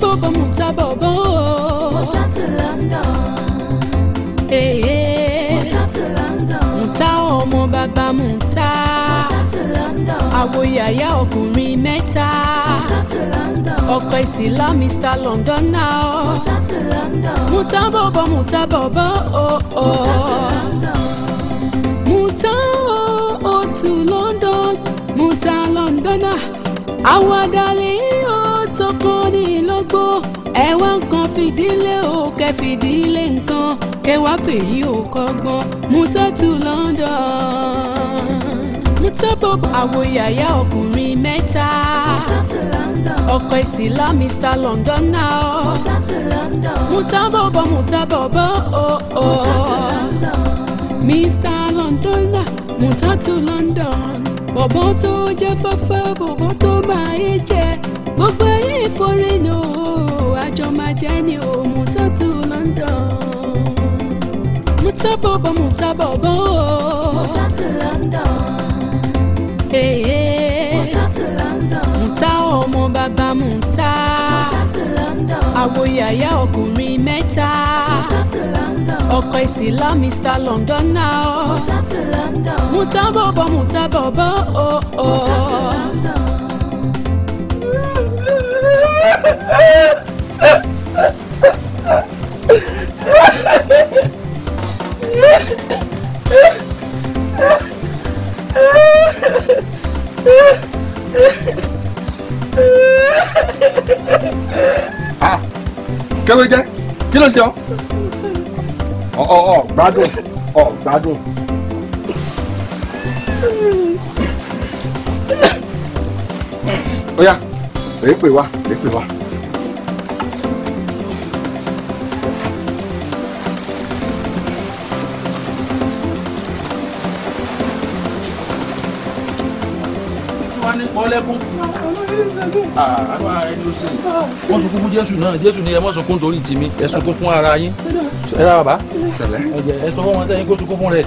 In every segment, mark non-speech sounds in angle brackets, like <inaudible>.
bọ̀bọ̀ mo ta bọ̀bọ̀ ti London. Ee. Eh, eh. mo ta ti London. Muta ta ọmọ bàbá mo ta. ti London. àwòyè àyà ọkùnrin mẹ́ta. Muta ta ti London. ọkọ ìsìlá Mr. London náà. mo ta ti London. mo ta bọ̀bọ̀ mo ta bọ̀bọ̀ o. ti London. mo ta o, o tu London. Muta ta oh, oh. oh, London náà tó kán ní lógbó ẹ wá nǹkan fìdílé o kẹ fìdílé nǹkan kẹ wá fèyí ò kọ́gbọ́n mú London mú tó bọ ọkùnrin mẹ́ta ọkọ ìsìlá Mr. London náà mú tó bọ̀bọ̀ mú tó Mr. London náà mú London bọ̀bọ̀ tó jẹ́ fẹ́fẹ́ bọ̀bọ̀ tó máa yé jẹ́ gbogbo yìí forí lò ó àjọ máa jẹ́ ní òmù tó tu London. muta bọ̀bọ̀ muta bọ̀bọ̀ o. muta tu London. muta tu London. muta ọmọ bàbá muta. muta tu London. àwòyàyà ọkùnrin mẹ́ta. muta tu London. ọkọ ìsìlá Mr. London náà. muta tu London. muta bọ̀bọ̀ muta bọ̀bọ̀ o. muta oh, oh. tu London. Ah, kẹ́ló jẹ́ kí ló ṣe ọ́ ọ̀ ọ̀ gbádùn ọ̀ gbádùn. ó yá èé pè wá pè wá. wọ́n sunkún fún jésù náà jésù ni ẹ mọ̀ sunkún torí tèmi ẹ sunkún fún ara yín ẹ ra bàbá ẹ sọ fún wọn sẹ́yìn kó sunkún fún rẹ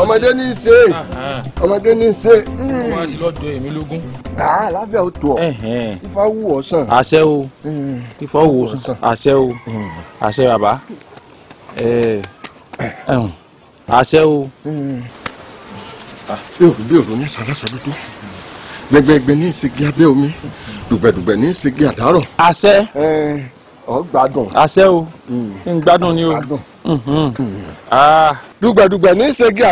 ọmọdé ní í ṣe ọmọdé ní í ṣe. wá sí lọ́dọ̀ èmi lógún. Ah, àlàáfíà ó tó ọ ifá wù ọ sàn. àṣẹ o hmm. ifá wù ọ sàn àṣẹ o hmm. àṣẹ bàbá eh, àṣẹ o. Hmm. Ah, bí òru bí òru ní sàlásọ lójú gbẹgbẹgbẹ ní ìsìnkí abẹ́ omi dùgbẹ̀dùgbẹ̀ ní ìsìnkí àdárọ̀. àṣẹ. Eh, ọ gbádùn. àṣẹ o ń gbádùn ni o. Ah. dùgbẹ̀dùgbẹ̀ ní í ṣegi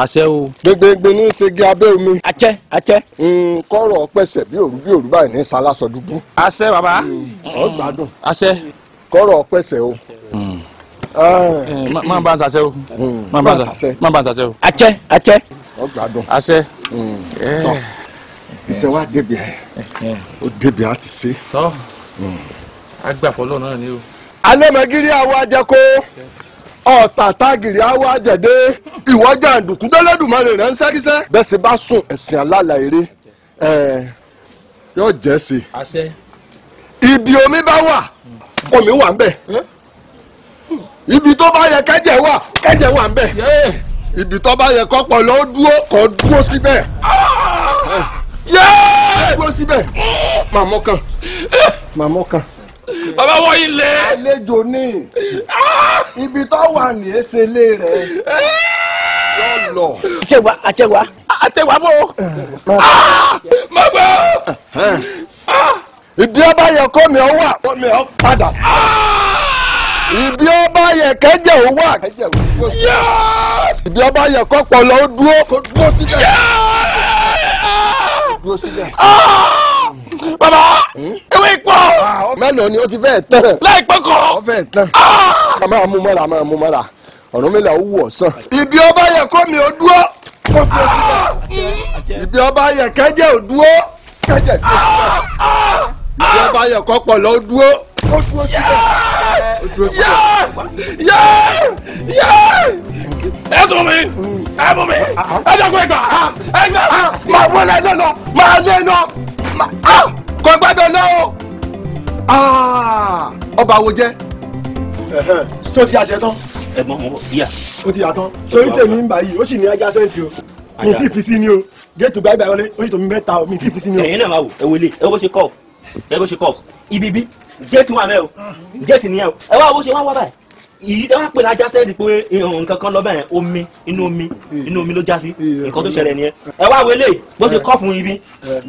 àṣẹ o. gbẹgbẹgbẹ ní í ṣegi omi. àṣẹ àṣẹ. Hmm, kọ́rọ̀ pẹ̀sẹ̀ bí òru bí òru báyìí ní salasọ dúdú. àṣẹ bàbá. Hmm, gbádùn. o. má hmm. eh, bá ń sàṣẹ o. má bá ń sàṣẹ. o. àṣẹ àṣẹ. ó gbádùn. àṣẹ. Eh. iṣẹ́ wa débi eh, ti ṣe. tọ́ o. alẹ́ àwọn ọ̀tà tágìrì á wá jẹ̀dé ìwọ jàǹdùkú délẹ́dùmarè rẹ̀ ń ṣẹ́kíṣẹ́. bẹ́ẹ̀ sì bá sùn ẹ̀sìn alálà eré ẹ̀ yóò jẹ́ sí i. ibi omi bá wà omi wà ń bẹ̀ ibi tó bá yẹ kẹ́jẹ̀ wà kẹ́jẹ̀ wà ń bẹ̀ ibi tó bá yẹ kọ́pọ̀ lọ dúró kọ́ dúró síbẹ̀ ah! dúró síbẹ̀ màmú kan màmú kan bàbá wọ ilé. àlejò ni ibi tó wà ní esele rẹ lọ. àtẹwà àtẹwà. àtẹwà bò. má gbọ́. ibi ọba yẹ kó mi ọ wà kó mi ọ padà sí ibi ọba yẹ kẹjẹ ò wà ibi ọba yẹ kọpọlọ ó dúró kó dúró sílẹ̀. dúró sílẹ̀. Ah bàbá ewé pọ̀. mélòó ni ó ti fẹ́ tán. láìpẹ́ kọ́. ó fẹ́ tán. Ah. a máa mú mọ́ra máa mú mọ́ra ọ̀run mi là ó wù ọ́ sàn. ibi ọba yẹ kó mi ò dúró kó tó síbẹ̀. ibi ọba yẹ kẹ́jẹ́ ò dúró kẹ́jẹ́ tó síbẹ̀. ibi ọba yẹ kó pọ̀ lọ dúró kó tó síbẹ̀. ó dúró síbẹ̀. ẹ tó mi ẹ bọ̀ mi ẹ dẹ́kun ẹ gbà ẹ gbà máa wọlé lọ́nà máa lé lọ máa kọ́ gbádùn náà ọba wo jẹ́ tó ti àṣẹ tán. ẹ̀gbọ́n mo bọ yíyà. ó ti yà tán torí tèmi ń bà yìí ó sì ní ajá sẹ́ǹtì o mi ti fi sí ni o géètù gbàgbà wọlé ó sì tó mi mẹ́ta o mi ti fi sí ni o. ẹ̀yin náà máa wò ẹ wọlé ẹ bó ṣe kọ́ ẹ bó ṣe kọ́ ibi bí géètì wà mẹ́ o géètì nìyẹn o ẹ wá owó ṣe wá wá báyìí ìyí tẹ́ wá pè lájá sẹ́ẹ̀dì pé nǹkan kan lọ́bẹ̀ yẹn omi inú omi inú omi ló já sí nǹkan tó ṣẹlẹ̀ nìyẹn ẹ wá wọlé bó ṣe kọ́ fún ibi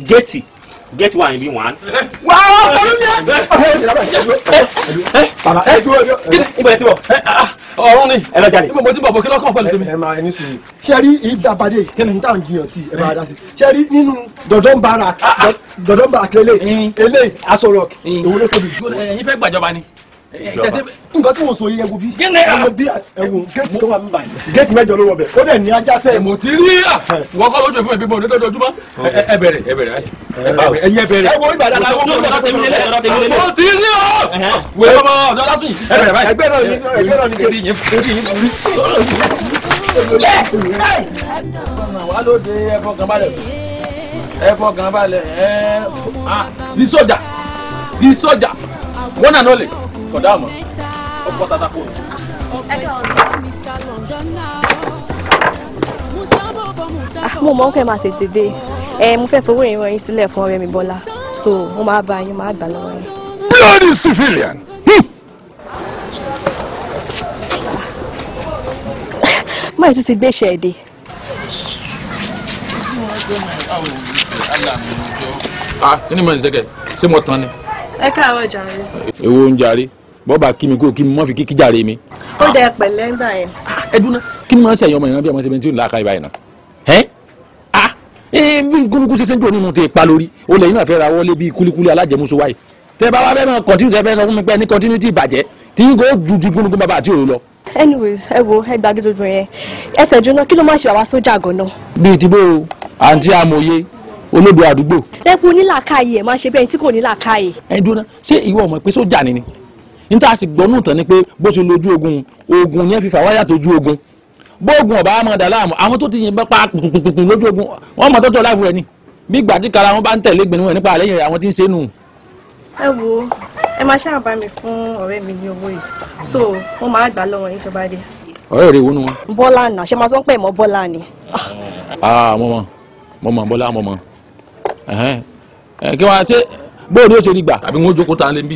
géètì géètì wà níbí wàn. wà á pẹ̀lú ní ẹ. bàbá ẹ dúró dúró ibà ẹ ti bọ̀ ọ̀run ni ẹ lọ jáde. ibo mo ti bọ̀ bọ̀ kí lọ́kàn pẹ̀lú tèmi. ẹ máa ẹni sùn. sẹ́rí ìdàpadé kẹ́ni tá à ń jiyàn sí ẹ máa dá sí. sẹ́rí nínú dọ̀dọ̀ barak dọ̀dọ̀ barak lélẹ̀ eléyìí aṣọ rock òun ló tóbi. ẹ̀yin fẹ́ gbàjọba ni nǹkan tí mo sọ yìí ẹwù bí ẹwù bí ẹwù géètì kan wà mí báyìí géètì mẹ́jọ ló wọ bẹ ó dẹ̀ ní ajá sẹ. mo ti rí à wọ́n kọ́ lójú fún mi bí mo ní lójoojúmọ́ ẹ bẹ̀rẹ̀ ẹ bẹ̀rẹ̀ ẹ bẹ̀rẹ̀. ẹ wo Ìbàdàn la wọ́n mú ọ̀dọ́ tẹ̀mí lé ọ̀dọ́ tẹ̀mí lé. mo ti rí ọ wẹ́ẹ́ ọmọ ọ̀dọ́ lásùn yìí ẹ bẹ̀rẹ̀ báyìí. ẹgbẹ́ náà ni ẹgbẹ́ náà ni kò ah, di sójà di sójà one and only sọdá àmọ́ ọkọ tata fóònù. mo mọ̀ kẹ́ máa tètè dé ẹ mo fẹ́ fowó ìran yín sílẹ̀ fún ọ̀rẹ́ mi Bọ́lá so mo máa bá yín máa gbà lọ́wọ́ yín. bloody civilian. Hmm. máa tún ti gbé iṣẹ́ èdè. ah nínú ìmọ̀ ìṣẹ́gẹ̀ ṣé mo tán ni ẹ káàárọ̀ jàre. èwo ń jàre bọ́ọ̀bà kí mi kó kí mi mọ́ fi kí jàre mi. ó dẹ pẹ̀lẹ́ ńgbà yẹn. Ah, ẹ dúná kí ni màá ṣe àyànmọ́ ìran bí ọmọ ṣe bẹ́ẹ̀ tí ò ní láàka ìbáyìí náà. ẹ ah ee bí nkúnkún ṣe ṣe ń dùn nínú ti pa lórí o lẹ́yìn náà fẹ́ ra wọlé bíi kúlíkúlí alájẹmúso wáyé tẹ bá wá fẹ́ máa kọ́tínú tẹ fẹ́ sọ fún mi pé ní kọ́tínú tí ìbàjẹ́ tí n kò ju ju gúnugún bàbá àti òru lọ. anyways ẹ wo ẹ gbàgbé dodo yẹn ẹ tẹ̀jú náà kí ló máa ṣe àwa sójà gan náà. bíi tìbó àǹtí amòye olódò àdúgbò. ẹkùn nílàkàyè ẹ máa ṣe bẹ́ẹ̀ tí kò nílàkàyè. ẹ dúró ṣé ìwọ ọmọ pé sójà ni ni níta sì gbọ́nù tán ni pé bó ṣe lójú ogun ogun ni ẹ fi fà wáyà tójú ogun bóògùn ọba máa dà láàmú àwọn tó ti yìnbọn pa pùpùpùpù lójú ogun wọn mọ tọ́tọ́ láàbù rẹ ni bí ìgbà tí kara wọn bá ń tẹ̀lé gbẹ̀nu rẹ nípa àlẹ́yìn rẹ àwọn tí ń ṣe nù. ẹ wo ẹ máa ṣáà bá mi fún ọ̀rẹ́ mi ní owó yìí so mo máa gbà lọ́wọ́ ìjọba dé. ọ̀rẹ́ rẹ wo nu wọn. bọ́lá nà ṣe máa sọ pé mọ́ bọ́lá ni. ah mọ́mọ́ mọ́mọ́ bọ́lá mọ́mọ́ kí wọ́n á ṣe bóòdù ó ṣe rí gbà àbí wọ́n jókòó tá a bí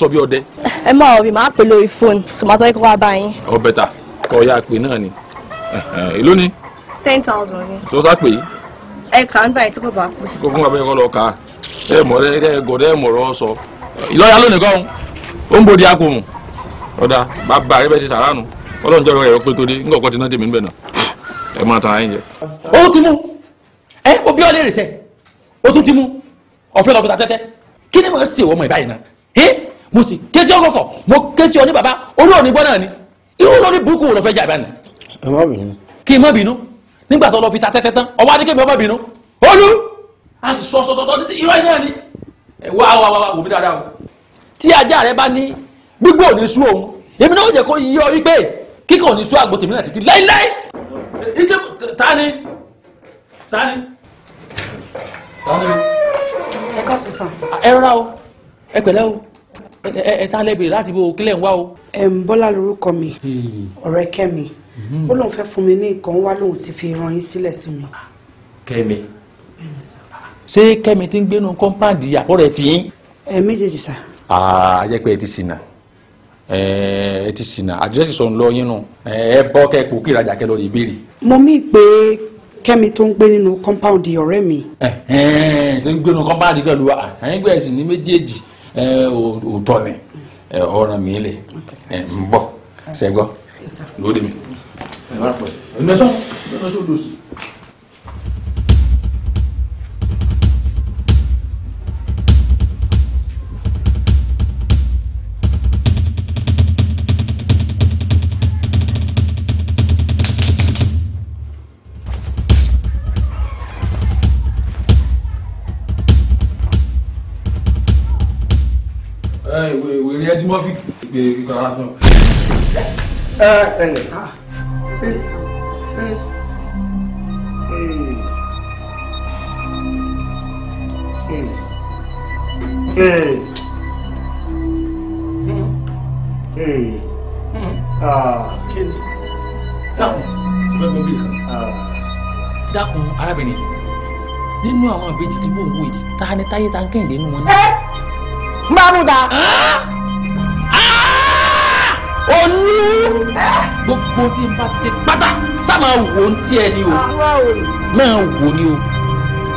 sọ bí ọdẹ. ẹ ọ̀bì máa pè lórí fóònù sọmọtọ́ ikú wa bá yín. kọ ya pé náà ni èló ni. ten thousand ni. sọ sá pé. ẹ kà ń báyìí tí kò bá pè. kọ́ lọ ẹ ẹ ẹ sọ. lónìí kan ó ń àpò mu ọ̀dà bàbá rẹ ṣe sàránù ọlọ́run ó tún ti mú ọ̀fẹ́ lọ́fẹ́ ta tẹ́tẹ́ kí ni mo ṣe wọ́n mọ̀ ìbáyìí náà ẹ́ mo sì ké sí ọkọ̀ mo ké sí ọ ní bàbá olú òní gbọ́ náà ni irú lórí burúkú wo lọ fẹ́ jà ìbá ni. ẹ má bínú. kí n má bínú nígbà tó lọ fi ta tẹ́tẹ́ tán ọwọ́ adékèmí ọmọ bínú olú a sì sọ sọsọsọ títí irọ́ iná ni wá wá wá wò mí dáadáa o tí ajá rẹ bá ní gbígbó òní sú òun èmi náà ó jẹ kó yí ọ wípé kíkọ̀ òní sú àgbò tèmi náà títí láíláí ta ni ta ẹ kọ́ sọ sàn. ẹ rọra o ẹ pẹ̀lẹ́ o ẹ tá lẹ́bẹ̀rẹ̀ láti bo kílẹ̀ ń wá o. ẹ ń bọ́lá lórúkọ mi hmm. ọ̀rẹ́ kẹ́mi hmm. ó lóun fẹ́ fún mi ní nǹkan wá lóun ti fi ran yín sílẹ̀ sí mi. kẹ́mi ṣé kẹ́mi ti ń gbénu kọ́ńpáàdì àpọ̀ rẹ̀ tì í. ẹ méjèèjì sà. a jẹ́ pé ẹ ti ṣìnà ẹ ti ṣìnà àdírẹ́sì sọ̀rọ̀ lọ yín nù ẹ bọ́ kẹ́ kó kí ìrajà kẹ́ lọ rí ìbéèrè. mo mí pé kẹ́mi tó ń gbé nínú compound ọ̀rẹ́ mi. Eh, eh, tó ń gbé nínú compound pẹ̀lú wa àyìn gbé ẹ̀sìn ní méjèèjì eh, òótọ́ ni ọ̀ràn mi lè ń bọ̀ ṣẹ́gbọ́ lóde mi. ẹ̀ bá pẹ̀ ẹ̀ ní ẹ sọ́ ẹ̀ kọfí. ìpè kíkọ ara náà. ẹ ẹ ẹ ah ẹ ẹ ẹ ẹ ẹ ah kí ni dákun fẹ́ gbọ́ bíi kan. dákun arábìnrin nínú àwọn àbejì tí mò ń wò yìí ta ni táyé ta ń kẹ́hìndé nínú wọn. ẹ ń bá mú ta olú gbogbo tí n bá ṣe pátá sáma wò ó ti ẹ ni o máa wò ni o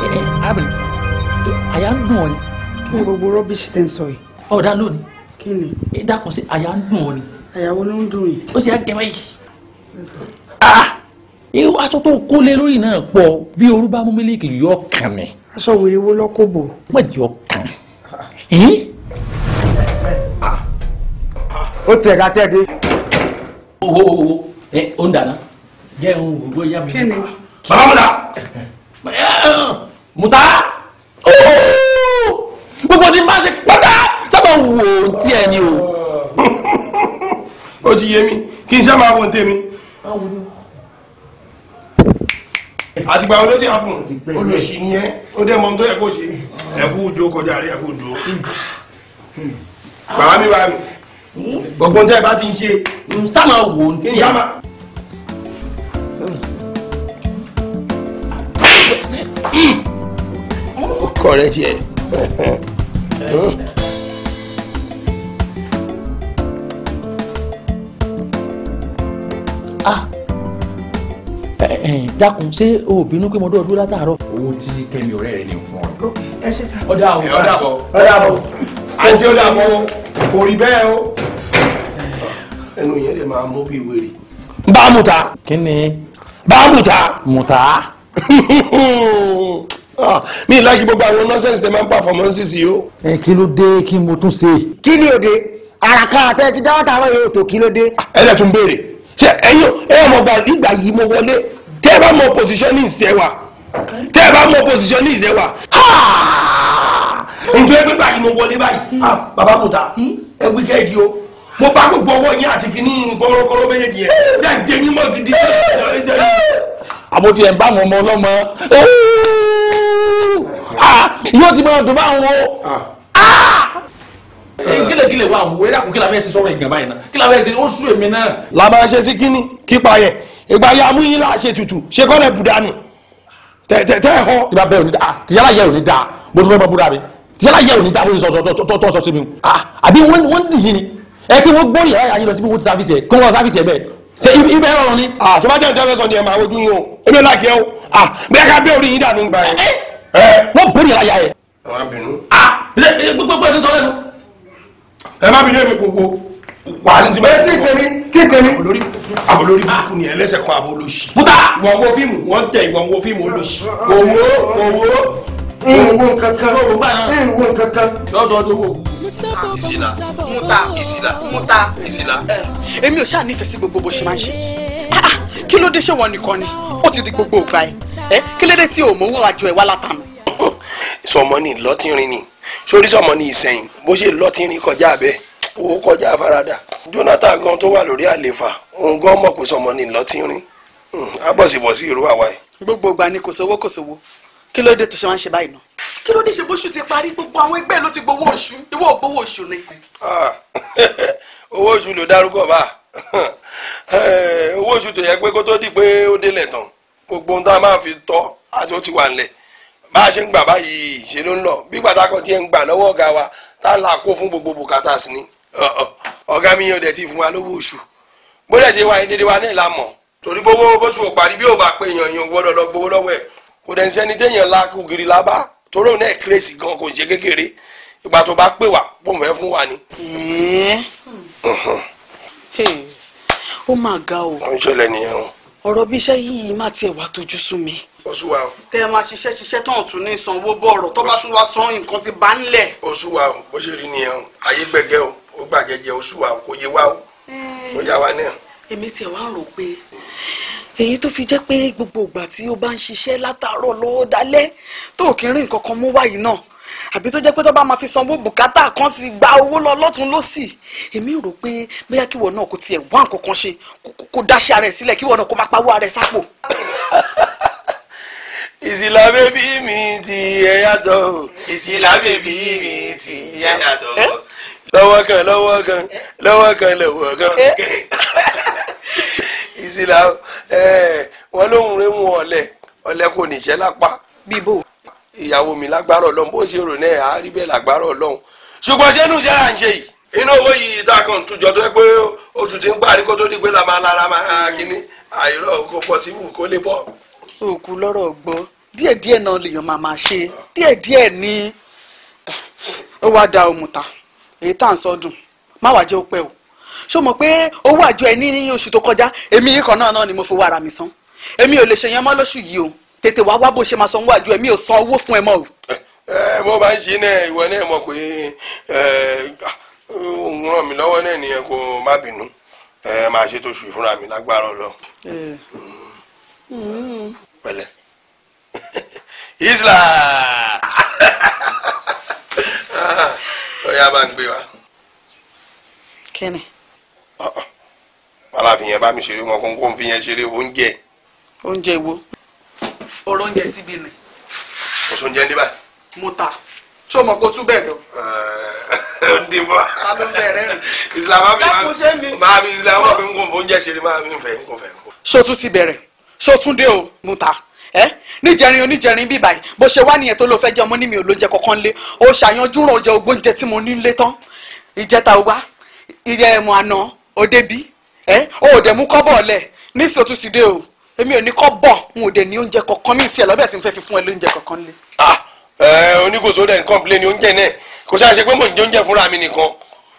ẹ abiri àyà ń dùn ọ ni. kí ni gbogbo rọ́bìṣì tẹ́ ń sọ yìí. ọ̀dà lónìí. kí ni. ẹ dákun sí àyà ń dùn ọ ni. àyàwó ló ń dùn yìí. ó sì á gẹ̀mọ́ yìí. Ah, irú aṣọ tó kó lé lórí náà pọ̀ bí orú bá mú mílíkì yọ kàn mí. aṣọ wèrè wo lọ́kọ̀ bò. wọ́n jẹ́ ọkàn ó tiẹ̀ ká tẹ́ dé. owó owó ẹ ó ń dáná jẹ́ ń wò bóyá mi. kíni. bàbá mu ta mu ta gbogbo ní bá ṣe pátá sábà wò ó tiẹ̀ ni o. o ti yé mi kí n sábà wò ó tèmi àtìgbà olóde àpùn olóṣì ni ẹ ó dé mọ tó yẹ kó ṣe ẹkú ojú kọjá rí ẹkú ojú hmm. bàbá mi bá mi gbogbo tẹ́ ẹ bá ti ń ṣe. sáma wò ó tiẹ̀. sáma. ọkọ rẹ tiẹ̀. Ah. Eh, eh, dákun ṣé o bínú pé mo dúró dúró látàárọ̀. owó tí kẹ́mi ọ̀rẹ́ rẹ ní fún ọ. ẹ ṣe sá. ọ̀dà àbọ̀ ọ̀dà àbọ̀ àti ó dàbọ̀ kò rí bẹ́ẹ̀ o ẹnu yẹn lè máa mú bí wèrè. bá a mú ta. kí ni. bá a mú ta. mú ta. <laughs> Ah, mi ì láti gbogbo àwọn nọ́sẹ̀nsì tẹ máa ń pàfọ́mọ́nsìs yìí o. ẹ kí ló dé kí mo tún ṣe. kí ni òde àràkà àtẹ ti dáwọ́ tààrọ̀ yóò tó kí ló dé. ẹ dẹ̀ tún béèrè ṣe ẹyin ẹ mọ̀ gbà nígbà yìí mo wọlé tẹ́ ẹ bá mọ̀ positioning tẹ wà tẹ́ ẹ bá mọ̀ positioning tẹ njọ ẹgbẹ́ báyìí mo wọlé báyìí hmm. ah bàbá Muta hmm? ẹ wíkẹ́ẹ̀dì o mo bá gbogbo ọwọ́ yín àti kìíní kọ́rọ́kọ́rọ́ méjèèjì hmm. ẹ̀ jẹ́ ìdí eyín mọ́ gidi àbótiẹ̀ ń bá àwọn ọmọ ọlọ́mọ ah, yóò ti máa dùn bá àwọn kílẹ̀kílẹ̀ wa àwọn ẹ̀rẹ́ àkókò kílàbẹ́ ṣe sọ̀rọ̀ ìgbà báyìí náà kílàbẹ́ ṣe ó sú èmi náà. la máa ṣe sí kínní kípa yẹ ìgbà yà mú yín láṣẹ tutù ṣe kọ́lẹ̀ bùdánù tẹ̀tẹ̀ tẹ̀ họ. tí bá bẹ́ẹ̀ ah, ò ní da tìyàrá yẹ ò ní da mo tún fẹ́ mọ búra mi tíṣẹ́lá yẹ òní táwọn sọ tọ́ sọ sí mi àbí wọ́n dì yín ni ẹ pé wọ́n gbórí ẹ̀rọ ayélujára sí bí wọ́n ti sáfíìsì ẹ̀ kí wọ́n sáfíìsì ẹ̀ bẹ́ẹ̀ ṣe ibẹ̀ rọrùn ni. àtúbà jẹ́ ìjọba sọ ni ẹ̀ máa wojú yín o ebi láàkì ẹ o bẹ́ẹ̀ ká bẹ́ẹ̀ orí yín dànù gbà yẹn. wọ́n gbórí ẹ̀rọ ayá yẹ. ẹ má bínú. gbogbo ẹ̀ ti sọ lẹ́nu. ẹ má bínú èmi gbogbo wà ní ti bẹ́ẹ̀ kékeré kékeré olórí abolórí kúkú ni ẹlẹ́sẹ̀ kan abolóṣì. wọ́n wo fíìmù wọ́n tẹ ìwọ̀n wo fíìmù olóṣì. òwò òwò ìwọ kankan ìwọ kankan. lọ́sọ̀ọ́ tó wò. ìsìlá múta ìsìlá múta ìsìlá. èmi ò ṣáà nífẹ̀ẹ́ sí gbogbo bó ṣe máa ń ṣe kí ló dé ṣé wọn nìkan ni ó ti di gbogbo ògbà ẹ kí ló tí o mówó àjọ ẹ wá látànà. sọmọ ni lọtìrín ni sórí sọmọ ni ìsẹyìn bó ṣe lọtìrín kọjá abẹ owó kọjá àfaradà Jonathan gan tó wà lórí àlefa òun gan mọ̀ pé sọmọ ni lọtìrín hmm, abọ̀sibọ̀sí ìró àwa ẹ̀. gbogbo ìgbà ni kò sówó kò sówó kí ló dé tó ṣe wá ń ṣe báyìí náà. kí ló dé ṣe bóṣù ti parí gbogbo àwọn ẹgbẹ́ ló ti gbowó oṣù ìwọ ò gbowó oṣù ni. Ah, <laughs> owó oṣù ló dárúkọ bá eh, owó oṣù tó yẹ pé kó tó di pé ó délẹ̀ tán gbogbo ohun tá a máa fi tọ́ àti ó ti wà nílẹ̀ bá a ṣe ń gbà báyìí ṣe ló ń lọ bí pàtàkì tí ẹ ń gbà lọ́wọ́ ọ̀gá wa tá a là kó fún gbogbo bùkátà sí ni ọ̀gá mi yàn dẹ̀ ti fún wa lówó oṣù bó dẹ̀ ṣe wà ní dédé wa náà la mọ̀ torí gbogbo bóṣù ò parí bí ò bá pé èèyàn èèyàn gbọ́dọ̀ lọ gbowó lọ́wọ́ ẹ̀ kò dẹ̀ ń sẹ́ni téèyàn la kùgìrì lábá torí òun náà kírèsì gan kò ṣe kékeré ìgbà tó bá pè wá bóun fẹ́ fún wa ni. ó máa ga o. ó ń ṣẹlẹ̀ nìyẹn o. ọ̀rọ̀ bí iṣẹ́ yìí má tiẹ̀ wá tójú sú mi. oṣù wa o. tẹ ẹ máa ṣiṣẹ́ ṣiṣẹ́ tán tún ní ìsanwó bọ̀rọ̀ tó bá tún wá san nǹkan ti bá ń lẹ̀. oṣù wa o bó ṣe rí nìyẹn o ayé gbẹ̀gẹ́ o ó gbàjẹjẹ oṣù wa o kò yé wa o ó yá wa náà. èmi tiẹ̀ wá rò pé èyí tó fi jẹ́ pé gbogbo ìgbà tí o bá ń ṣiṣẹ́ látàárọ̀ lọ́wọ́ dalẹ́ tó ò kí ń rí mú wáyìí náà àbí tó jẹ́ pé tó bá máa fi sanwó bùkátà kan ti gba owó lọ lọ́tún lọ́sì èmi rò pé bóyá kíwọ náà kò tiẹ̀ wá nǹkan kan ṣe kó dáṣẹ́ ara ẹ̀ sílẹ̀ kíwọ náà kó máa pawó ara ẹ̀ sápò. ìsìlá bèbí mi ti yẹ yàtọ̀ ìsìlá bèbí mi ti yẹ yàtọ̀ lọ́wọ́ kan lọ́wọ́ kan lọ́wọ́ kan lọ́wọ́ kan. <laughs> ìsìlá eh, wọn lóhùn rẹ̀ mú ọ̀lẹ ọ̀lẹ kò níṣẹ́ lápá. bíbó ìyàwó mi lágbára ọlọ́run bó ṣe rò náà á rí bẹ́ẹ̀ lágbára ọlọ́run ṣùgbọ́n ṣé inú iṣẹ́ à ń ṣe yìí inú owó yìí tá a kàn tujọ tó yẹ pé oṣù tí ń parí kó tó di pé la máa lára máa kíní àìrọ̀ kò pọ̀ síbù kó lè bọ̀. òkú lọ́rọ̀ gbọ́ díẹ̀díẹ̀ náà lèèyàn máa máa ṣe díẹ̀díẹ̀ ni ó wá da òmùta èyí tá à ń sọ dùn má wàá jẹ́ ó pẹ́ o ṣó mọ̀ pé owó àjọ ẹ̀ ní oṣù tó kọjá èmi yìí kan náà náà ni mo fi wá ara mi san èmi ò lè ṣe yẹn mọ́ lóṣù yìí o tètè wá wá bó ṣe máa san owó àjọ èmi ò san owó fún ẹ mọ́ o. ẹ eh, bó bá ń ṣe náà ìwọ náà mọ̀ pé eh, òun ràn mí lọ́wọ́ náà nìyẹn kó má bínú ẹ eh, máa ṣe tó ṣù ìfúnra mi lágbára ọlọ. Hmm. pẹ̀lẹ́ <laughs> isla ọyá <laughs> bá ń gbé wa. kẹ́ni bala fi yẹn bá mi ṣeré wọn kó n fi yẹn ṣeré oúnjẹ. oúnjẹ wo. ọ̀rọ̀ oúnjẹ síbi ni. kò sóun jẹ́ níbà. mo ta tí o mọ̀ kó tún bẹ̀rẹ̀ o. ó ń dìbò. ta ló ń bẹ̀rẹ̀ rẹ̀. ìsìlámà mi máa mi ìsìlámà mi ń kó oúnjẹ ṣeré máa mi ń fẹ́ ń kó fẹ́. sotun ti bẹ̀rẹ̀ sotun dé o mo ta ẹ níjẹrin oníjẹrin bíi báyìí bó ṣe wá nìyẹn tó ló fẹ́ jẹun mo ní mi ò lóúnjẹ kankan lé o ṣàyànjú ràn jẹ ogbóúnjẹ tí mo ní lé tán ìjẹta wa ìjẹ ẹmu àná ó débi ẹ ó dẹ̀ mú kọ́bọ̀ lẹ̀ nísìsiyìí ó tún ti dé o èmi ò ní kọ́bọ̀ n ò dẹ̀ ní oúnjẹ kankan ní tiẹ̀ lọ́bẹ̀ tí n fẹ́ fi fún ẹ lóúnjẹ kankan lé. Ah, oníkòsó dẹ̀ ń kọ́ńpilé ni oúnjẹ náà kò ṣáà ṣe pé mò ń jẹ oúnjẹ fúnra mi nìkan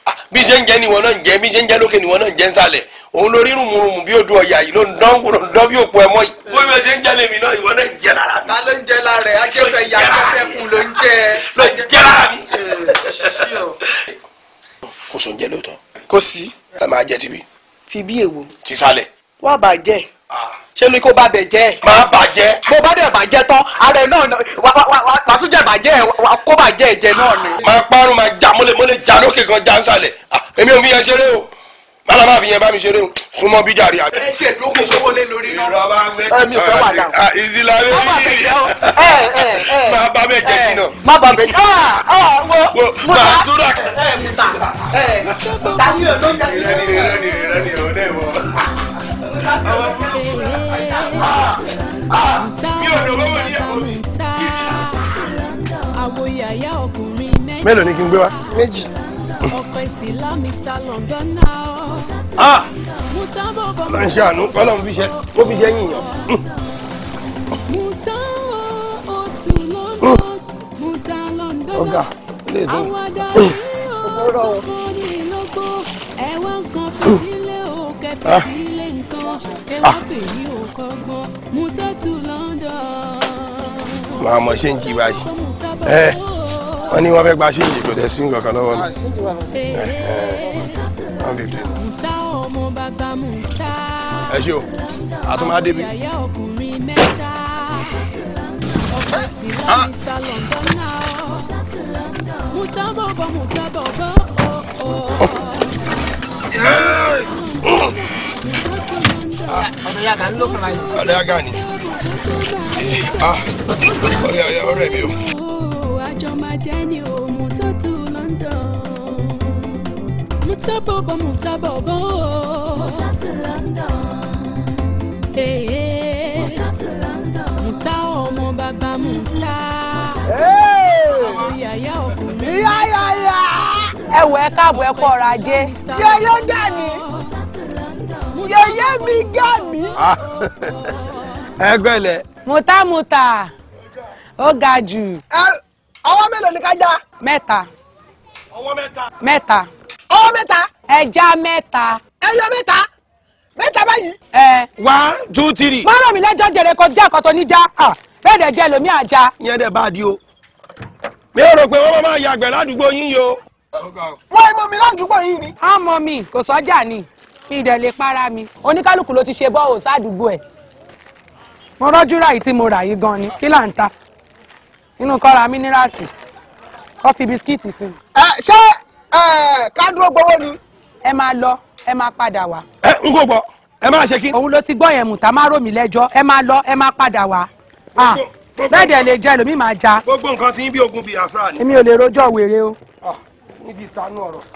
ah, bí ṣe ń jẹ níwọ̀n náà ń jẹ bí ṣe ń jẹ lókè níwọ̀n náà ń jẹ ń sálẹ̀ òun lórí rùmùrùmù bí odò ọ̀yà yìí ló ń dán kúrò ń dán bí òpó ẹmọ yìí. bó ibẹ̀ ṣe ń jẹ lèmi náà ìwọ náà ń jẹ lára mi. ta ló ń jẹ lára rẹ ajẹfẹ ya ajẹfẹ kun ló ń jẹ. ló ń jẹ lára mi. kò sóúnjẹ lóòótọ́. kò sí ẹ máa jẹ tibí. tibí èwo. tìsàlẹ̀. wàá bàjẹ́ ṣe ni kó bá bẹ jẹ. má bàjẹ́. bó bá dẹ̀ bàjẹ́ tán ara ẹ̀ náà wàá tún jẹ́ bàjẹ́ kó bàjẹ́ ẹ̀jẹ̀ náà ni. máa parun máa jà mọ́lẹ̀ mọ́lẹ̀ jà lókè kan já ń sàlẹ̀ èmi ò fi yẹn ṣeré o bala máa fi yẹn bá mi ṣeré súnmọ́ bí jàre àbí. ẹ jẹ tó kún sówó lé lórí náà. mi ò fẹ́ wà dáhùn. ìzìlá rẹ yìí máa bá bẹ jẹ jìnnà. má bá bẹ jẹ wo máa túra. ẹ muta ẹ tani o ló ń jásí. ìrẹ́ni ìrẹ́ni ìrẹ́ni ọ̀dẹ́ wọ. ọmọ burúkú mi ò dòwó wọ ní ẹ̀kọ́ mi. mélòó ni kí n gbé wa méjì ah máa ń ṣàánú ọlọ́run fi ṣe ó fi ṣe yín yàn. Hmm. ọ̀gá ilé ìdán. Hmm. ẹ̀wọ̀n kan fìdílé hmm. o kẹfẹ́ ah. ilé nǹkan ẹ̀wọ̀n fèyí o kọ́gbọ́n mú tẹ́tù lọ́ńdọ̀. màá mọ̀ ṣe ń jí báyìí wọ́n ní wọ́n fẹ́ gba ṣíǹjì kò dẹ̀ sí nǹkan kan lọ́wọ́ ní. Eh, eh, eh. ẹ ṣe o àtúmọ̀ débi. ọ̀dọ̀ yàgà ń lókun láyé. ọ̀dọ̀ yàgà ni ah. ọ̀rẹ́ mi o àjọ máa jẹ́ ní òmù tó tu London. Muta bobo, muta bobo. Muta to London. Hey, eh, hey. Muta to London. Muta ọmọ bàbá muta. Ìyáyá ọkùnrin. Ìyáyáyá. Ẹ wọ ẹ káàbọ̀ ẹ kọ́ ọ̀rọ̀ ajé. Yẹ̀yẹ́ dàní. Yẹ̀yẹ́ mi gàmí. Ah. Ẹ gbẹ́lẹ̀. Muta muta ó ga jù ọwọ́ mélòó ni ká já. mẹ́ta. ọwọ́ mẹ́ta. mẹ́ta. ọwọ́ mẹ́ta. ẹja mẹ́ta. ẹja mẹ́ta mẹ́ta báyìí. ẹ. one two three. má rọ̀ mí lẹ́jọ́ jẹ̀rẹ̀ kọjá kọ́tọ́ níjà bẹ́ẹ̀ dẹ̀ jẹ́ lómi àjà. ìyẹn dẹ̀ bá a di o mi ò rò pé wọ́n máa yàgbẹ́ ládùúgbò yín yo. wọ́n ẹ mọ̀ mi ládùúgbò yín ni. á mọ mi kò sọ́jà ni mi ìdẹ̀ lè para mi oníkálukú ló ti ṣe bọ́ọ̀ sádùúgbò ẹ̀ mo rọ́jú ra yìí tí mo rà yìí gan ni kí là ń ta. inú ra mínírààsì kọ́ fi bisikíìtì sí. ẹ ṣé kádúró gbowó ni. ẹ máa lọ ẹ máa padà wá. ẹ n kò ẹ máa ṣe kí. òun ló ti gbọ́ yẹn mùtá má rò mí lẹ́jọ́ ẹ máa lọ ẹ máa padà wá. bẹ́ẹ̀ lè jẹ́ máa ja. gbogbo nǹkan ti ń bí ogun bíi àfúrà ni. èmi ò lè rojọ́ wèrè o.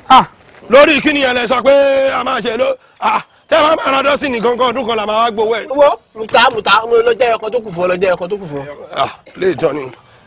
Ah, lórí kíni yẹn lẹ pé a máa ṣe ló tẹ máa máa nìkan kan gbowó ẹ. wo mùtá mùtá ọmọ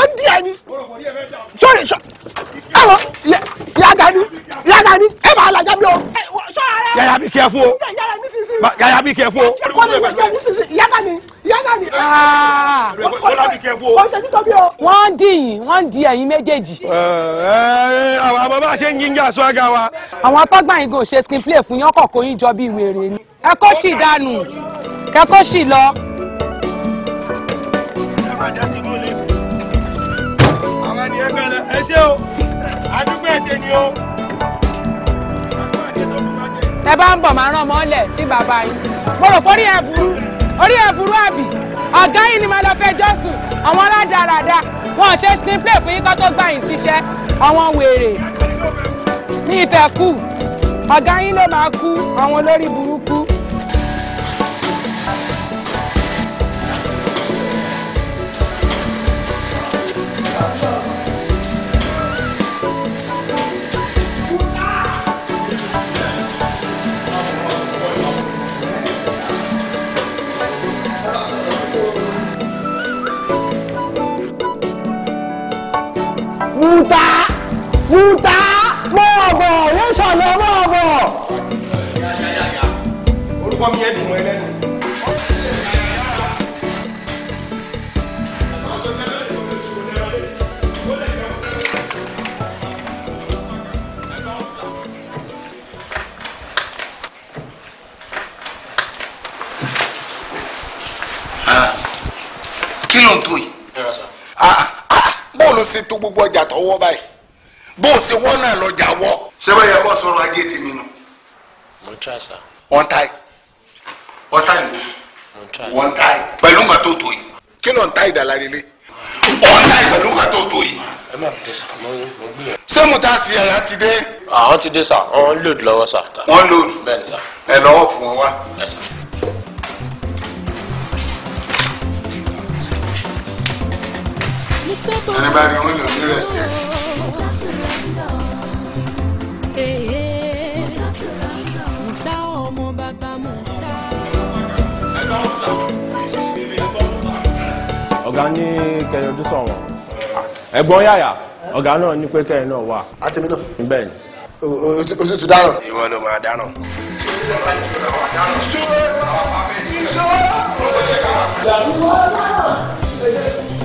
ọ̀ndì ẹni sọ̀rọ̀ sọ ẹ wọ yàgà ni yàgà ni ẹ bá alajà bí o. yàyà bí kẹ fún o yàyà bí kẹ fún o. yàgà ni yàgà ni. yàyà bí kẹ fún o. wọ́n dì yín wọ́n di ẹ̀yin méjèèjì. Eh, eh, àwọn àmọ́ bá a ṣe ń yíyá aṣọ àga wa. àwọn atọ́gbà yín kò ṣe skin play fún yán kọ̀ọ̀kọ́ yín jọ bí wèrè ni. ẹ kó sì dànù kẹ kó sì lọ. ẹ má ṣe o àdúgbò ẹ̀jẹ̀ ni o. tẹ bá ń bọ̀ máa ràn mọ́ lẹ̀ tí bàbá yín mo rò pórí ẹ̀ burú orí ẹ̀ burú àbí ọ̀gá yìí ni màá lọ fẹ́ jọ́sùn àwọn aládàáradà wọn ò ṣe screenplay fún yín kó tó gbà yín síṣẹ́ àwọn wèrè ní ìfẹ́ kù ọ̀gá yín ló máa kú àwọn olórí burú. fúta fúta mọ́ yóò sọ̀lẹ̀ mọ́ orúkọ mi yẹ dùn ẹ lẹ́nu. Ah, kí ló ń tó yìí ló ṣe tó gbogbo ọjà tọwọ́ báyìí bó o ṣe wọ́n náà lọ́jà wọ́. sẹ́wọ́ yẹ kó sọ̀rọ̀ ajé tèmi nù. mo ń tra sa. one time. one time. mo ń tra. one time. pẹ̀lú nǹkan tó tó yìí. kí ló ń ta ìdàlá relé. one time pẹ̀lú nǹkan tó tó yìí. ẹ má mi dé sa mo mo gbé yẹn. ṣé mo ta ti ẹ̀yà ti dé. àwọn ah, ti dé sa wọn lòdù lọ́wọ́ sa. wọn lòdù. bẹ́ẹ̀ ni sa. ẹ lọ́wọ́ fún wọn ẹ sà. anybody only knows the respect. ọ̀gá ní kẹyọjú sọ̀rọ̀ ẹ̀gbọ́n yàyà ọ̀gá náà ní pé kẹyìn náà wà. àtẹ̀mí náà. níbẹ̀ ni. o tún tún dáná. ìwọ ló máa dáná. ìṣòro àwọn àfẹ́yìn. ìṣòro àwọn àfẹ́yìn.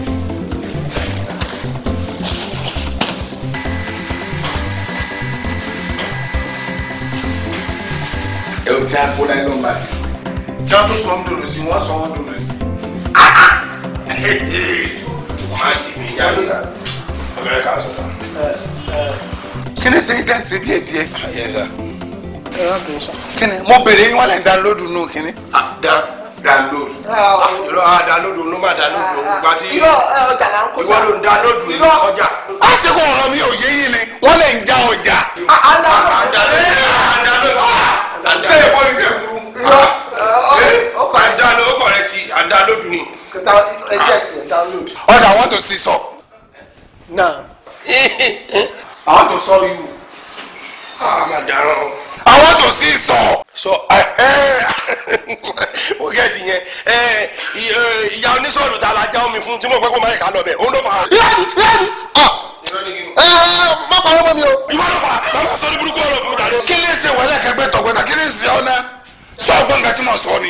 ẹ̀rù tí a kó láì lọ́n bá kẹsì kí wọ́n tó sọ ń dòdò sí wọ́n sọ wọ́n dòdò sí máa ti mi ìyá lóla ọbẹ̀ ká mo bèrè yín wọn lẹ download nù kí ni. da download yọrọ a download ló má download o gba ti ìwọ ló ń download èmi kọjá. a ṣe kó ọ̀rọ̀ mi ò yé yín ni wọ́n lè ń já ọjà. a ah, ah, download ṣé èkó ni ṣe burú ajá ló kọ̀rẹ́ ti ajá ló dùn ọ̀dà I want to see so. Now. I want to saw you. Ah, my darling. I want to see so. So I o get yẹn ìyá onísọ̀rọ̀ ta la já omi fún tí mo pẹ́ kó má yẹ ká lọ bẹ̀ òun ló fà á. sisi ọ na sọ ọgbọn nǹkan tí mo sọ kan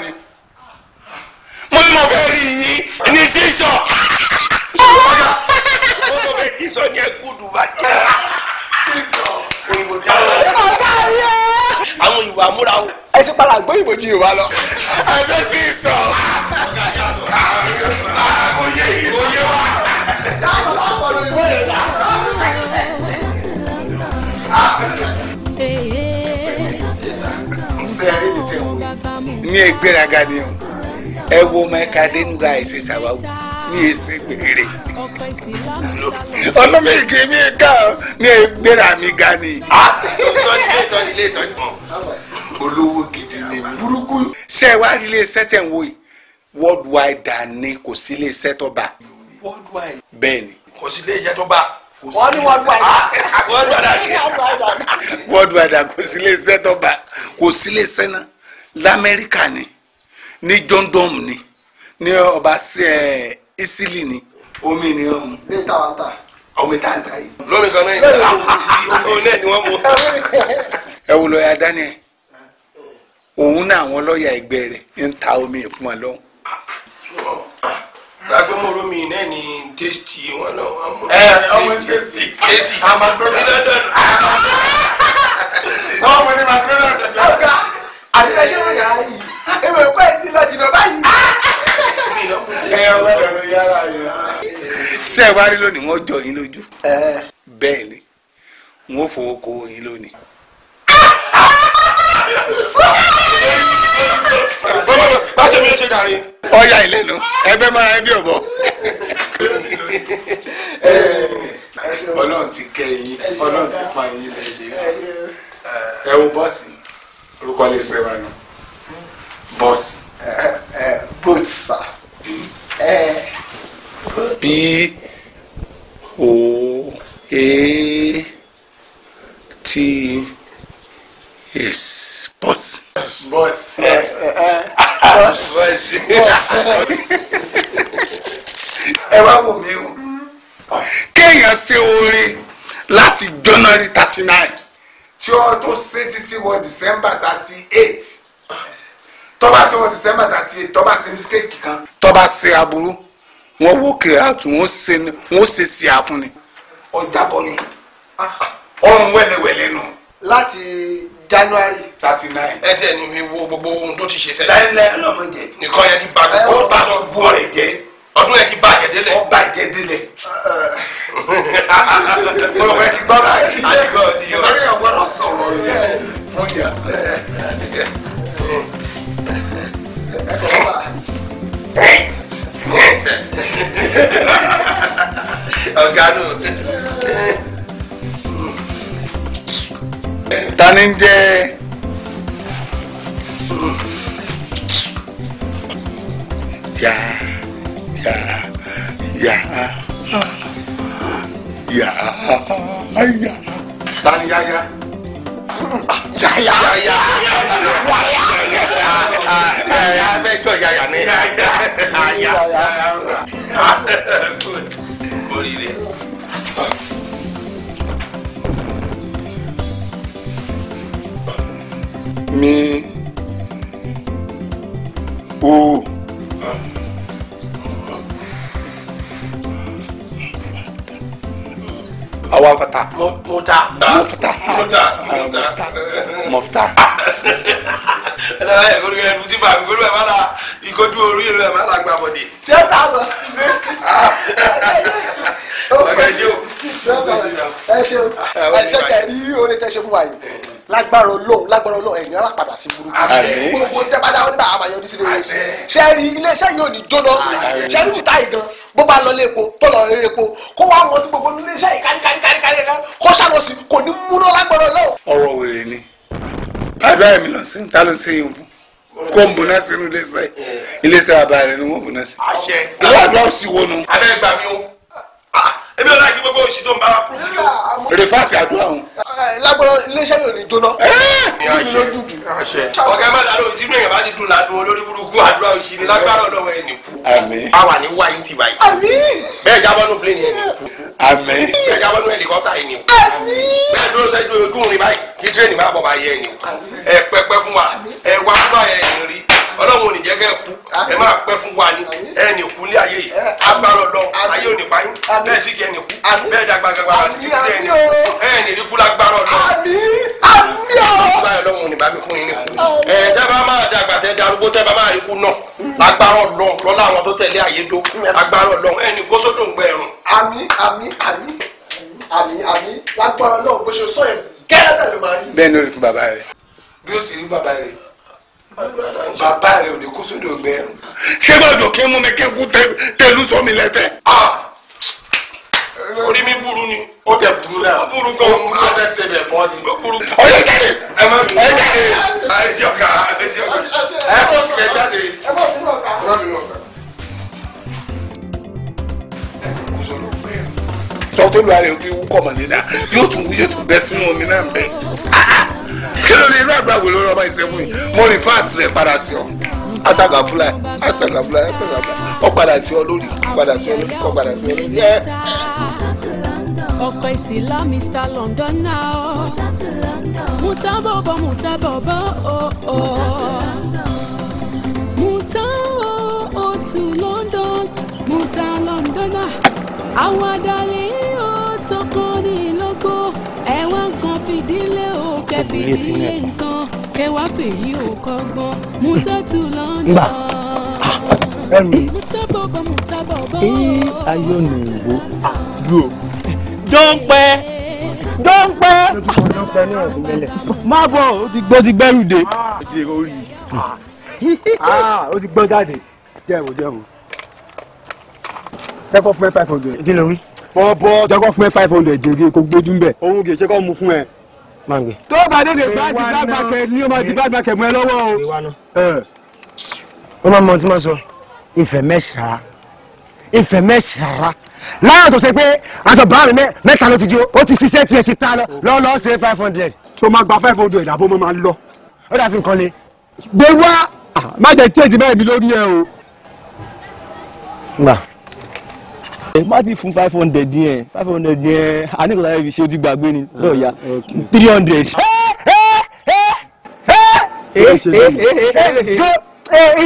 ni mo ní mo fẹ́ rí yín ní sísọ mo tó fẹ́ jísọ ní ẹgbùdù bàjẹ́ sísọ òyìnbó dáhùn. àwọn ìwà amúra o. ẹ ti padà gbé ìbò ju ìwà lọ. ẹsẹ sísọ. òye ìwòye wa. ní ẹgbẹ́raga ni o ẹ wo ọmọ dénúgà ẹ̀sẹ̀ sàwáwù ní ẹsẹ̀ gbèrè ọlọ́mọ èké mi ká ní ẹgbẹ́ra mi ga ni. Ah, ìtọ́ni ilé ìtọ́ni ilé ìtọ́ni mọ̀ olówó gidi ni burúkú. ṣé wá rí ilé iṣẹ́ tẹ̀ ń wò yìí worldwide dà ní kò sí ilé iṣẹ́ tó bá. worldwide. bẹ́ẹ̀ ni. kò sí ilé iṣẹ́ tó bá wọ́n ní ah, worldwide dà kò sí ilé iṣẹ́ tó bá kò sí ilé iṣẹ́ lamẹ́ríkà ni ní jọ́ndọ́m ni ní ọba isili ni omi ni ọmọ. bí ìta wa ta. ọmọ ìta ń ta yìí. lórí kan náà yìí ọmọ náà ni wọ́n mú. <laughs> ẹ wo lọ́ọ̀yà Daniel òun náà àwọn lọ́ọ̀yà ẹgbẹ́ rẹ̀ ń ta omi ìfún ẹ lọ́wọ́ agbẹmọrọ mi náà ni testi wọn lọ ẹ ọmọ testi testi amadurudon amadurudon tọwọ mo ni amadurudon sí lọgá àti ẹ ṣe wọ́n yàrá yìí èmi ò pẹ́ sí lọ́jì lọ báyìí. ẹ wọ́n lọ yàrá yìí. ṣé ẹ wá rí lónìí wọ́n jọ yín lójú. bẹ́ẹ̀ ni wọ́n fowó kó yín lónìí. ọyà ìlẹ́nu ẹgbẹ́ máa ẹbí ọ̀bọ. ọlọ́run ti kẹ́ yín ọlọ́run ti pa yín lẹ́yìn ẹ bọ́ọ̀sì orúkọ lè ṣe wa nù bus boat sa b o a t s bus. bus bus bus ẹ wá wò mí o kéèyàn ṣe orin láti jọ́nà rí thirty nine tí ó tó ṣe títí wọ december thirty eight tó bá ṣe wọ december thirty eight tó bá ṣe mistake kan tó ṣe aburú wọn wó kiri àtún wọn ṣe wọn ṣe ṣe àfúnni ọjà bọ ni ọrùn ah. wẹlẹwẹlẹ nù. láti january thirty nine. ẹ tiẹ̀ ní mi wo gbogbo ohun tó ti ṣe sẹ́yìn. láyé ọlọ́mọdé. nìkan yẹn ti bàtà ó bàtà gbọ́ rẹ̀ jẹ́ ọdún ẹ ti bàjẹ́ délẹ̀. ọ bàjẹ́ délẹ̀. ọlọpàá ẹ ti gbọ́ báyìí. àdìgbò ti yọ. ìtọ́jú yẹn gbọ́dọ̀ sọ̀rọ̀ yẹn fún yà. ọ̀gá nù. ta ni ń jẹ́. Yeah ya ya ya ya tani ya ya jaya ya wa ya ya mẹjọ ya ya ni ya ya kórìíre. mi o. Oh. wan fata. mọta. mọfata. mọta. mọfata. ẹ nana yẹ kórìkẹ ẹnu tí bàbá ìfowópamọ́ bá la ìkọ́jú orí rẹ̀ bá la gbà bọ̀dé. ṣé ta lọ. Ah. <laughs> ọkọ ẹ ah, ṣe o. ẹ ṣe o ẹ ṣe kẹ ní orin tẹ ṣe fún wa yìí lágbára Ọlọ́run lágbára Ọlọ́run ẹ̀yìn ara sí burúkú gbogbo tẹ́padà ó ní bàá máa sí ilé rẹ̀ ṣe é ní jóná ṣe é rí bó bá lọ lé tó lọ rí epo kó wá mọ̀ sí gbogbo iléeṣẹ́ yìí káríkáríkárí kó ṣàlọ́ sí kò ní múná lágbára Ọlọ́run. ọ̀rọ̀ wèrè ni bàbá mi lọ sí ta ló ṣe é yìnbọn kó ń bùnà sínú iléeṣẹ́ iléeṣẹ́ bàbá ni wọ́n bùnà sí. àṣẹ. aláàdúrà ó èmi ò láàyè gbogbo òṣì tó ń bá wa púrúfù yìí o. èrè àdúrà òun. Eh, lágbọ́dọ̀ iléeṣẹ́ yóò ní jóná. ọ̀gá má dàrú òjì mẹ́rin bá ti dùn ládùn olórí burúkú àdúrà òṣì ni lágbára ọlọ́wọ́ ẹ̀ nìkú. àmín. báwa ní wáyé ti wáyé. àmín. bẹ́ẹ̀ jábọ́nú plẹ̀ ni ẹ̀ nìkú. àmín. bẹ́ẹ̀ jábọ́nú ẹ̀líkọ́tà ẹ̀ nìkú. àmín. bẹ́ẹ̀ dúró sẹ́jú ọlọ́run ò ní jẹ́ kẹ́ ẹ kú ẹ máa pẹ́ fún wa ni ẹ ní kú ní ayé yìí agbára ọlọ́run ayé ò ní pa yín bẹ́ẹ̀ sì kẹ́ ẹ ní kú bẹ́ẹ̀ dàgbà gbàgbà títí tí ẹ ní kú ẹ ní rí kú lágbára ọlọ́run. báyọ̀ ọlọ́run ò ní bá mi fún yín ní kú ẹ dábàá máa dàgbà tẹ darúgbó tẹ bá máa rí kú náà lágbára ọlọ́run lọ́lá àwọn tó tẹ̀lé ayé dó agbára ọlọ́run ẹ ní kó sódò ń gbẹ ẹ̀rùn. àmín àmín àmín àmín àmín lágbára ọlọ́run bó ṣe sọ yẹn kẹ́lẹ́bẹ̀ ló máa rí. bẹ́ẹ̀ ni ó rí fún bàbá rẹ̀. bí ó sì rí bàbá rẹ̀ bàbá rẹ ò ní kó sódò gbẹrun. ṣé gbọ́dọ̀ kí n mú mi kí n kú tẹ̀lú sọ mi lẹ́fẹ̀. Ah! orí mi burú ni. ó tẹ burú náà. ó burú gan. ó tẹ sẹbẹ fọ ni. ó burú. ọyọ jáde. ẹ má bínú. ẹ jáde. ẹ jẹ ọkà ẹ ọkà. ẹ kọ́ sí ẹ jáde. ẹ má bínú ọkà. ọkà. sọ ara rẹ̀ fi wúkọ̀ mọ̀ nínú yóò tún yóò tún bẹ́ sínú omi náà bẹ́ẹ̀ ah, ah. kí ló dé inú àgbà wò ló rọ́ọ̀bà ìṣẹ́fún yìí mo rìn fáàsì rẹ̀ padà sí ọ ataga fúlà asaga fúlà asaga fúlà ọ padà sí ọ lórí padà sí ọ lórí kọ padà sí ọ lórí ẹ. ọkọ ìsìlá Mr. London náà ó mùtá bọ̀bọ̀ mùtá bọ̀bọ̀ ó ó mùtá ó ó London mùtá London náà àwọn adarí sọ́kọ́ ní lọ́gbọ́ ẹ wá nǹkan fìdílé o kẹfìdílé nǹkan ẹ wá fèyí o kọ́gbọ́n mú tẹ́tù lọ́nà. ee ayọ̀ ni ìwò dúró dọ́ńpẹ́ dọ́ńpẹ́ má bọ̀ ó ti gbọ́ ti gbẹ́rù dé. Ah, ah, ó ti gbọ́ jáde jẹ́wò jẹ́wò tẹ́kọ̀ fún ẹ five hundred. kí ló rí bọ́ọ̀bọ́. jẹ́kọ̀ fún ẹ five hundred jèrè kò gbójú ń bẹ̀. òun kì í ṣe kọ́ mu fún ẹ. máa ń gbé. tó bá dédé bá ti bá gbàkẹ́ ní o máa ti bá gbàkẹ́ mọ́ ẹ lọ́wọ́ o. ó máa mọ ohun tí wọ́n sọ ìfẹ́ mẹ́sàrá ìfẹ́ mẹ́sàrá láyà tó ṣe pé aṣọ bá mi mẹ́ta ló ti jó ó ti ṣiṣẹ́ tiẹ̀ sí ta lọ lọ ṣe five hundred. tó máa gba five hundred àbó mo máa lọ. ó dàbí nǹkan le. gbé wá ah, má jẹ́ change mẹ́rin mi lórí ẹ o. gbà má ti fún five hundred yẹn five hundred yẹn anikola yẹn fi ṣe o ti gbàgbé ni lọ́ọ̀ three hundred.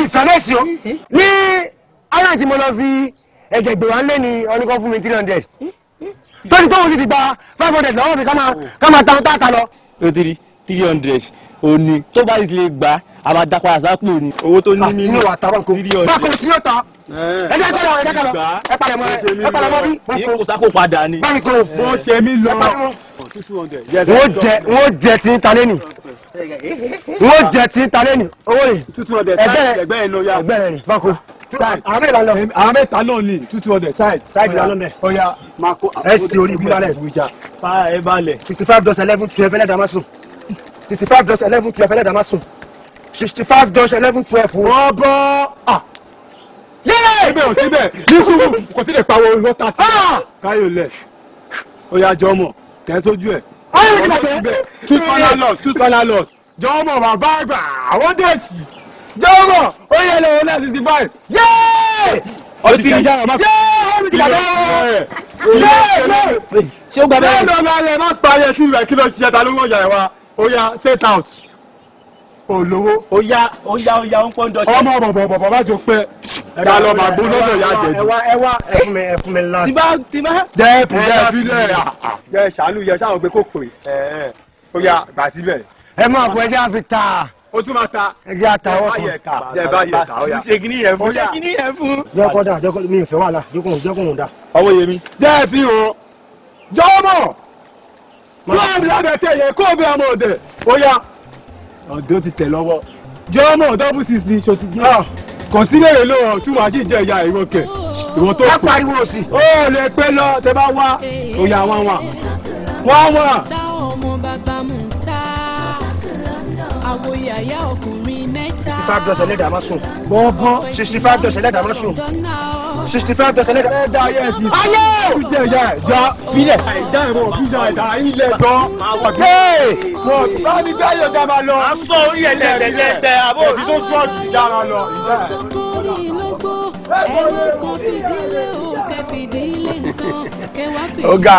ìfẹ̀mẹ́sì o ní iron tí mo lọ fi ẹ̀jẹ̀ gbé wá lé ni oníkan fún mi three hundred tó ti tó wọ́n sì ti gba five hundred lọ́wọ́ mi ká máa tán tá a ta lọ. three hundred òní tó bá ti lè gbà á máa dá padà sápò ni. owó tó ní mílíọ̀nù tírí ọ̀dẹ bákan tí yóò ta ẹ jẹ́ kí lọ ẹ jẹ́ kí lọ ẹ padà mọ ẹ padà mọ bí. yìí kò sáko padà ni. báyìí kò wọ́n ṣe mí lọ. wọ́n jẹ wọ́n jẹ tí ń ta lẹ́nu wọ́n jẹ tí ń ta lẹ́nu owó rẹ̀ ẹgbẹ́ rẹ̀ ẹgbẹ́ rẹ̀ bákan àwọn mẹ́ta náà ni two two side. side la lọ́nà ẹ̀. ọya ẹ sì orí ibi balẹ̀. ẹ balẹ̀. sixty five dollars eleven twelve ẹlẹ́dàá má sixty five dọ́sẹ̀ eleven twelve ẹlẹ́dàá sixty five dọ́sẹ̀ eleven twelve. rọ́bọ́ ah síbẹ̀ ò síbẹ̀ nítorí kò tí lè pawó irọ́ ta ah! ti káyọ̀ lẹ̀ ó yà jọmọ̀ tẹ̀ sójú ẹ̀. ayọ̀ ní bàbá two final loss two final loss jọmọ̀ bàbá àgbà àwọn dẹ̀sì jọmọ̀ ó yẹ lọ́wọ́ náà sixty five yéé ọtí ti yára má fi yéé bàbá yéé ṣé ó gbà bẹ́ẹ̀. bẹ́ẹ̀ lọ́ọ́ máa lẹ̀ má parí ẹ̀ sí ìrẹ̀ kí ló ṣiṣẹ́ ta ló ń wọ̀nyà ẹ̀ wa ó yá set out olówó. ó yá ó yá ó yá ó ń pọ́n dọ́sẹ̀. ọmọ bọ̀bọ̀ bọ̀bọ̀ bá jọ pé ká lọ máa gbó lọ́dọ̀ yá jẹ̀jì. ẹ wá ẹ wá ẹ fún mi ẹ fún mi last. tibá tibá. jẹ pìlẹ filẹ. yẹ ṣàánú yẹ ṣàwọn pé kò pè ó yá gbà síbẹ̀. ẹ máa bọ ẹjẹ àfi ta. o tún máa ta. ẹjẹ ata ọkọ jẹ báyẹ ta ó yá. ṣe kìíní yẹn fún. ṣe kìíní yẹn fún. jẹ́kọ̀ọ́ dà jẹ́kọ̀ọ́ mi ò fẹ́ wàhálà jẹ́kọ̀ọ́ jẹ́kọ̀ọ́ dà. ọwọ́ yẹ mi. jẹ́ fi kúrò ní abẹ́tẹ̀ yẹn kó bẹ ọmọ ọ̀dẹ̀ ó yá ọ̀dẹ̀ ó ti tẹ̀ lọ́wọ́ jẹ́ ọmọ double six ni ṣo ti ah. jẹ́ kò sí lèrè ló ọ̀ tún màá sì jẹ ìyá ìwọ kẹ ìwọ tó kù. ẹ pariwo sí. ó lè pé lọ tẹ bá wá ó yá wá wá wá wá. àwòyàyà ọkùnrin sixty five dollars ẹlẹ́dàá máa sùn gbọ́ngbọ́n sixty five dollars ẹlẹ́dàá máa sùn sixty five dollars ẹlẹ́dàá. ẹlẹ́dàá ayé ti fi jẹ́ ìyá ẹ̀ ya ìjà ìwọ ìjà ìdá ilẹ̀ dán. wọ́n bá mi gbé ayọ̀ máa lọ. a sọ orí ẹ̀ lẹ́ẹ̀dẹ̀ẹ́dẹ́ òbí tó sọ̀tù ìjára lọ. ọ̀gá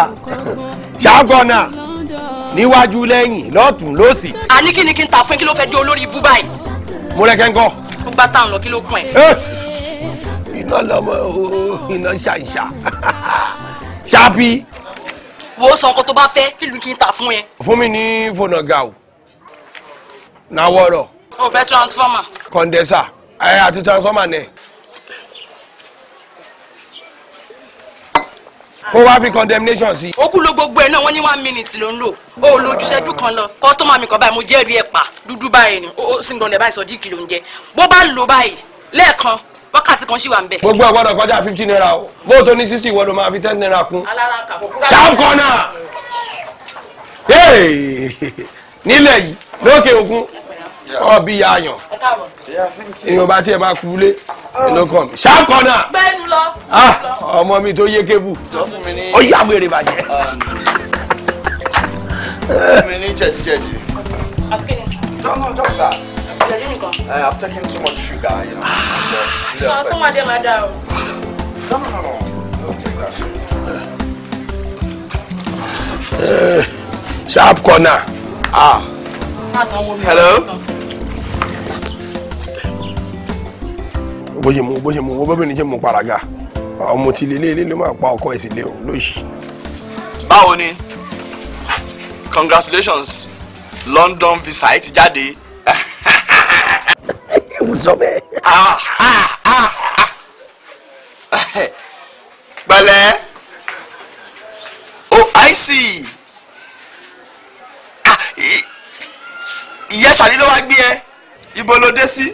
ṣàgọ́nà níwájú lẹ́yìn lọ́tún lọ́sì. àní kí ni kí n ta fún kí ló fẹ́ jẹ́ olórí ibú báyìí. mo rẹ kẹ́ńkọ́. ó gbá táwọn lọ kí ló kún ẹ. Eh! iná lọmọ oh, iná ṣàìṣà <laughs> ṣáàbí. wo sọ ọkọ tó bá fẹ́ kí lu kí n ta fún ẹ. fún mi ní fònàgà o náwó rọ. o fẹ́ transformer. kọ́ndẹ́sà ẹ àti transformer náà. kó wá fi condemnation sí. ó kú ló gbogbo ẹ náà wọ́n ní one minute ló ń lò ó lo ojúṣẹ́jú kan lọ kọ́sítọ́mà mi kan báyìí mo jẹ́rìí ẹ̀ pa dúdú báyìí ni ó sì ń lọlẹ̀ báyìí sọ̀dí kìlò ń jẹ bó bá lò báyìí lẹ́ẹ̀kan wákàtí kan ṣì wà ń bẹ̀. gbogbo ẹ gbọ́dọ̀ kọjá fifty naira o bó o tó ní sixty ìwọ ló máa fi ten naira kún. sharp corner nílẹ̀ yìí lókè òkun ọ bí ya yàn èèyàn bá tiẹ̀ máa kú inú kan mi ṣàkọ́nà ọmọ mi tó yé kébù ó yà wèrè bàjẹ́. mi ní jẹ̀díjẹ̀dí. sharp corner. Ah. Eh, ah. Hello. bó ṣe mú bó ṣe mú wo bóbìnrin ṣe mú paraga ọmọ tí lélẹ́ ilé máa pa ọkọ ẹ̀ sílẹ̀ o lóṣì. báwo ni congratulations London visa ẹ ti jáde. ewu sọ bẹ́ẹ̀. Ah, ah, ah, pẹ̀lẹ́ oh I see ìyá ṣàlí ló wá gbé ẹ ibo ló dé sí.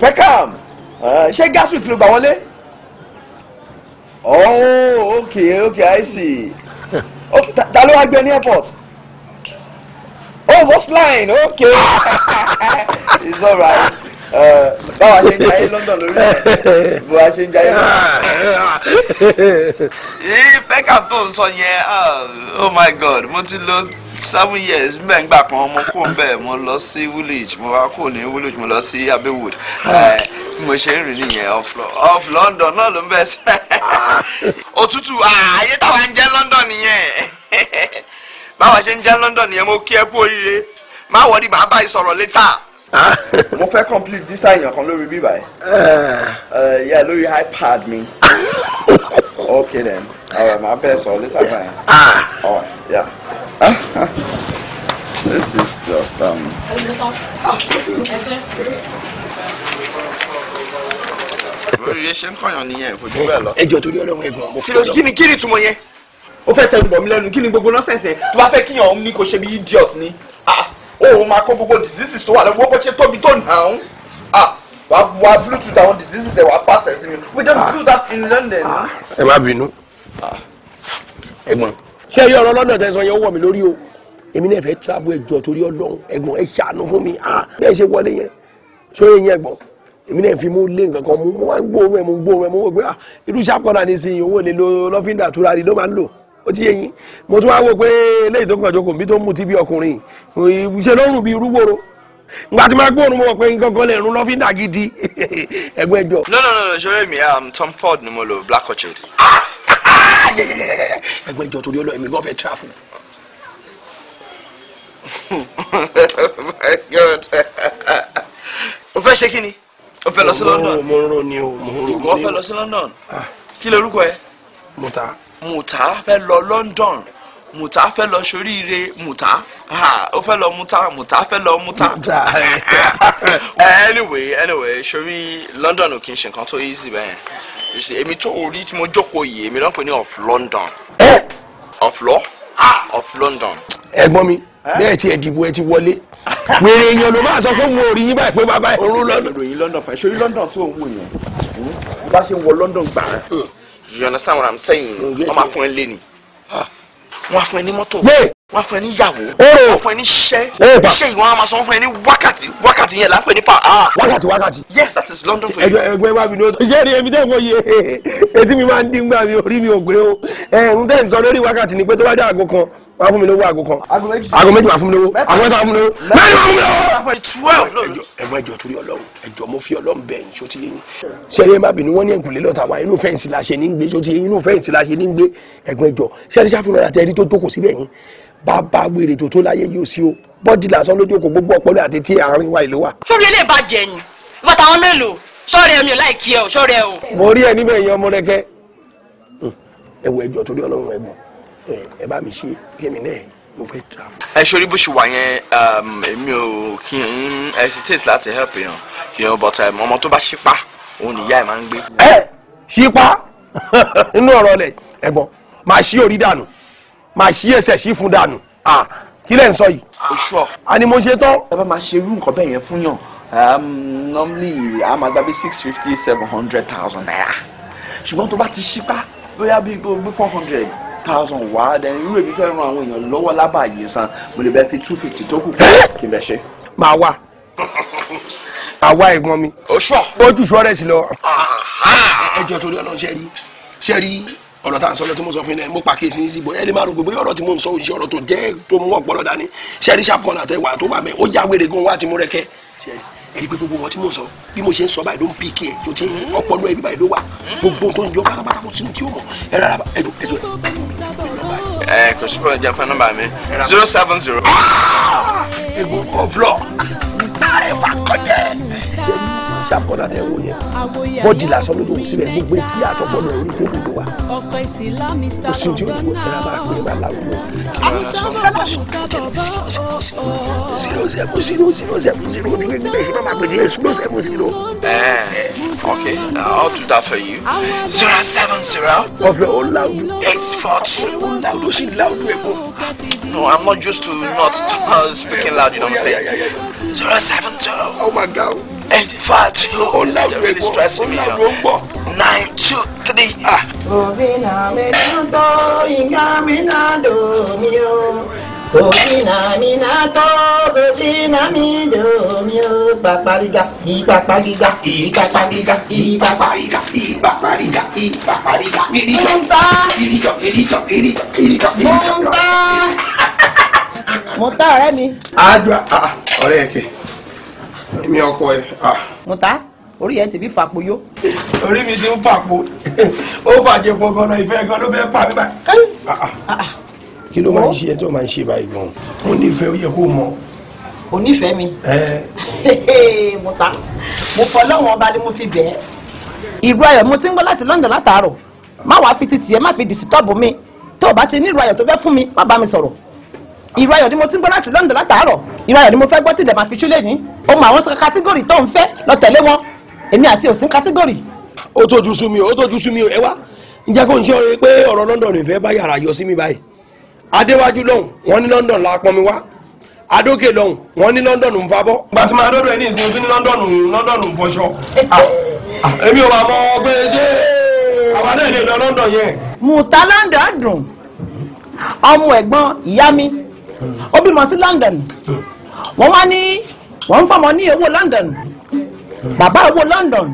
peckham. Eh, ṣé gas ló gbà wọlé oh okay okay i see okay, oh, ta ló wá gbé ní airport oh what's line okay <laughs> it's alright eh, báwa ṣe ń jayé London lórí ẹ báwa ṣe ń jayé London. Beckham eh, tó ń sọ yẹn ah, oh my god mo ti lò seven years mbẹ́ ngbà kan mo kó mbẹ́ mo lọ sí Woolwich mo wá kó ní Woolwich mo lọ sí Abbeywood. Uh, bí mo ṣe ń rìn nìyẹn off off London náà ló ń bẹ sẹ <laughs> òtútù ààyè táwa ń jẹ London nìyẹn <laughs> báwa ṣe ń jẹ London nìyẹn mo kí ẹ kú oríire má wọrí màá bá ìsọ̀rọ̀ létà. <laughs> mo fẹ́ complete visa èèyàn kan lórí bíbá ẹ̀ eh. eh, yẹ lórí iPad mi ok then ọ̀rọ̀ màá bẹ̀ sọ̀rọ̀ létà báyìí ọ̀rọ̀ This is just um oríire ṣe ń kọyàn nìyẹn kò jù bẹ́ẹ̀ lọ. ẹjọ torí Ọlọ́run ẹ̀gbọ́n mo fi lọ. kí ni kí ni túmọ̀ yẹn. ó fẹ́ tẹnu bọ̀ mí lẹ́nu kí ni gbogbo nọ́sẹ̀nsẹ̀ tó bá fẹ́ kíyàn òun ní kò ṣe bí idiot ni ah, ó máa kó gbogbo diseases tó wà lọ́wọ́ bó ṣe tóbi tó nà án ah, wà á bluetooth àwọn diseases ẹ̀ wà á pass ẹ̀ sí mi we don't do that in London. Ah, ẹ má bínú. ẹ̀gbọ́n ṣé ẹ yọ ọ̀rọ̀ lọ́dọ̀ tẹsán yẹn ó wọ mi lórí o èmi náà fẹ́ travel ẹjọ torí Ọlọ́run ẹ̀gbọ́n ẹ ṣàánú fún mi bẹ́ẹ̀ ṣe wọlé yẹn ṣó yẹ yẹn ẹ̀gbọ́n èmi náà fi mú lé nǹkan kan mú mo máa ń gbóòórùn ẹ mo ń wò pé ah irú sàpọ̀nà nísìnyí owó lè lo lọ́fíńdà túra rí ló máa ń lò ó ti yé yín mo tún wá wò pé eléyìí tó kàn jókòó mi tó ń mutí bí ọkùnrin ṣe ló rùn bí irúgbòrò ngbà tí máa gbóòórùn mo wò pé nǹkan kan lè rún lọ́fíńdà gidi <laughs> ẹgbẹ́ jọ. no no no ṣọlá mi ah, Tom Ford ni mo lo black orchid. <laughs> ẹgbẹ́ jọ torí ọlọ́ọ̀ èmi gan fẹ́ <laughs> oh my God o fẹ́ ṣe kí ni o fẹ́ lọ sí London mo ń ro ni o mo ń ro mo fẹ́ lọ sí London kí lorúkọ ẹ. Muta. Muta fẹ́ lọ London Muta fẹ́ lọ soríire Muta o fẹ́ lọ Muta Muta fẹ́ lọ Muta. <laughs> Eh. anyway anyway sori London ò kí n ṣe nǹkan tó easy bẹ́ẹ̀ ṣe èmi tó orí tí mo jókòó yìí èmi náà pè ní of London. Eh! of lọ ah, of London. ẹ̀gbọ́n mi. Eh? bẹ́ẹ̀ tí ẹ ẹ ti wọlé wèrè èèyàn ló máa sọ fún mi orí yín báyìí pé bàbá ẹ. orú london ròyìn london fà ṣorí london tó ń wò yẹn bó bá ṣe ń wọ london gbà. Hmm. you understand what I'm saying hmm, wọ́n máa fún ẹ lé ni ah. wọ́n á fún ẹ ní mọ́tò wọ́n á fún ẹ ní ìyàwó wọ́n á fún ẹ ní iṣẹ́ iṣẹ́ yìí wọ́n á máa sọ fún ẹ ní wákàtí wákàtí yẹn là ń pè ní pa. Ah. wákàtí wákàtí. yes that is London for you. ẹgbẹ́ wa mi ní o. iṣẹ́ rí èmi dẹ́gbọ́ yé etí mi máa ń dín gbà mí orí mi ò gbé o ẹ̀ ń tẹ̀ ń sọ lórí wákàtí ni pé tó bá jẹ́ àgọ́ kan wàá fún mi lówó aago kan aago méjì wàá fún mi lówó aago mẹ́ta wàá fún mi lówó mẹ́rin wàá fún mi lówó. ẹ̀wọ̀n ẹ̀jọ̀ torí ọlọ́run ẹ̀jọ̀ mo fi ọlọ́run bẹ̀ ẹ̀yìn sóti yẹn. sẹ́ni ẹ má bínú wọ́n ní ẹ̀kúlẹ̀ lọ́ta wa inú fẹ́ǹsì la ṣe ní gbé sóti yẹn inú fẹ́ǹsì la ṣe ní gbé ẹ̀gbọ́n ẹ̀jọ̀ sẹ́ni sáfìmọ̀ yàtọ̀ ẹ̀rí tó jókòó síbẹ̀ yẹn bàbá wèrè tó tó láyé yóò sí o bọ́dì lásán lójú kò gbogbo ọpọlọ àti tí àárín wa ìlú wa. sórí ilé ìbàjẹ́ ẹ̀yìn ìbàtà àwọn mélòó sọ́ọ̀rẹ́ mi ò láì kí ẹ o sọ́ọ̀rẹ́ o. mo rí ẹ níbẹ̀ yẹn ọmọ rẹ kẹ́ ẹ wo ẹjọ́ torí ọlọ́run ẹ Eh, ẹ bá mi ṣe kémi náà mo fẹ́ tra fún. ẹ ṣorí bó ṣe wà yẹn um, èmi ò kí n hesitate láti help yàn yàn but um, ọmọ tó bá ṣípá òun nìyá ẹ máa ń gbé. ẹ ṣípá <laughs> inú ọ̀rọ̀ rẹ̀ ẹ̀gbọ́n máa ṣí orí dànù máa ṣí ẹsẹ̀ ṣí fún dànù kí lẹ̀ ń sọ yìí. oṣù a ni mo ṣe tán. ẹ bá máa ṣe irú nǹkan bẹ́ẹ̀ yẹn fún yàn um, normally a máa gba bí six fifty seven hundred thousand naira ṣùgbọ́n tó bá ti ṣípá bóyá bí four hundred thousand wá then irú èmi fẹ́ ran àwọn èèyàn lọ́wọ́ lábàáyé san mo lè bẹ fi two fifty tó kù kí n bẹ ṣe. màá wà àwa ẹ̀gbọ́n mi. oṣù ojú ìṣọ́ rẹ̀ sí lọ. ẹjọ́ torí ọlọ́run ṣe rí ṣe rí ọ̀rọ̀ tá à ń sọ lọ tí mo sọ fún yín mo pàkíyèsí yín sí bóyá ẹni máa rò gbogbo ọ̀rọ̀ tí mo ń sọ òṣìṣẹ́ ọ̀rọ̀ tó jẹ́ tó mú ọ̀pọ̀lọ́ dání ṣe rí sharp corner tẹ wà tó bà mẹ́ ó yá wèrè gan wá tí mo rẹ kẹ́ ṣe rí ẹni pé gbogbo wọn tí mò sọ bí mo ṣe ń sọ báyìí ló ń pì kí ẹ tó ti ọpọlọ ẹbí báyìí ló wà gbogbo tó ń yọ pátápátá kò sí tí ó mọ ẹ rárá ẹjọ ẹjọ ẹ kò sí bọ́ọ̀lù jẹ́fẹ́ nọ́mbà mi zero seven zero. Ah! egbò ọ̀flọ̀ ah! ah, ẹ fà kọjá ṣàkọ́nà tẹ̀ wò bọ́dì lásán ló dòwò síbẹ̀ gbogbo etí àtọ̀gbọ́dọ̀ orí tó dòdò wa kò tí ó dòwò ẹ̀rọ bá pè é bá láwùjọ. ẹ̀rọ sọ zero seven zero zero seven zero ní ẹgbẹ́ ìṣẹ́ bàbá pè ní zero seven zero. Okay, uh, I'll do that for you. Zero seven zero. Ọ̀fẹ́ ó láwùjọ. Eight four two. Ó láwùjọ sí láwùjọ ẹ̀kọ́. No, I'm not used to not <laughs> speaking loud, you know what I'm saying? Zero seven zero. Oh my God eighty five ó láwùjọ ègbò ó láwùjọ ògbò. nine two three. òbínà mi ló tó ìgbà mi náà lò mí o òbínà mi náà tó òbínà mi lò mí o. ìpàpàrìgà ìpàpàrìgà ìpàpàrìgà ìpàpàrìgà ìpàpàrìgà ìpàpàrìgà. ìrìjọ ìrìjọ ìrìjọ ìrìjọ ìrìjọ ìrìjọ. mo ń bá mo ń bá ọ̀rẹ́ mi. àjọ ọ̀rẹ́ kẹ̀ èmi ọkọ ẹ. Ah. Muta orí ẹ ti bí fàpò yó. orí mi ti ń fàpò ó fàjẹ pọgànà ìfẹ́ gan ló fẹ́ pa mí báyìí. Ah, ah. kí ló máa ń ṣe ẹ tó máa ń ṣe báyìí gan mo nífẹ̀ẹ́ ó yẹ kó mọ. o nífẹ̀ẹ́ mi. <laughs> Muta mo fọ lọ́wọ́n ọba ni mo fi bẹ̀ ẹ́. ìrù ayọ̀ mo ti ń gbọ́ láti London látàárọ̀ má wàá fi titi ẹ má fi dìsítọ́ọ̀bù mi tó o bá ti ní ìrù ayọ̀ tó fẹ́ fún mi má bá mi sọ̀rọ̀ ìró ayọ̀ ni mo ti ń gbọ́ láti London látàárọ̀ ìró ayọ̀ ni mo fẹ́ gbọ́ tilẹ̀ máa fi ṣúlẹ̀ ní o mọ àwọn kátígórì tó ń fẹ́ lọ tẹ̀lé wọn èmi àti òsín kátígórì. ó tójú sú mi ó tójú sú mi ẹ wá ǹjẹ́ kó n ṣe ọ̀rẹ́ pé ọ̀rọ̀ London ìfẹ́ bá yàrá yọ sí mi báyìí adéwájú lọ́hùn wọ́n ní London la pọn mi wá adókè lọ́hùn wọ́n ní London ń fa bọ́. ìgbà tí màá dọ́dọ̀ ẹ ní ìsinmi tó ní London London ń fọṣọ. Ah, ah, èmi ò máa mọ pé ṣé àwa náà lè lọ London yẹn. mùtá London dùn ọmọ ẹ̀gbọ́n ìyá mi ó bímọ sí London wọ́n wá ní wọ́n ń fọmọ ní owó London bàbá owó London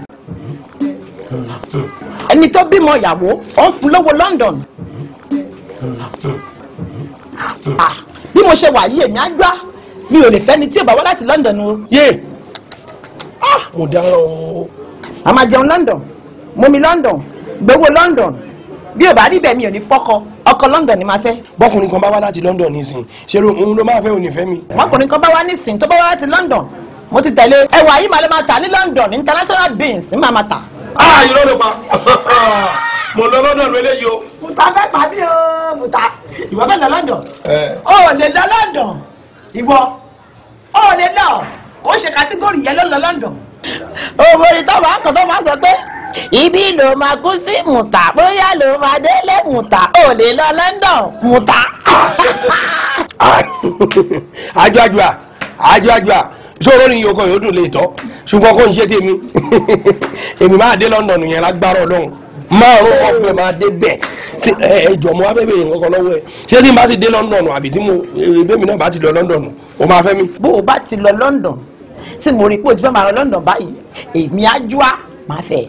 ẹni tó bímọ ìyàwó ó ń fún lówó London bí mo ṣe wà yìí èmi á gbá mi ò lè fẹ́ ni tí ò bá wá láti London o yé kò dára o. a máa jẹun London mumi London gbowó London bí ò bá rí bẹ́ẹ̀ mi ò ní fọ́kọ ọkọ London ni màá fẹ́. bọ́kùnrin kan bá wá láti London nísìn ṣé òun ló máa fẹ́ onífẹ́ mi. bọ́kùnrin kan bá wá nísìn tó bá wá láti London mo ti tẹ̀lé ẹwà yìí màá lè máa tà ní London international beans ń máa máa tà. a ah, irọ́ ló pa <laughs> mo lọ London eléyìí o. mùtá fẹ́ pa mí o mùtá ìwọ fẹ́ lọ London. o ò lè lọ London ìwọ o ò lè lọ kó ṣe kàtígórì yẹn ló lọ London. òwò ìtọ́wọ̀ àkàtọ́ máa sọ pé ibi ló máa kú sí muta. bóyá ló máa délé muta. ò lè lọ London mùtà. àjọ àjùà àjọ àjùà sọ̀rọ̀ ni yòókàn yóò dùn lè tọ́ ṣùgbọ́n kò ń ṣe tèmi èmi máa dé London yẹn lágbára Ọlọ́run máa rún ọ̀pẹ máa dé bẹ́ẹ̀ tí ẹjọ́ mo wá fẹ́ bèèrè nǹkan lọ́wọ́ ẹ ṣé tí n bá ti dé London àbí tí mo ebémi náà bá ti lọ London o máa fẹ́ mi. bó o bá ti lọ London tí mo rí i pé o ti fẹ́ máa lọ London báyìí èmi á jó a má fẹ́.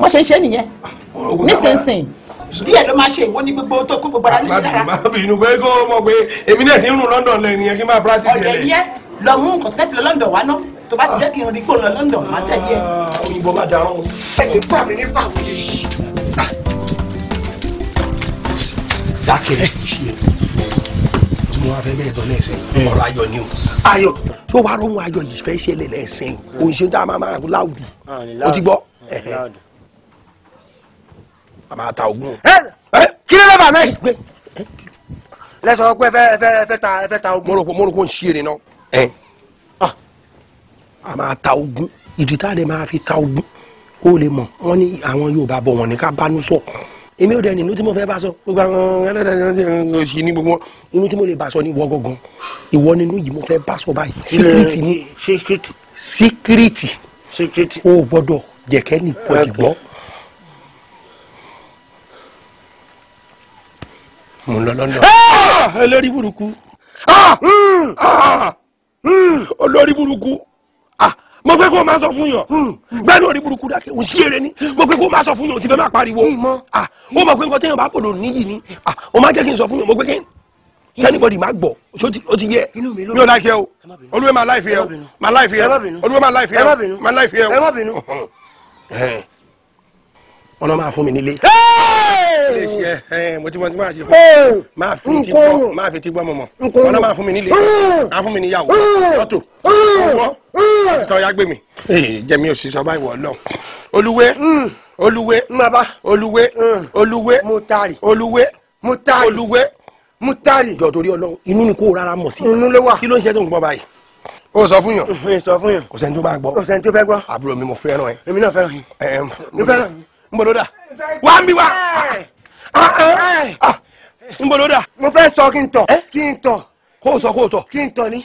wọ́n ṣe ṣe nìyẹn nísinsìnyí díẹ̀ ló máa ṣe ìwọ ní gbogbo tó kó gbogbo ara ní ìdára. má bínú pé kó o mọ̀ pé èmi náà ti ń rún London lẹ́nu yẹn kí n máa practice yẹn. ọ̀dẹ̀ yẹn lọ mú nǹkan fẹ́ fi lọ London wá ná tó bá ti jẹ́ kí n rí gbòòrò London má tẹ̀lé ẹ̀. Ah, òyìnbó má dáhùn. ẹ ti fún mi ní fàwọn yìí. Ah. dákẹ́ ẹ̀ mo wá fẹ́ bẹ́ẹ̀ tọ́ lẹ́sẹ̀yìn ọ̀rọ̀ ayọ̀ ni o ayọ̀ tó wàá rọ́mú ayọ̀ yìí fẹ́ ṣẹlẹ̀ lẹ́sẹ̀yìn òun ṣe tá a máa máa láwùdù o ti gbọ́ a máa ta ogun. kí ló lọ́ba mẹ́rin pé lẹ́sọ̀ pé ẹ fẹ́ ẹ fẹ́ ta ẹ fẹ́ ta ogun. mọ̀rọ̀kọ mọ̀rọ̀kọ ń ṣí èrè náà a máa ta ogun ìdí tá máa fi ta ogun ó lè mọ̀ wọ́n ní àwọn Yorùbá bọ̀ wọ́n ní ká bánú sọ̀kan èmi ò dẹ̀ nínú tí mo fẹ́ bá sọ gbogbo àwọn ẹlẹ́dẹ̀ẹ́dẹ́ sí ní gbogbo inú tí mo lè bá sọ ní ìwọ gangan ìwọ nínú yìí mo fẹ́ bá sọ báyìí síkírìtì ni síkírìtì o gbọ́dọ̀ jẹ̀kẹ́ ní pọ̀jùgbọ́. mo lọ lọ́nà. Ah! olórí burúkú ah! Hmm! Ah! Hmm! olórí burúkú mo pé kó o máa sọ fún yàn hmm. gbẹ́nu orí burúkú dákẹ́ òun sí eré ni mo pé kó o máa sọ fún yàn kí fẹ́ máa pariwo ah, ó mọ̀ pé nǹkan téèyàn bá pò níyì ni ó ah, máa jẹ́ kí n sọ fún yàn mo pé kí kẹ́nìbọ̀dì máa gbọ́ ó ti yẹ mi ò láìfẹ́ o olúwe máa láìfẹ́ o máa láìfẹ́ o olúwe máa láìfẹ́ o máa láìfẹ́ o wọn náà máa fún mi nílé. mo ti mọ tí máa ṣe fún mi máa fi ti gbọ́ máa fi ti gbọ́ mọ̀mọ́ wọn náà máa fún mi nílé máa fún mi níyàwó lọ́tò ọwọ́ àtìtọ́ ya gbé mi. jẹ́mi ò sì sọ báyìí wọ̀ lọ. olúwe hmm. olúwe olúwe hmm. olúwe mutari olúwe mutari olúwe mutari. jọ torí Ọlọ́run inú ni kò rárá mọ̀ sí. inú ló wà kí ló ń ṣe tó ń gbọ́ báyìí o sọ fún yàn. sọ fún yàn. kò sẹ́ni tó bá gbọ́. kò sẹ́ni tó fẹ́ gbọ́. àbúrò mi mo fẹ́ràn ẹ. èmi náà fẹ́ràn yín. mo fẹ́ràn yín n bolo da wa n bi wa mo fẹ́ sọ kí n tọ̀ eh? kí n tọ̀. k'o sọ k'o tọ̀. kí n tọ̀ ni.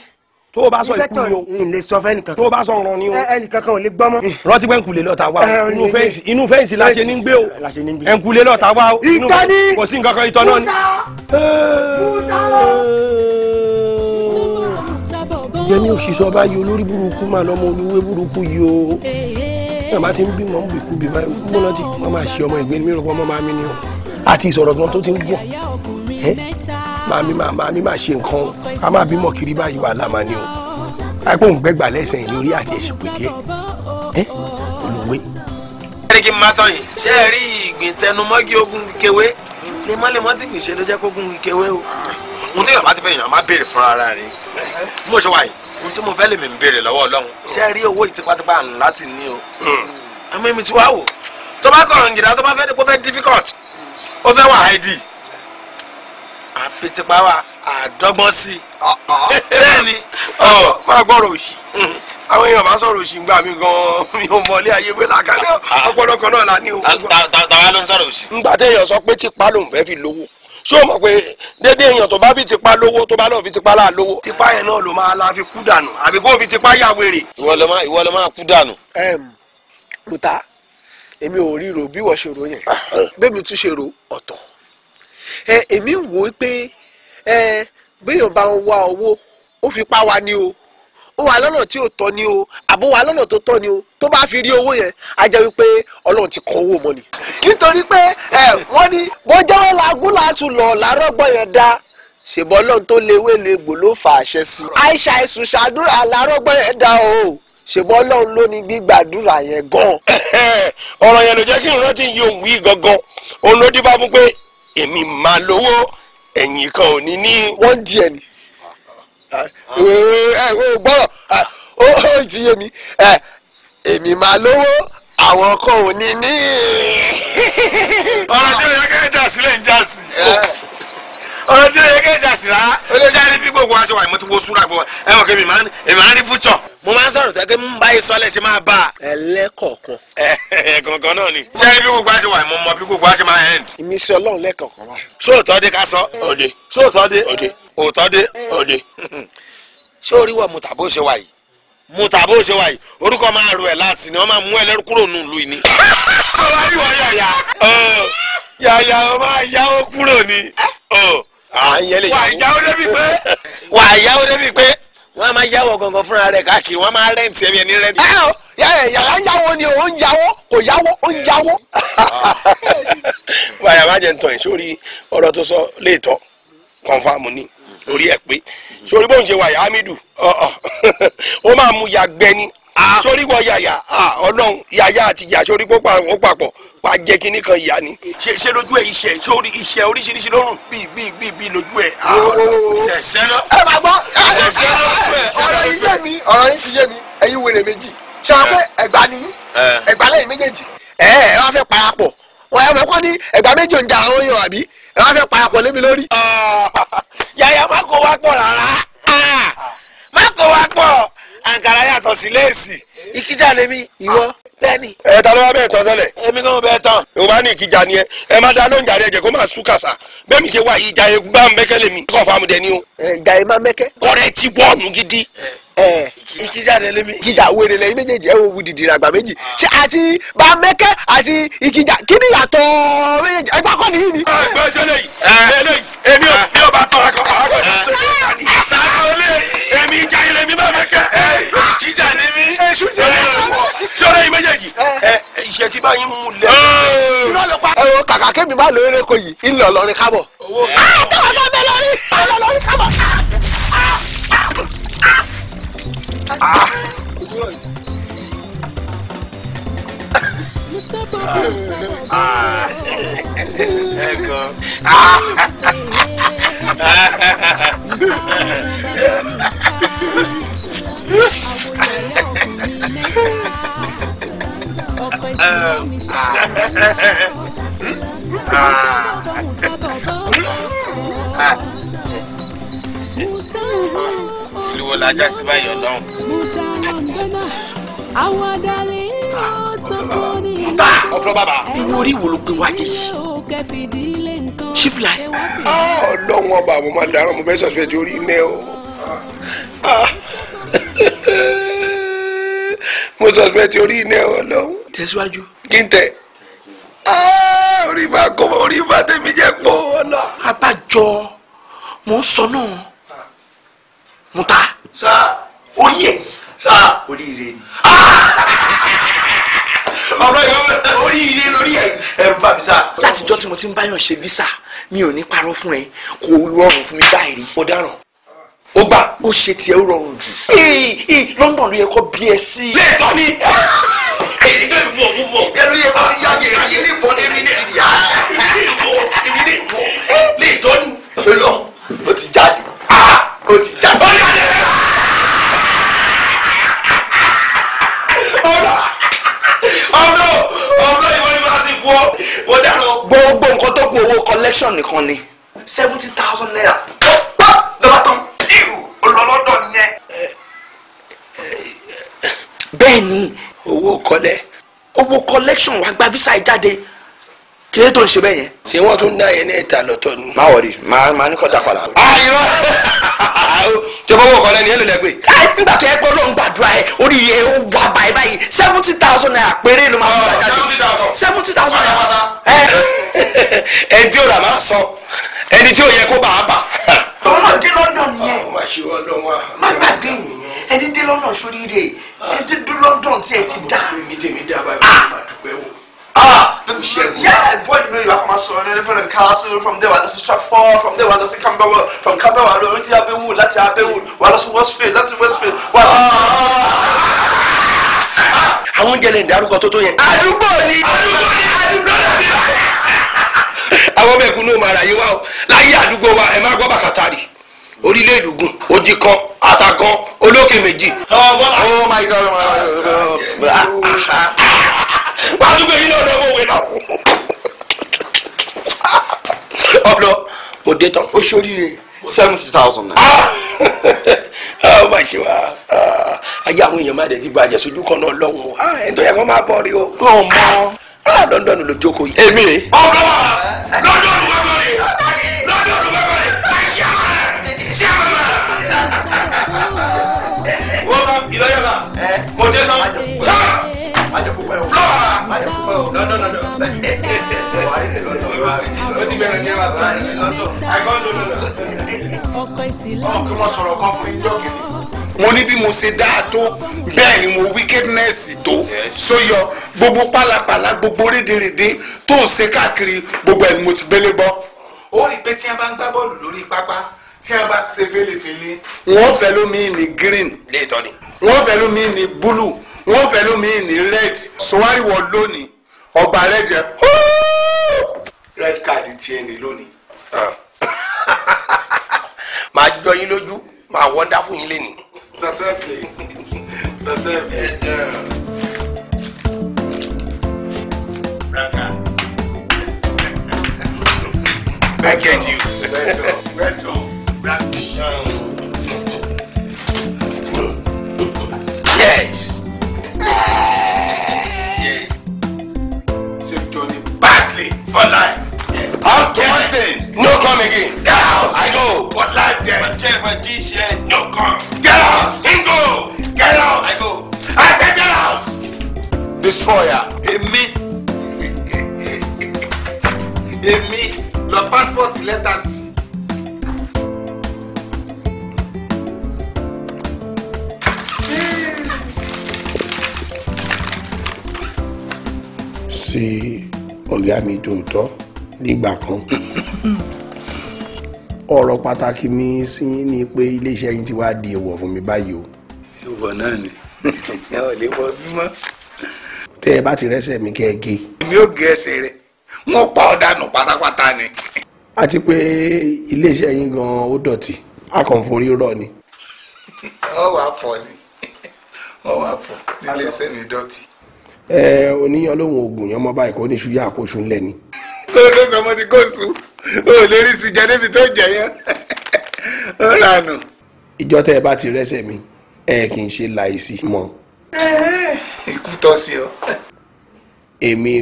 tó o bá sọ ikú ni o. n lè sọ fẹ́ni kankan. tó o bá sọ ọ̀ràn ni o. ẹnì eh, eh, kankan ò lè gbọ́ mọ́. rántí pé nkùlé lọ́ta wa o inú fẹ́ǹsì inú fẹ́ǹsì la ṣe ní gbé o nkùlé lọ́ta wa o. ìtọ́ kò sí nǹkan kan ìtọ́ náà ni. yẹmi òṣìṣọ́ báyìí olórí burúkú máa lọ́mọ oníwé burúkú yìí o náà bá ti ń bímọ ń bìkú bí mo náà ti wọ́n máa ṣe ọmọ ìgbéni mi rò pé máa mi ni o àti ìsọ̀rọ̀ gan tó ti ń gbọ̀n máa mi máa mi máa ṣe nǹkan a máa bímọ kiri báyìí wà láàmà ni o àìpọ̀ ń gbẹ́gbà lẹ́sẹ̀ yìí lórí àti ẹ̀sìn pè ẹ́ olùwé. kí n máa tán yìí ṣé ẹ rí ìgbín tẹnumọ́gí ogun kékeré lemọ́lemọ́ tí kì í ṣe ló jẹ́ kógun kékeré o. mo ní ìyàwó bá ti fẹ́ yàn ohun tí mo fẹ́ lè mi ń béèrè lọ́wọ́ ọlọ́run ṣé rí owó ìtipátipá láti ní o hmm. àmọ́ èmi ti wá wò tó bá kọ̀ ǹgìdá tó bá fẹ́ kó fẹ́ difficult ó fẹ́ wà áìdì àfitipa wa àdọ́gbọ́n sí i ah, ah. bẹ́ẹ̀ ni máa gbọ́rọ̀ òṣì hmm. àwọn èèyàn bá sọ̀rọ̀ òṣì ńgbà mi gan-an mi ò mọ̀lé ayé wé làkàtà ah. ọ̀pọ̀lọpọ̀ náà la ní o. tàwa ló ń sọ̀rọ̀ òṣì. ńgbà téèyàn sọ pé tipa lòun fẹ́ fi lówó ṣé o mọ̀ pé déédéé èèyàn tó bá fi tipa lówó tó bá lọ́ọ́ fi tipa láà lówó tipa yẹn náà ló máa la fi kú dànù àbí kó o fi tipa yà wèrè. ìwọ ló máa kú dànù. Muta èmi ò ríro bí wọ́n ṣe rò yẹn bẹ́ẹ̀mi tún ṣe rò ọ̀tọ̀ èmi wò ó pé béèyàn bá ń wá owó ó fi pa wá ní o ó wà lọ́nà tí ò tọ́ ni o àbó wà lọ́nà tó tọ́ ni o tó bá fi rí owó yẹn á jẹ́ wípé ọlọ́run ti kọ owó mọ́ ni. nítorí pé ẹ wọ́n ní bó jẹ́wọ́ làágùn láàtún lọ làárọ̀ gbọ́ yẹn dá ṣèbọ̀ ọlọ́run tó léwé lè gbò ló fà àṣẹ sí i. àìṣà ẹ̀sùn ṣàdúrà làárọ̀ gbọ́ yẹn dá o ṣèbọ̀ ọlọ́run ló ní gbígbàdúrà yẹn gan. <laughs> ọ̀rọ̀ yẹn ló jẹ́ kí n rántí òun wí gangan òun ló dífá fún pé èmi máa lówó ẹ̀yìn kan ò ní ní. wọ́n di ẹ̀ o ah. eh, gbọ́rọ̀ ah, ó ti yé mi eh, èmi máa lówó àwọn kan ò ní ní. ọ̀rọ̀ tí ó yẹ kẹ́kẹ́ jà sílẹ̀ ń jà sí eh. ọ̀rọ̀ tí ó yẹ kẹ́kẹ́ jà sí rárá ṣé a rí bí gbogbo aṣọ àìmọ́ tí wọ́n súra gbọ́ ẹ̀wọ̀n kẹ́mi èmi máa ń rí future. mo máa ń sọ̀rọ̀ tẹ́ kí n bá yìí sọ́lẹ̀ ṣe máa bá a. ẹlẹ́kọ̀ọ̀kan. ẹ̀ẹ̀kọ̀ọ̀kan náà ni. ṣé a rí bí aṣọ wa. sóòtọ́ de ká sọ. òde sóòtọ́ de òótọ́ dé eh. òde ṣé orí wọ mùtà bó ṣe wà yìí mùtà bó ṣe wà yìí orúkọ máa ro ẹ̀ láàsì ni wọ́n máa mú ẹlẹ́rú kúrò nù lù ní. sọlá ìwọ yàyà yàyà ọ máa yáwó kúrò ni eh. wà á yáwó débi pé <laughs> wà á yáwó débi pé wọ́n á máa yáwó gangan fúnra rẹ̀ káàkiri wọ́n á máa rẹ́ǹtì ẹ̀mí ẹni rẹ́ǹtì. ẹ ọ yàrá yàrá ń yáwó ni ò ń yáwó kò yáwó ó ń yáwó. báyà <laughs> má jẹ́ ń tọ̀ sórí ọ̀rọ̀ tó sọ léètọ́ kọ́ńfàmù ni orí ẹ pé sórí bóun ṣe wà yà Hamidu <laughs> ó máa mu yàgbẹ́ ni sórí wọ yàyà ọlọ́run yàyà àti yà sórí pọ̀ papọ̀ wà jẹ́ kínní kan yà ni. ṣe lójú ẹ iṣẹ́ sórí iṣẹ́ oríṣiríṣi lọ́rùn bíi bíi bíi bíi lójú ẹ. ṣẹṣẹ lọ. ẹ máa gbọ́ ṣẹṣẹ lọ. ọ̀rọ̀ yìí yé mi ọ̀rọ̀ yìí ti yé mi ẹ̀yin wèrè méjì ṣàpẹ́ ẹ̀gbá ni ẹ̀gbá lẹ́yìn méjèèjì. ẹ ẹ wá fẹ́ parapọ̀ wọ́n yà máa kọ́ ní ẹ̀gbá méjì òǹjà àwọn èèyàn àbí ẹ wá fẹ́ parapọ̀ lémi lórí. yàyà má kó wá pọ̀ rárá má kó wá pọ̀ àǹkàrà yàtọ̀ sí léèsì ìkíjà lèmi ìwọ ah. o bá ní ìkíjà ni ẹ ẹ má dáná oúnjẹ rẹ jẹ kó máa mi ṣe wá ìjà yẹn lèmi. o. ìjà yẹn ti gidi eh. ìkíjà rẹ lémi. ìkíjà wèrè lẹ́yìn méjèèjì ẹ wo wu dìdì ràgbà méjì ṣé àti bàmẹ́kẹ́ àti ìkíjà kí ni yàtọ̀ méjèèjì ẹgbẹ́ akọ́ nìyí ni. ẹgbẹ́ ṣẹlẹ̀ yìí eléyìí èmi ò ní ọba tọ́ra kan fara kan ṣe é ṣàkóso lé èmi ìjà ilé mi bàmẹ́kẹ́ ìkíjà ni mi èṣù ti rẹ̀ ṣọlẹ̀ yìí méjèèjì iṣẹ́ tí báyìí mú lẹ̀. ẹ wo kàkà kébì bá lóore kò yìí ńlọ lọrin kábọ̀. owó kàkà kébì bá lóore kò lọrin kábọ̀. Ah, ah. Ẹ̀kan. Ah wo lajá sí báyìí ọlọ́run. nta ah, ah, ọ̀fọ̀ bàbá. irú orí wo ló pin wájú yìí. ṣífìlà. ọlọ́run ọba àwọn ọmọ adarán mo fẹ́ sọ̀sẹ̀ tí orí iná o. Ah. <laughs> mo sọ̀sẹ̀ tí orí iná ọlọ́run. tẹ̀síwájú. kí n tẹ̀ orí bá kó orí bá tèmi jẹ kó ọlọ. abájọ mò ń sọ náà mo ta sá orí ẹ̀ sá oríire ni. Ah! ọ̀rọ̀ yìí oríire lórí ẹ̀ ẹ̀rù bá mi sá. látijọ́ tí mo ti ń báyọ̀ ṣe visa mi ò ní parọ́ fún ẹ kò rọrùn fún mi báyìí rí. ó dáràn ó gbà ó ṣe tiẹ̀ ó rọrùn jù. London ló yẹ kó bí ẹ sí. lẹ́ẹ̀tọ́ ni èyí lè mọ̀ mú mọ̀. ẹ̀rù yẹ kó yáyé ayé lè bọ́ lórí ti yá. èyí lè mọ̀ èyí ti jáde ó ti já bọ́ jáde. ọ̀nà ọ̀nà ọ̀nà ìwọ ni màá sì kú ọ. mo dáná. gbogbo nǹkan tó kù owó collection nìkan ni seventy thousand naira. lọ́ba tán ihu olọ́lọ́dọ̀ nìyẹn. bẹ́ẹ̀ ni owó kọ́lẹ́ owó collection wàá gba visa jáde kí tó ń ṣe bẹ́ẹ̀ yẹn. ṣé wọ́n tún dá yẹn ní ìta lọ́tọ̀ ni. má wọrí má má ní kọ́ta padà. àyọ ah, jọba owó kan lẹni ẹlẹlẹ gbé. nígbà tó yẹ pé Ọlọ́run gbàdúrà ẹ orí yẹ ó wà báyìí báyìí seventy thousand naira péré ló máa ń gbà jáde oh, seventy thousand naira. Eh. <laughs> ẹ tí ó rà máa sọ ẹni tí ó yẹ kó bá a bà. ọlọ́run dé London yẹn ah, má gbàgbé yìí ẹni dé London sórí rè ẹni dé London tí ẹ ti dá. Ah, the shit. Yeah, boy, you know you have my son and from the castle, from there, I lost Stratford, from there, I lost Camberwell, from Camberwell, I don't lost Abewood, that's Abewood, I lost Westfield, that's Westfield, ah! I lost. I oúnjẹ lè ń darúkọ tó tó yẹn. I ni àdúgbò ni àdúgbò ni. Àwọn ọmọ ẹ̀kún ló máa ràyè wá o. Láyé àdúgbò wa ẹ̀ máa gbọ́ bàkàtà rì. Orílẹ̀ Èlùgùn, ojì kan, àtàgàn, olókè méjì. Ọmọ bọ́lá. Ọmọ máa ń oh gbọ́ wàá tún gbé yín náà lọ́wọ́ òwe náà. <laughs> ọ̀pọ̀lọ mo dé tán. ó seventy thousand naira. ọ ah, bá <laughs> ah, ṣe wá ah, ayé àwọn èèyàn má dẹ̀ ti bàjẹ́ sójú kan náà lọ́hùn-ún ẹni tó yẹ kó máa bọ̀ rí o. náà mọ́ lọ́ndọ̀nù ló jókòó yìí. èmi rè. ọ̀rọ̀ wa lọ́ndọ̀nù wẹ́pẹ́ rè lọ́ndọ̀nù wẹ́pẹ́ rè ṣé àwọn rẹ̀ ṣé àwọn rẹ̀. wọ́n bá ìlọ́yọ̀ kan mo dé tán pẹ́ o. flora má ti pẹ́ o. lọ́dọ̀ lọ́dọ̀. o ti bẹ̀rẹ̀ ní ẹ̀rọ àti lọ́dọ̀. àìkọ́ lọ́dọ̀ lọ́dọ̀. ọmọ kí wọ́n sọ̀rọ̀ kan fún ijó kìíní. mo ní bí mo ṣe dáa tó bẹ́ẹ̀ ni mo wickedness tó sóyọ gbogbo pálapàla gbogbo rédèrèdè tó ń ṣe káàkiri gbogbo ẹ̀ ni mo ti bẹ́lẹ̀ bọ́. ó rí i pé tí a bá ń gbá bọ́ọ̀lù lórí pápá tí a bá ṣe fẹ́lẹ́fẹ́lẹ́. wọ́n fẹ́ lómi ní green. ni. wọ́n fẹ́ lómi ní búlù wọ́n fẹ́ lómi ní red sọwárìwọ̀ lónìí ọgbà rẹ jẹ red card tiẹ̀ ní lónìí. Ah. <laughs> màá jọ yín lójú màá wọ́ndá fún yín lénìí. sọsẹ́ fìlè sọsẹ́ fìlè. Braga. I you. Red dog. Red dog. Black. for life. Yeah. Mountain. No come again. Get out. I go. For life there. For for this No come. Get out. He go. Get out. I go. I said get out. Destroyer. Èmi. Èmi. Your passport letters. See ọ̀gá mi tòótọ́ nígbà kan ọ̀rọ̀ pàtàkì mi sí ni pé iléeṣẹ́ yín ti wá di èèwọ̀ fún mi báyìí o. èèwọ̀ náà ni ẹ lè wọ bímọ. tẹ ẹ bá ti rẹ́sẹ̀ mi kẹ́ ẹ gé. mi ò gé ẹsẹ̀ rẹ̀ wọ́n pa ọ́ dànù pátápátá ni. àti pé iléeṣẹ́ yín gan-an ó dọ̀tí a kàn ni. ọ wàá fọ ni ọ wàá fọ nílé iṣẹ́ mi dọ̀tí ẹ oníyan lòun oògùn yan mọ báyìí kò ní ṣúyà àkóṣù ńlẹ ni. tó o lọ sọ ọmọ tí kò sùn o ò lè rí sùn jẹ níbi tó jẹ yẹn <laughs> ó rànù. ìjọ tẹ ẹ bá ti rẹsẹ mi ẹ kì í ṣe láìsí mọ. ikú tọ́ sí ọ. èmi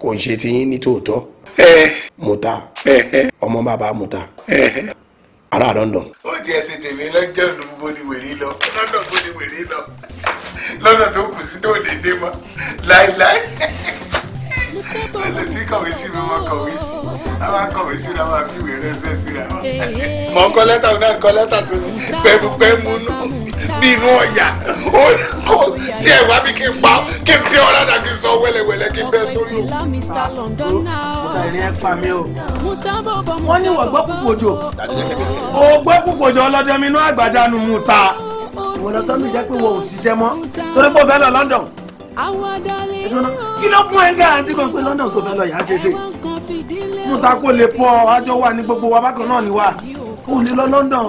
kò ń ṣe tiyín ní tòótọ́. mo ta ọmọ bàbá mo ta ará London. ó ti ẹsẹ̀ tèmi lọ́jọ́ olùbó ni wèrè lọ lọ́nà tó ni wèrè lọ lọ́nà tó kù sí tó lè dé mọ́ láéláé ẹlẹ sí kọ̀wé sí mi wọ́n kọ̀wé sí a máa kọ̀wé sí ra máa fi wèrè ẹsẹ̀ síra wọn. mọ̀ ń kọ́ lẹ́tà náà ń kọ́ lẹ́tà sí mi pẹ́ẹ́mú pẹ́ẹ́mú nù bí inú ọ̀yà ó kó tí ẹ̀ wá bí kí n pa kí n bí ọ̀rá dà kí n sọ wẹ́lẹ́wẹ́lẹ́ kí n bẹ́ sórí òkú. wọ́n ní wọ́n gbọ́ púpọ̀jọ o gbọ́ púpọ̀jọ ọlọ́dẹ mi inú àgbàjá nu mu ta mo lọ sọ́nù iṣẹ́ pé wọ́n ò ṣiṣẹ́ mọ́ torí pé ó fẹ́ lọ London kí ló fún ẹ gáàntí kan pé London tó fẹ́ lọ yà á ṣe ṣe mo ta kó lè pọ̀ àjọ wa ní gbogbo wa bákan náà ni wa kó lè lọ London.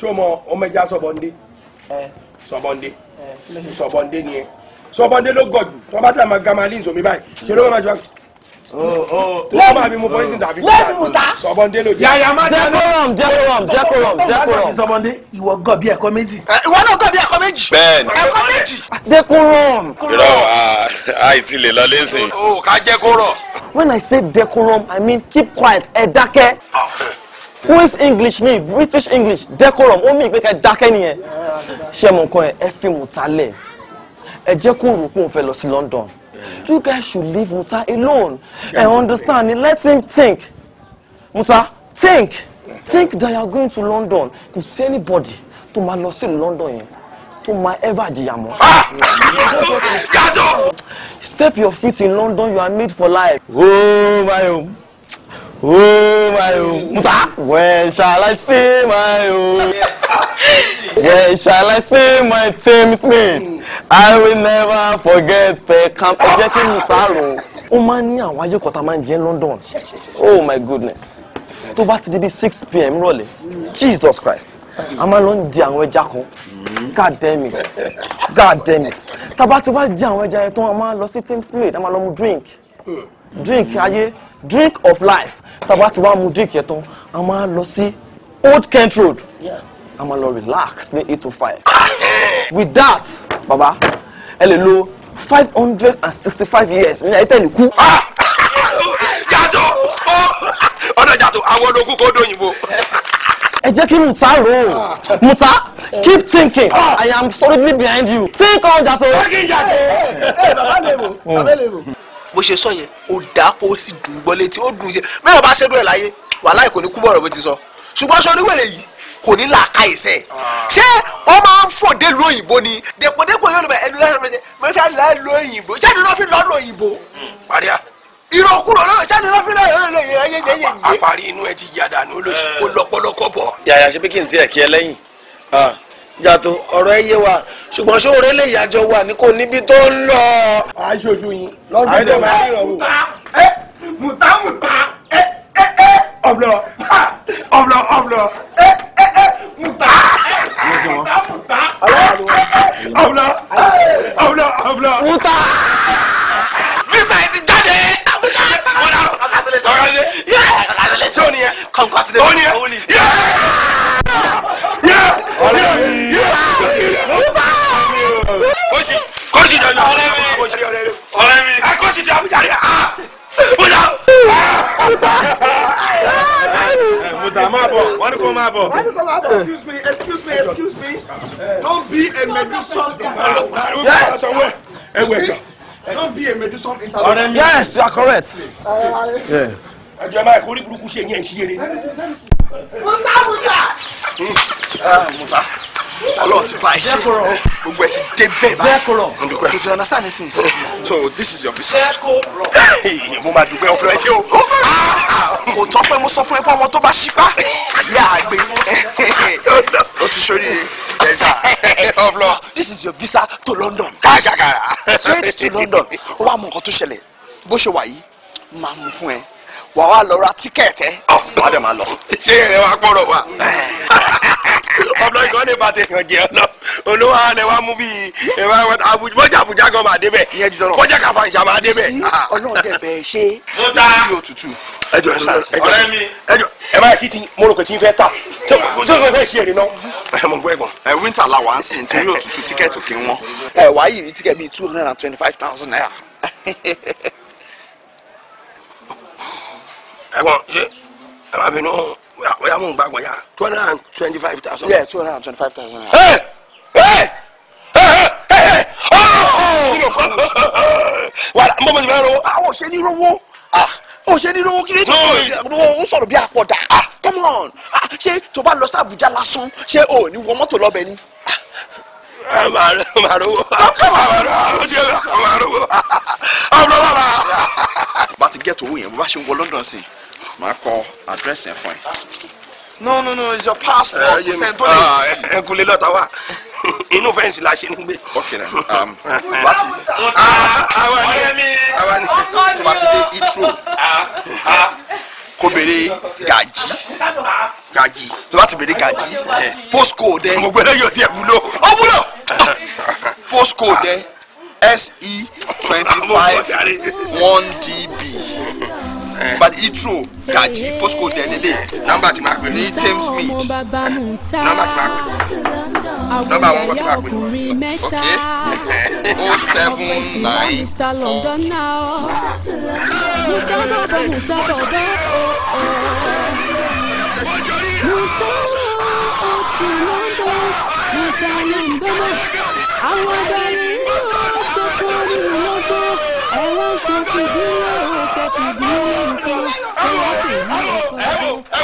ṣé o mọ ọmọ ẹja sọbọndé sọbọndé sọbọndé ni ẹ sọbọndé ló gọ jù tọ́ bá tẹ̀ ma gamalin sọmi báyìí ṣe ló máa jọ tó máa bí mu poison tàbí kúta sọbọndé ló jẹ. yàyà má jẹ́ kórom jẹ́ kórom jẹ́ kórom jẹ́ kórom. sọbọndé ìwọ gọ bí ẹ̀kọ́ méjì. ìwọ náà gọ bí ẹ̀kọ́ méjì. bẹ́ẹ̀ni ẹ̀kọ́ méjì. jẹ́ kórom. irọ́ àìtí lè lọ lẹ́sìn. o ká jẹ́ kóró. when i say decorum i mean keep quiet ẹ dákẹ́. Ah. Queen's English ni British English decorum ó mìíràn pé ká dákẹ́ nìyẹn ṣé mo nǹkan ẹ ẹ fi Muta lẹ̀ ẹ jẹ́ kó rò pé òun fẹ́ lọ sí London you guys should leave Muta alone ẹ understand let him think Muta think think that you are going to London kò sí anybody tó máa lọ sí London yẹn tó máa ever jìyà mọ́. Ah! Ah! step your feet in London you are made for life. oh, my own. Oh my oh, where shall I see my oh? Where shall I see my Tim Smith? I will never forget Per Camp. Ẹ jẹ́ kí n sáró. Ó máa ń a man in London. Oh my goodness. To bá ti di bí six pm rọ̀lẹ́, Jesus Christ, I'm alone, lọ ń di God damn it, God damn it. Tá a bá ti wá di àwọn ẹja a máa lọ sí Tim Smith, a máa drink. Drink ayé. Mm drink of life tàbá ti wá mu drink yẹn tán a máa lọ sí old kent road a máa lọ relax ní eight to oh five with that baba ẹ lè lo five hundred and sixty five years ní ayé tẹ̀lé kú. Ah! jàdó ọ̀dọ̀ jàdó àwọn ológun kò dóyìnbó. ẹ jẹ́ kí muta rò ó ah, muta eh. keep thinking ah. i am solidly behind you think on jàdó. ẹ kí n jàdó ẹ eh, eh, bàbá lè wò hmm. bàbá lè wò bó ṣe sọ yẹn ó dà ó sì dùn gbọ́ létí ó dùn sí bẹ́ẹ̀ bá ṣẹ́dúrẹ́ láyé wàhálà kò ní kú bọ̀rọ̀ bó ti sọ ṣùgbọ́n sọ oníwèrè yìí kò ní làákà ìṣe ṣé ó máa ń fò délùú òyìnbó ni dèpòdépò yóò lọ ẹnu lẹ́sẹ̀ mẹ́sẹ̀ mẹ́fẹ́ lẹ́lú òyìnbó jáde lọ́ fi lọ́ lọ òyìnbó. maria ìrọ̀kúrọ̀ lọ́rọ̀ jáde lọ́ fi lọ́ lọ́ a yẹ yẹ yẹ. àparí inú ẹ ti yàdà ní olóṣèlú lọ́pọ̀lọpọ̀ bọ̀. yàyà ṣe pé kí n tiẹ̀ kí ẹ lẹ́yìn jàtò ọ̀rọ̀ ẹ yé wa ṣùgbọ́n sóore lè yàjọ wa ní kò níbi tó ń lọ. aṣojú yín lọ́dún tó máa ń rọ̀ wò. mùtá mùtá ọ̀blọ̀ ọ̀blọ̀ ọ̀blọ̀ mùtá mùtá mùtá ọ̀blọ̀ ọ̀blọ̀ ọ̀blọ̀ mùtá. visa yìí ti jáde ọ̀rọ̀ ọ̀kasílẹ̀ tó ní yẹ kọ̀ǹkọ̀sílẹ̀ tó ní yẹ kóṣì kóṣì dọ̀nà ọ̀rẹ́ mi ọ̀rẹ́ mi akóṣì dọ̀nà mi jàre ah bùdà. Muta máa bọ̀ wọ́n ní kó máa bọ̀. wọ́n ní kó máa bọ̀ excuse me excuse me excuse me don't be a medusan interloper. yes ẹwẹ gan. don't be a medusan interloper. ọ̀rẹ́ mi yes you are correct. ẹjọ́ máa kórìí burúkú ṣe yẹn ṣí eré. muta muta. Ah, muta ọlọ́run ti bá ẹ gbogbo ẹ ti dé bẹ́ẹ̀ báyìí mo dúpẹ́ mo ti understand nisin so this is your business mo máa dúpẹ́ ọ̀fẹ́ ẹ ṣe o kò ah, tọ́ pé mo sọ fún ẹ pé ọmọ tó bá ṣípá yà á gbé <laughs> o ti sori ẹ̀sà ọ̀flọ. this is your visa to London. káàṣà straight to London ó wàá mọ nǹkan tó ṣẹlẹ̀ bó ṣe wà yìí máa mú fún ẹ wà á lọ ra tíkẹ̀tẹ́. ọ ah, wà á dẹ̀ máa lọ. ṣé <laughs> ẹ wá gbọ́dọ̀ wa. ọ̀dọ́ ìkọ́ lè bàtẹ́ yàn jẹ́ ọ̀nà olówó alẹ́ wa mú bíi ẹ̀rọ àbújá bọ́jà àbújá gan máa débẹ̀ bọ́jà káfa ìṣà máa débẹ̀. Ah. ọlọ́run dẹ̀ bẹ́ẹ̀ ṣe níbi ọ̀rẹ́ mi ẹjọ ẹ máa kí ti mo rò pé fẹ́ ta tí o <laughs> ẹ̀gbọ́n ṣe ẹ máa bínú ọ̀yá mò ń gbàgbọ́ ya two hundred and twenty five thousand. yeah two hundred and twenty five thousand. ẹ ẹ ẹ ẹ wàhálà n bọ́ mo ti bẹ́ẹ̀ lọ́wọ́ àwọn ah, òṣèlú ní lọ́wọ́ òṣè ah, ní lówó kiri tó ń sọ̀rọ̀ bí àpọ̀dà ah, come on ṣé tó bá lọ sí Àbújá lásán ṣé o ní wọ mọ́tò lọ́bẹ̀ ni. màrú màrú màrú ṣe màrú àwòrán wà. bá a ti gẹ́tò owó yẹn bó bá ṣe ń wọ London sí i màá kọ àdírẹ́sì ẹ̀ fún ẹ. no no no it's your passport sentoni. ẹ kúlé lọ́tà wa inú fẹ́ǹsì la ṣe ní gbé. ok then bàtì um, ah, àwa ni àwa ni tó bá ti dé itro ah, ah. kó béèrè gaji. gàjí tó bá ti béèrè gàjí eh, postcode ẹ. mo gbẹ́dọ̀ yóò tiẹ̀ wúlò ó wúlò <laughs> postcode ẹ se twenty five one db. Eh, but itro gaji postcode ẹlẹlẹ nọ́mbà tí máa pè ní thames mead Number tí máa pè nọ́mbà wọn tí máa pè ok o oh seven nine four two. Àwọn adarí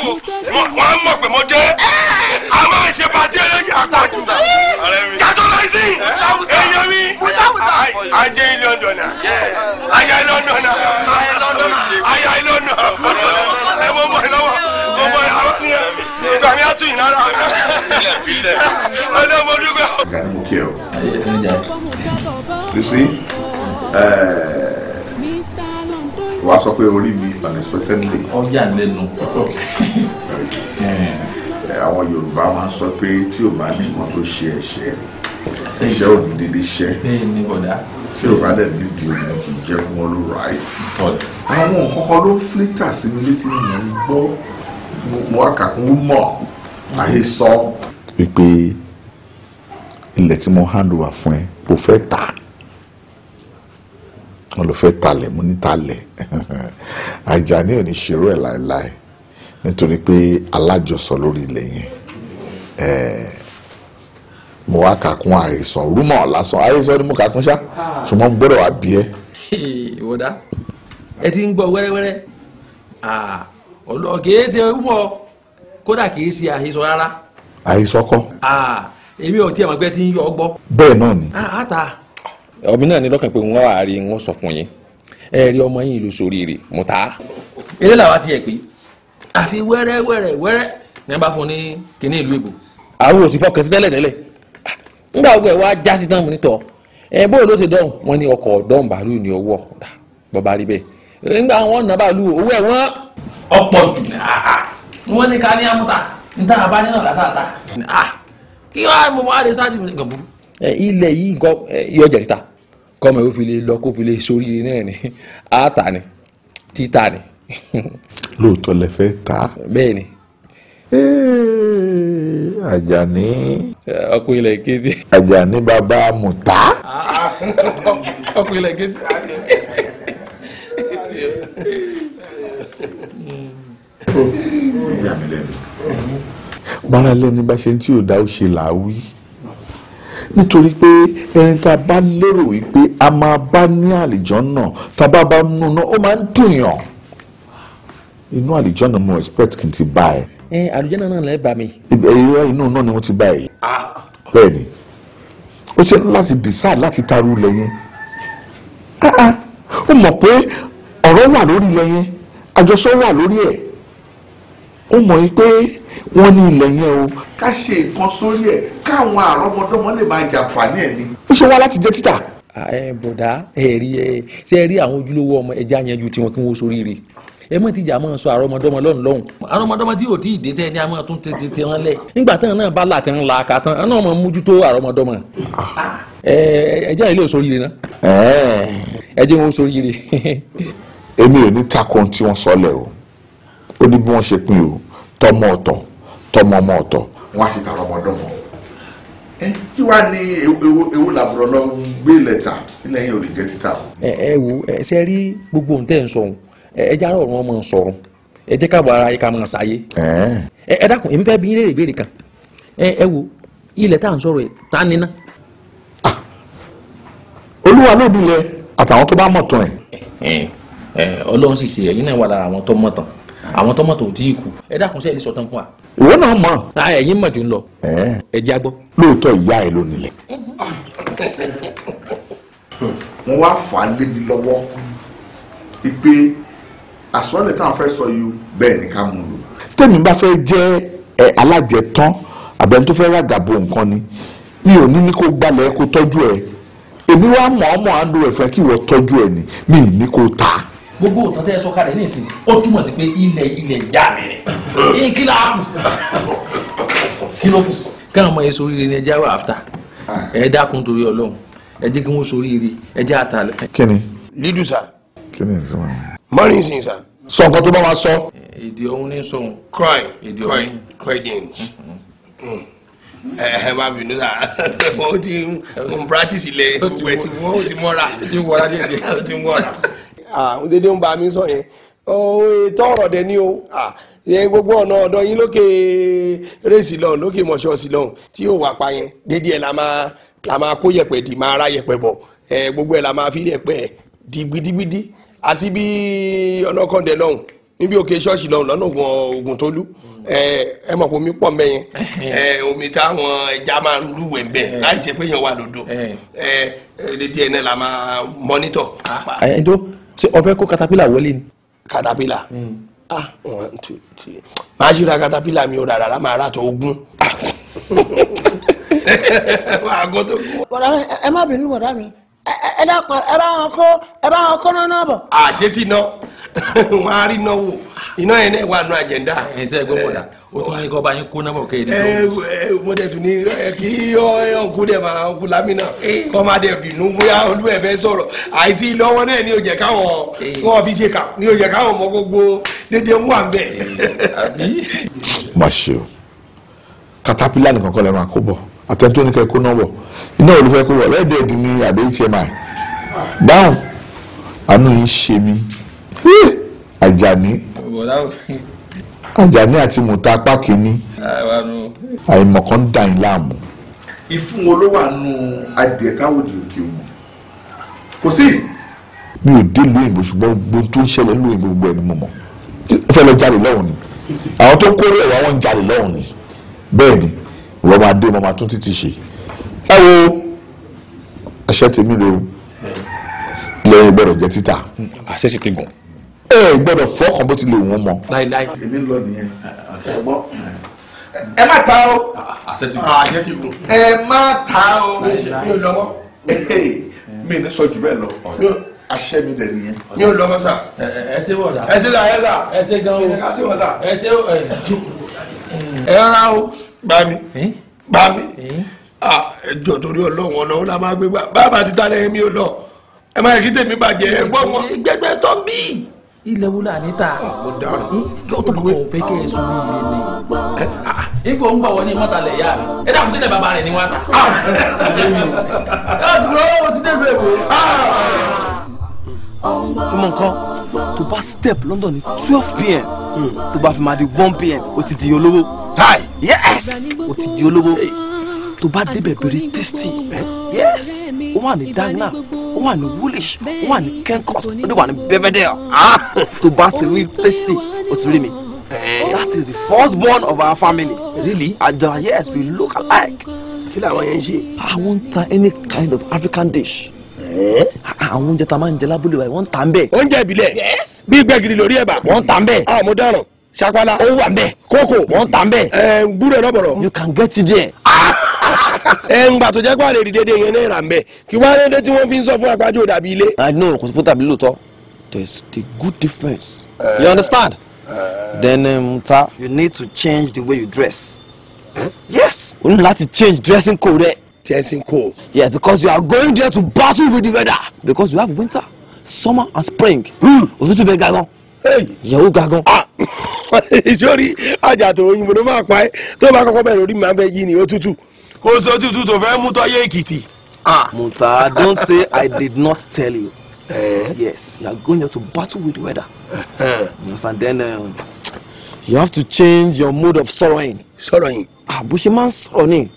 mo wọ́n á pé mo dé a máa ṣe pàtí eléyìí àpọ̀jù jàdó láìsí èèyàn mi ajé ìlọ́ndọ̀nà ayá ìlọ́ndọ̀nà ayá ìlọ́ndọ̀nà ẹ mọ̀ mọ̀ lọ́wọ́ mo mọ̀ àwọn ní ìgbà mi á tún yìí lára ọ̀dọ́ mo dúpẹ́. Lucy. Uh, wàá sọ pé orí mi unexpectedly. ọjà lẹ́nu. <laughs> Eh, àwọn Yorùbá máa ń sọ pé tí ò bá ní nǹkan tó ṣe ẹ̀ṣẹ̀ ẹ̀ṣẹ̀ ò ní dédé ṣẹ́ tí ò bá dẹ̀ nídìí òun kì í jẹ́ kí wọ́n ló right. àwọn nǹkan kan ló flitter sí mi létí mò ń gbọ́ mo wá kàkún mọ̀ àhesọ. wípé ilẹ̀ tí mo hand over fún ẹ kò fẹ́ tà á wọn fẹ́ talẹ̀ mo ní talẹ̀ <laughs> Àjàní ò ní ṣerú ẹ̀ láéláé nítorí pé alájọsọ lórí ilẹ̀ yẹn mo wá kà kún àìsàn rúmọ̀ lásán àìsàn ni mo kà kún ṣá ṣùgbọ́n mo gbọ́dọ̀ <laughs> ti ń gbọ́ wẹ́rẹ́wẹ́rẹ́ ọlọ́ọ̀ kìí ṣe rúmọ̀ kódà kìí ṣe àìsàn rárá. àìsàn kọ́. èmi ò ń yọ ni. ọmọ náà ní lọ́kàn pé wọ́n wà á rí wọ́n sọ fún yín ẹ rí ọmọ yín ìlú sóríire mo tà á. eré làwọn ti yẹ pé àfi wẹ́rẹ́ wẹ́rẹ́ wẹ́rẹ́ ní wọ́n bá fún ní kinní ìlú èbò. àwọn òsì fọkàn sí tẹ́lẹ̀ tẹ́lẹ̀ nígbà gbogbo ẹ̀ wá já sí tán nítọ̀ ẹ bóyá ló ṣe dọ́hùn wọn ní ọkọ̀ dọ́hùn bàálù ní owó ọ̀tà bọ́ba rí bẹ́ẹ̀ nígbà wọn nà bàálù owó ẹ̀ wọ́n. ọ̀pọ̀ jù wọ́n ní ká ní amúta níta àbá kọ́mọ yóò fi lè lọ kó fi lè sóríire náà ni <laughs> á tà ni títà ni. <laughs> lóòótọ́ lẹ fẹ́ ta. bẹ́ẹ̀ ni. Àjàní. ọkùnrin ilẹ̀ kejì. Àjàní bàbá mùtá. <laughs> ọkùnrin ilẹ̀ kejì. ó lẹ́nu. bá ṣe ń tí ò dá ó ṣe làá wí nítorí pé ẹni tá a bá lérò wípé a máa bá ní àlìjọ́nà tá a bá bá nù náà ó máa ń dùn yàn inú àlìjọ́nà mo expect kì í ti bá ẹ. ẹ àlùjọ́nà náà lẹ́ẹ̀ bá mi. ìrora inú náà ni wọ́n ti bá ẹ. Ah. bẹ́ẹ̀ ni ó ṣe láti decide láti taru ilẹ̀ yẹn ah, ah. ó mọ̀ pé ọ̀rọ̀ wà lórí ilẹ̀ yẹn àjọṣọ wà lórí ẹ̀ ó mọ̀ pé wọ́n ní ilẹ̀ yẹn o ká ṣe nǹkan sórí ẹ̀ káwọn àrọ́mọdọ́mọ lè máa jàǹfààní ẹ̀ ni. ó ṣe wá láti jẹ títà. ẹ bọ̀dá ẹ rí ẹ ṣe ẹ rí àwọn ojúlówó ọmọ ẹja yẹn ju tiwọn kí wọ́n sórí rè ẹ mọ̀ tíjà máa ń sọ àrọ́mọdọ́mọ lọ́hùn lọ́hùn àrọ́mọdọ́mọ tí ò tí ì dé tẹ́ ẹni a máa tún tètè tẹ wọn lẹ̀ nígbà tán náà bá làtẹ̀ ńlá aka tán ẹ náà máa mójútó àrọ́mọdọ́mọ ẹ ẹjẹ́ ilé òsórí rè náà ẹ jẹ́ wọn òsórí rè. èmi ò ní takò tí wọ́n sọ lẹ̀ o ó ní bí wọ́n ṣe pín o tọmọ ọ̀tọ̀ tọmọ ọmọ ọ̀tọ̀ wọn á sì tààrọ ọmọ ọdún wọn tí wàá ní ewu làbúrò lọ gbé lẹ́tà nílẹ̀ yẹn ò lè jẹ́ títà. ẹ ẹ wo ẹ ṣe rí gbogbo ohun tẹ́ ń sọ̀rọ̀ ẹ jẹ́ àárọ̀ ọ̀run ọmọ sọ̀rọ̀ ẹ jẹ́ káàbọ̀ ara yẹ ká máa ṣàyé. ẹ dákun èmi fẹ́ bí yín léèrè ìbéèrè kan ẹ wo ilẹ̀ tá à ń sọ̀rọ̀ ẹ̀ tá a níná. olúwa ló dilẹ̀ àtàwọn tó bá mọ̀ tán ẹ̀. ọlọ́run sì ṣe ẹ̀yin náà wà lára àwọn tó mọ̀ tán àwọn tọmọ tó ti kú ẹ dákun sẹ ẹ lè sọ tán fún wa. òun náà mọ. Ah, ẹ̀yin mọ̀ jù ń lọ. ẹ jẹ́ agbọ́. lóòótọ́ ìyá ẹ ló nílẹ̀. wọ́n <laughs> wá fà á lé mi lọ́wọ́ pé àsọ̀lẹ̀ táwọn fẹ́ sọ yìí bẹ́ẹ̀ ni ká mú un lò. tèmi bá fẹ́ jẹ́ alájẹtán àbẹ̀ni tó fẹ́ ràgàbo nǹkan ni mi ò ní ní kó gbalẹ̀ kó tọ́jú ẹ̀ èmi wá mọ̀ọ́mọ̀ àndó ẹ̀fẹ́ kí wọ́n tọ́jú ẹ̀ ni mi ì ní kó ta gbogbo òtàn tẹ́ ẹ sọ́ka rẹ̀ nísìn ó túmọ̀ sí pé ilẹ̀ ilẹ̀ ìjà mi ni kí ló kù kí ló kù. káwọn ọmọ yẹn sóríire ni ẹjẹ wà áfta ah. ẹ dákun torí Ọlọ́run ẹ jẹ́ kí wọ́n sóríire ẹjẹ àtàlẹ. kíni. lídù sá. kíni ẹ sọ mọ́rin sìn sá. sọ nǹkan tó bá wa sọ. Eh, èdè ọ̀hún ní sọ̀hún. crying crying crying ẹ ẹ má bínú sá wọn <laughs> ti ń practice ilẹ̀ ìwẹ̀ tí wọ́n ti mọ́ra. ó ti wọ́ra díẹ̀ díẹ̀. <laughs> ti wọ́ra àwọn ah, dédé ń bá mi sọ yẹn oh, ètò ọ̀rọ̀ dẹ ni o ah, gbogbo ọ̀nà ọ̀dọ̀ yín lókè rèsì lọ́hùn lókè mọ̀ṣọ́ọ̀sì lọ́hùn tí yóò wà pa yẹn dédé ẹ̀ la máa la máa kó yẹ̀pẹ̀ dì máa ra yẹ̀pẹ̀ bọ̀ gbogbo ẹ̀ la máa fi yẹ̀pẹ̀ dì gbidigbidi àti bí ọ̀nà kan dẹ̀ lọ́hùn níbi òkè ṣọ́ọ̀ṣì lọ́hùn lọ́nà ògùn ògùn tó lú ẹ mọ̀ pé omi pọ̀ mbẹ́ yẹn <laughs> omi táwọn ẹja máa ń lúwẹ̀ mbẹ́ láì ṣe pé yẹn wà lódò lédè eh. ẹ̀ náà la máa mọ́nítọ̀. Ah, ẹ̀ ṣé o kó katapila wọlé ni. katapila hmm. ah one oh, two three máa ṣe ra katapila mi ò rà rárá máa rà tó ogún. <laughs> ẹ má bínú bọ̀dá mi ẹ dákun ẹ bá wọn kó ẹ bá wọn kó náná bọ̀. àṣetì náà <laughs> wọn á rí náà wò iná yẹn náà wà nù àjẹndà. ẹ ṣe gbọ́ bọ̀dà o tún ní kọ́ bá yín kó náà bọ̀ kéde. ẹ ẹ mo dẹ̀ tún ní kí ọ̀nkú dẹ̀ máa ọ̀nkú lámì náà kọ́ máa dẹ̀ bínú bóyá olú ẹ̀ fẹ́ sọ̀rọ̀ àìtí lọ́wọ́ náà ní òjẹ̀ káwọn wọn fi ṣe kà ní òjẹ̀ káwọn mọ gbogbo dédé ń wà ń bẹ̀. <laughs> má ṣe o katapila nìkan kọ́ lẹ́ máa kó bọ̀ àtẹ̀tọ́ ní kẹ́kọ́ náà wọ̀ iná olùfẹ́ kó wọ̀ lẹ́ẹ̀dẹ̀ẹ̀dì ní àdé hmi dáhùn àánú yìí ṣe mí àjàní àjàní àti mùtá apá kìíní àìmọ̀kan ń dà yín láàmú. ìfún wo ló wà nù adìẹ táwòdì òkè òmù kò sí. mi ò dé ìlú òyìnbó ṣùgbọ́n gbogbo tó ń ṣẹlẹ̀ ìlú gbogbo ẹni mọ̀ ó fẹ́ lọ jáde lọ́hùn ni àwọn tó kórè ẹ̀wà wọn jáde lọ́hùn ni bẹ́ẹ̀ ni ìwọ máa dé máa tún títì ṣe ẹ wo àṣẹ tèmi rèé o lẹ́yìn gbọ́dọ̀ jẹ́ títà. àṣẹ sì ti gùn. ẹ gbọ́dọ̀ fọkàn bó ti lè wọ́n mọ. láíláí èmi ń lọ nìyẹn ṣùgbọ́n ẹ má ta o àṣẹ ti gùn ah, ẹ má ta o mi ò lọ́wọ́ mi ní sọ jù bẹ́ẹ̀ lọ àṣẹ mi dẹ̀ nìyẹn mi ò lọ́wọ́ sà. ẹ ṣe wọ̀ dà. ẹ ṣe dà ẹ dà. ẹ ṣe gan o. ẹ ṣe wọ̀ sà. ẹ ṣe ẹ rárá o bami eh? bami eh? ẹjọ torí Ọlọ́run ọ̀nà ó la máa gbé gbà bàbá ti ta lẹ́yìn mi ò lọ ẹ máa kí tèmi bàjẹ́ ẹ gbọ́ wọn. gbẹgbẹ tó ń bí. ilẹ̀ wo la níta ọ̀dọ́rọ̀ òfé kẹ́ ẹ sọ yìí lé mi. igbó ń bọ̀ wọ ní mọ́tàlẹ̀ ìyá mi ẹ dàbí sílẹ̀ bàbá rẹ̀ ní wàtà. ẹ dúró o ti dé bèbè. súnmọ́ nǹkan tó bá step London ní twelve pm hmm. tó bá fi máa di one pm ó ti di olówó hi yes o ti di olówó tó bá débẹ̀ bèrè tasty eh, yes ó wà ní dagna ó wà ní woolish ó wà ní kenkot ó dé wà ní Belvedere ah tó bá ti rí tasty o ti rí mi eh, that is the first born of our family really ajara yes we look alike kí làwọn yẹn ń ṣe. àwọn ń ta any kind of African dish eh? àwọn oúnjẹ tá a máa ń jẹ lábúlé wa wọ́n ń ta ń bẹ̀. oúnjẹ ìbílẹ̀ bí gbẹ̀gìrì lórí ẹ̀bà wọ́n ń ta ń bẹ̀. a ah, dáràn sakwala ó wà nbẹ koko wọn tà nbẹ. ẹ gbúdọ̀ náà you can get it there. ẹ ń gbà tó jẹ́ pé àlè yẹn náà rà nbẹ kí wọ́n á lé tí wọ́n fi ń sọ fún apájọ dàbí ilé. i know kò sí fún tàbí lóòótọ́ there is the good difference. Uh, you understand. then um, ta. you need to change the way you dress. Huh? yes. o ní láti change dressing code rẹ. dressing code. yes because you are going there to battle with the weather because you have winter summer and spring. Hmm. òtútù bẹ gàgán ìyàwó ga gan. sórí àjàtò òyìnbó ló máa pa ẹ́ tó bá kọ́kọ́ bẹ̀rẹ̀ lórí màá fẹ́ yí ni ó tútù. ó sọ tútù tó fẹ́ mú tọ́yé èkìtì. Ah. muta don't say i did not tell you. Uh, yes you are going there to battle with the weather. Eh. Yes, and then um, you have to change your mode of sorrowing. sorrowing. ah bó ṣe máa ń sọ̀rọ̀ ni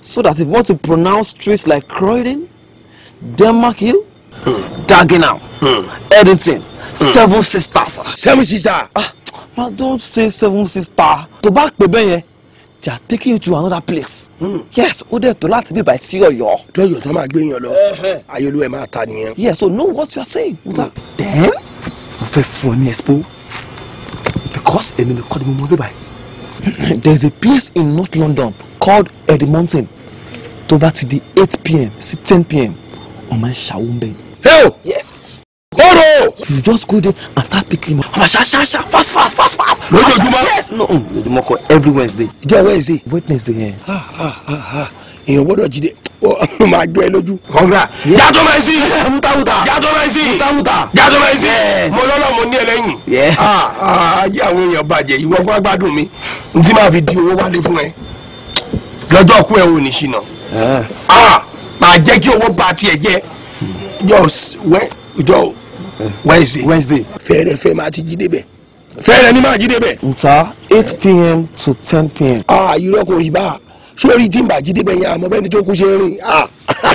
so that if you want to pronounce streets like croydon denmark hill hmm. dagenham hmm. eddington seven sisters. seven sisters. ah ma don say seven sisters. To bá pè bẹ́ẹ̀ yẹn they are taking you to another place. Mm. yes ó dẹ̀ tó láti bí báyìí sí ọ̀yọ́. lọ́yọ̀ tó máa gbé yàn lọ ayélu ẹ̀ máa ta nìyẹn. yes so know what you are saying. Mm. then mo fẹ́ fún ọ ní expo because èmi ni kọ́ni mo mọ bí báyìí. Hmm, there is a place in north london called edmonton tó bá ti di eight pm sí ten pm ọmọ ìṣàwọ̀ ń bẹ̀. hey o. yes go. you just go there and start picking up. ọmọ ṣaṣaṣa fast fast fast fast. lójoojúmọ́. yes no lójoojúmọ́ kọ every wednesday. ìjọ wednesday. wednesday yẹn. Eh? èèyàn gbọ́dọ̀ jí de <laughs> máa jọ ẹ lójú. kọ́ńgà jájọ́ máa ń sí. wútawúta jájọ́ máa ń sí. wútawúta jájọ́ máa ń sí. mo lọ́lọ́ mo ní ẹlẹ́yìn. ayé àwọn èèyàn bàjẹ́ ìwọ fún agbádùn mi n tí máa fi di owó wálé fún ẹ lọ́jọ́ kú ẹ ò ní ṣìnà ah. Ah, máa jẹ́ kí owó ba tiẹ̀ jẹ́ jọ wẹ́ jọ wednesday wednesday fẹ́rẹ́fẹ́ máa ti jí débẹ̀ fẹ́rẹ́ ni máa jí débẹ̀. nta eight pm to ten pm. aa ah, irọ́ kò rí bá a sórí tí n bá jí débẹ̀ yẹn àmọ́ bẹ́ẹ̀ ni tó kú ṣe ń rìn a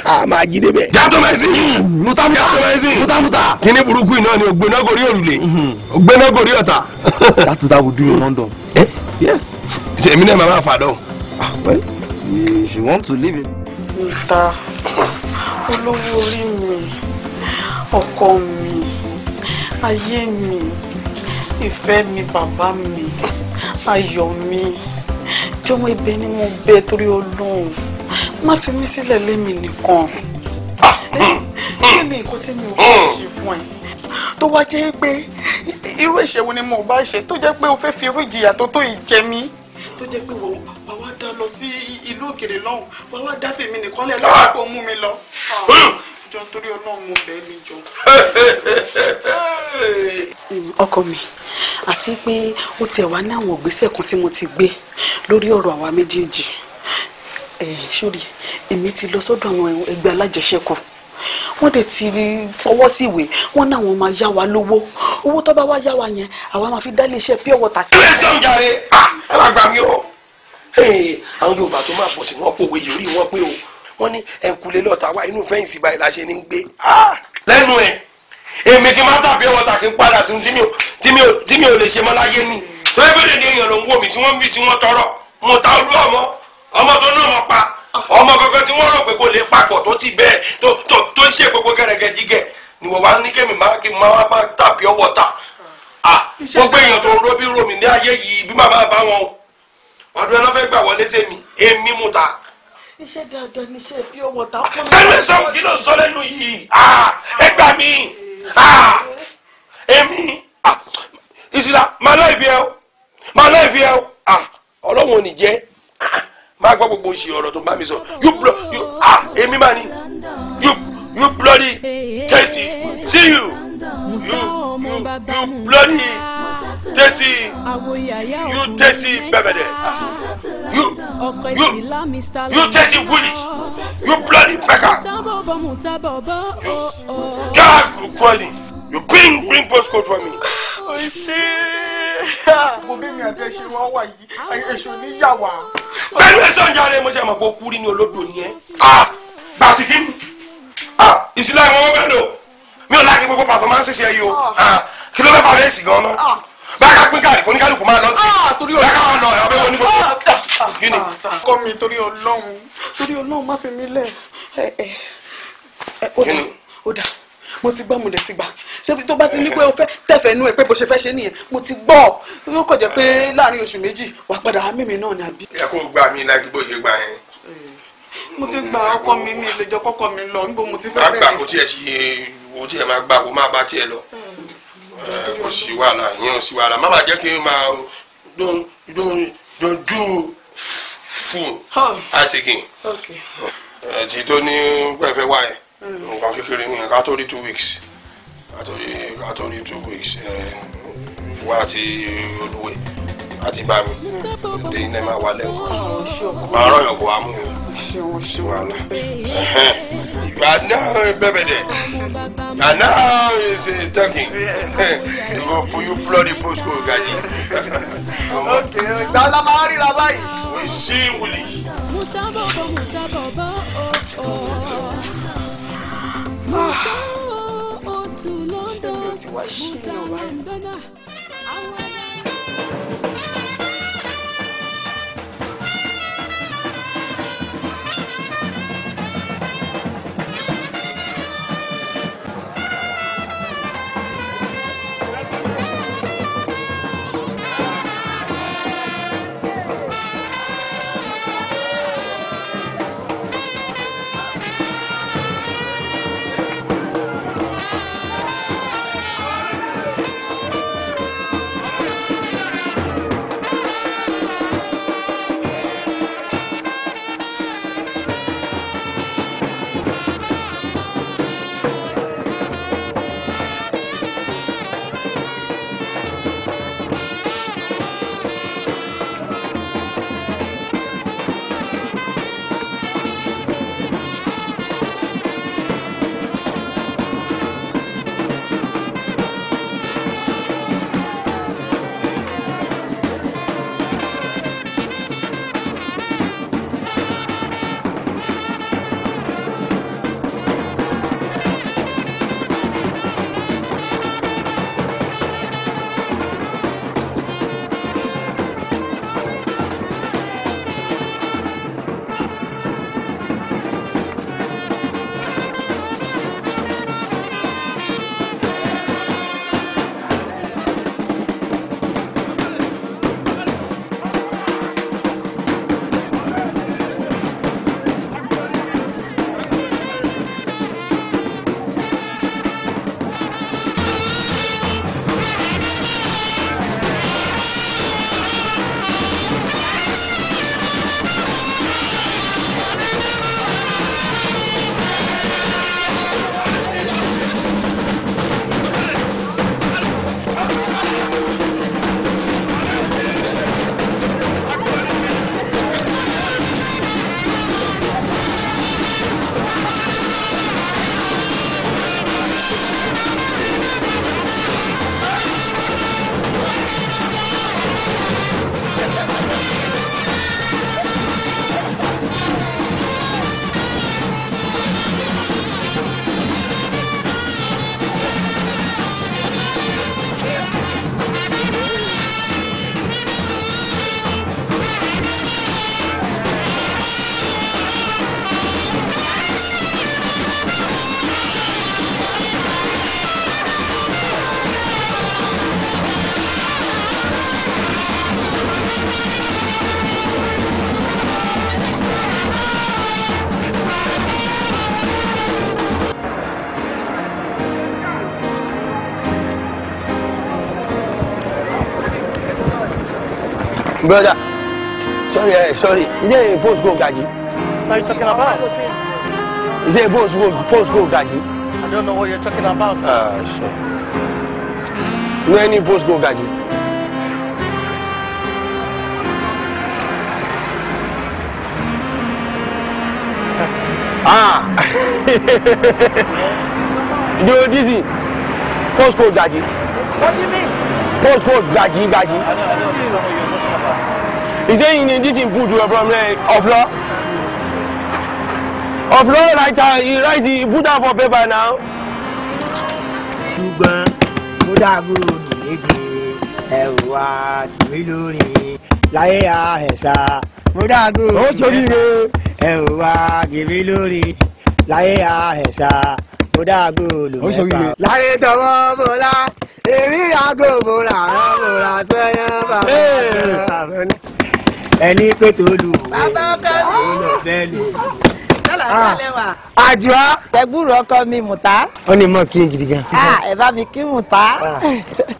ah, <laughs> máa jí débẹ̀. jàdó mẹ́sì hmm, muta muta muta muta. kíní burúkú iná ni ògbéná gorí òrùlé hmm. ògbéná gorí ọ̀tà. <laughs> that is how we do in London. Eh? yes. ṣe èmi náà máa máa fà dán. Ah, well she want to leave him. nta olówó orí mi ọkọ mi ayé mi ìfẹ́ mi bàbá mi ayọ̀ mi jọmọ ibẹ̀ ni mo bẹ torí Ọlọ́run má fi mí sílẹ̀ lémi nìkan kí ni nǹkan tí mi ò bá ṣe fún ẹ tó wá jẹ́ pé irú ẹ̀ṣẹ̀ wo ni mo bá ṣe tó jẹ́ pé o fẹ́ fi irú ìjìyà tó tó yìí jẹ mí tó jẹ́ pé wọ́n wá wá dá lọ sí ìlú òkèèrè lọ́hùn wá wá dá fèmí nìkan lẹ́yìn lọ́wọ́ kó mú mi lọ jọ nítorí ọlọ́run mo bẹ̀ mí jọ. ọkọ mi àti pé ó tiẹ̀ wá ní àwọn ògbésẹ̀ kan tí mo ti gbé lórí ọ̀rọ̀ àwa méjèèjì sórí èmi ti lọ sọ́dọ̀ àwọn ẹgbẹ́ alájẹṣẹ́kù wọ́n dẹ̀ ti fọwọ́ sí ìwé wọ́n náà wọ́n máa yá wa lówó owó tó bá yá wa yẹn àwa máa fi dá ilé pure water sí. Ah, ẹ sọ̀rọ̀ jàre ẹ má gbà mí o àwọn Yorùbá tó máa pọ̀ tí wọ́n pòwe yìí orí wọn pé o wọ́n ní ẹ̀ǹkulé lọ́ta wá inú fẹ́ǹsì báyìí la ṣe ní gbé ah, lẹ́nu ẹ̀ èmi kí n má tàbí ọwọ́ ta kí n padà sí tí mi ò lè ṣe mọ́ láyé ni torí bẹ́ẹ̀ ni èèyàn ló ń wò mí tí wọ́n bí tí wọ́n tọrọ mo ta olú ọmọ ọmọ tó ná ọmọ pa ọmọ kankan tí wọ́n rò pé kò lè papọ̀ tó ti bẹ́ẹ̀ tó ń ṣe gbogbo gẹ́rẹ́gẹ́ jígẹ̀ ni wọ́n wá ní kémi má kí n má má tàbí ọwọ́ ta ah, gbogbo èèyàn tó ń robí romi ní ayé yìí bí màmá bá wọn ọdún ẹ̀ náà fẹ́ gbà wọlé sẹ́mi èmi mú ta iṣẹ́ dáadáa ni iṣẹ́ bí ọwọ́ ta kọ́ mi. kẹ́lẹ́ sọ kí ló sọ lẹ́nu yìí ẹ gbà mí èmi ìsìlá máa láì fi ẹ o máa láì fi o ọlọ́wọ́n ò ní jẹ́ máa gbọ́ gbogbo oṣù ọ̀rọ̀ tó bá mi sọ you blo you ah èmi máa ní you you bloody tasty see you you you you bloody tasty you tasty bebede ah. you you you tasty woolish you bloody beggar you guy oh, oh. kukwani you bring bring postcode for me. Ah, o ṣe ah, mo bí mi àti ẹṣin wọn wà yìí ẹṣin ní yà wá. bẹ́ẹ̀ni ẹ sọ̀njà rẹ mo ṣe àmọ̀ pé ó kú rí ní olódò nìyẹn. gbàsíkì ni ìsìlámù ọmọ bẹ́ẹ̀ lò mi ò láàkí gbogbo pàfọ́mánsì ṣe yìí o ah. Ah, kí ló fẹ́ fà bẹ́ẹ̀ sì gan náà ah. báyà pín káàdì kò ní kálukú máa lọ tí báyà máa lọ ọ̀bẹ wo ní gbogbo kí ni. kọ́ mi torí ọlọ́run torí ọlọ́run má fi mí lẹ̀ ẹ ẹ ọ̀dà ọ̀dà mo ti gbọ́ mo lè ti gbà ṣé tó bá ti ní pé o fẹ́ tẹ̀fẹ̀ inú ẹ pé bó ṣe fẹ́ ṣe nìyẹn mo ti gbọ́ yóò kọ̀ jẹ́ pé láàrin oṣù méjì wà padà wá mímì náà ni àbí. ẹ kó gbà mí láti bó ṣe gbà yẹn. mo ti gba ọkọ mi mi ìlẹjọ kọkọ mi lọ níbo mo ti fẹ́ bẹ̀rẹ̀. àgbà kò tiẹ̀ ṣe kó tiẹ̀ máa gbà kó máa bá tiẹ̀ lọ hmm. kò sí wàhálà yẹn ò sí wàhálà má bàa kí n máa don don don do full àtìkì tó ní pẹ́ẹ́fẹ́ wá ẹ̀ hmm. nǹkan kékeré ní ká tó rí two weeks ká tó rí two weeks wá àti olúwe àti bá mi òde iná máa wà lẹ́kọ̀ọ́ máa rán yàn kó wá mú yàn sí wàhálà ìgbà náà bẹ́bẹ̀ dẹ̀ ìgbà náà ṣe talking ìgbò puyu bloody postcode gàdí. òkè ìgbà la máa ríra báyìí. we see wuli. mutabobo mutabobo ooo. mutabobo otu london mutabandana. Thank you. Brother, sorry, uh, sorry. Is there a post go gaji? What are you talking about? Is there a post go, post go gaji? I don't know what you're talking about. Ah, uh, shit. No any post go gaji. <laughs> ah. <laughs> Yo, dizzy. Post go gaji. What do you mean? Post go gaji gaji. I don't, I don't. He's saying he didn't put from uh, of law. Of law writer, he write the put down for paper now. ṣùgbọ́n mo dàgbòrò nídìí ẹ̀wà tèmi lórí láyé àhẹ̀sà mo dàgbòrò nídìí ẹ̀wà tèmi lórí láyé àhẹ̀sà mo dàgbòrò mẹ́ta. láyé tọwọ́ bọ́lá èmi ràgò bọ́lá àwọn bọ́lá sẹ́yìn bàbá mi ẹni pé tó lu òwe ló fẹ́ lu. àjọ. ẹgbúrú ọkọ mi mùtá. ó ní mọ kí n gidi gan. Ah, ẹ bá mi kí mùtá. Ah.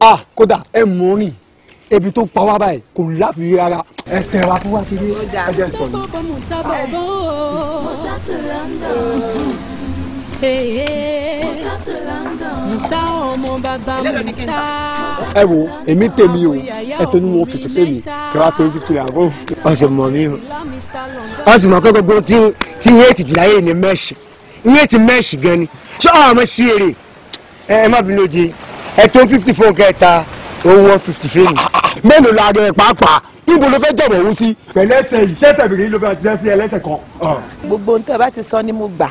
Ah, kódà ẹ mú orin ebi tó pa wá báyìí kò láfi rárá ẹ tẹ wá fún wa kiri ẹ jẹ sọ ni nta ọmọ bàbá mi ta. ẹ wo èmi tèmi o ẹ tó ní wọn fìtì fún mi kí wàá tó ní fìtì àgọ. ọsẹ mọ mi o ọsẹ mọ kọkọ gbọ tí tí ìwé ètì jùlọ ayé ni mẹṣì ìwé ètì mẹṣì gan ni ṣé ọ àmọ sí èrè ẹ má bínú di ẹ tó fifty four kẹta òun one fifty fún mi. mélòó la rẹ pàápàá ibo ló fẹ́ jọ̀bọ̀ wú sí. pẹ̀lẹ́sẹ̀ yìí ṣẹ́sẹ̀ bìrì ló fẹ́ jẹ́ sí ẹlẹ́sẹ̀ kan. gbogbo nǹkan bá ti sọ ni mo gbà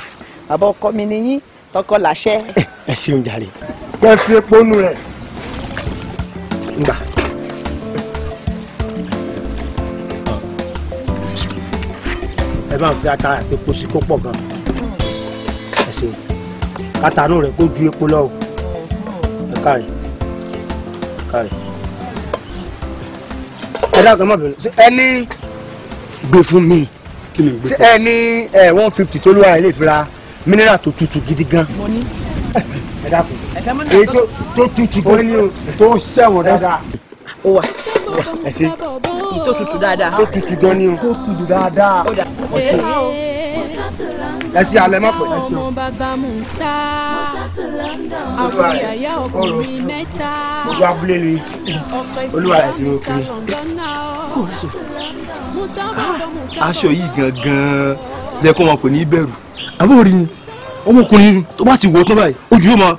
bàbá ọkọ mi ni yín tọkọ làṣẹ. <laughs> ẹ ṣeun jàre. pẹ́ fi epo nù rẹ̀. ngbà. ẹ máa ń fi ata epo sí kó pọ̀ gan. ẹ ṣeun kátàánú rẹ̀ kó ju epo lọ ẹ káre káre. ẹ dákun ẹ má bẹ̀rù ẹ gbé fún mi. kí ni gbé fún mi. ẹ ní one fifty tó ló wà ilé ìfura mineral tó tutù gidi gan. mo ní. ẹ dákun èyí tó tutù gan ni o tó sẹ̀wọ̀n dáadáa. ó wà ó wà ẹ ṣe. èyí tó tutù dáadáa. tó tutù gan ni o. tó tutù dáadáa. ó dà ó ṣe. ẹ ṣe alẹ́ mọ̀ pé ẹ ṣe. ọmọ bàbá mu ta àwọn yàyà ọkùnrin mẹ́ta. gbogbo abúlé ni olúwa rẹ̀ ti ń kiri. aṣọ yìí gangan jẹ́ kó wọn pè ní ìbẹ̀rù àbúrò rí ni ọmọkùnrin tó bá ti wọ tán báyìí ojú yóò máa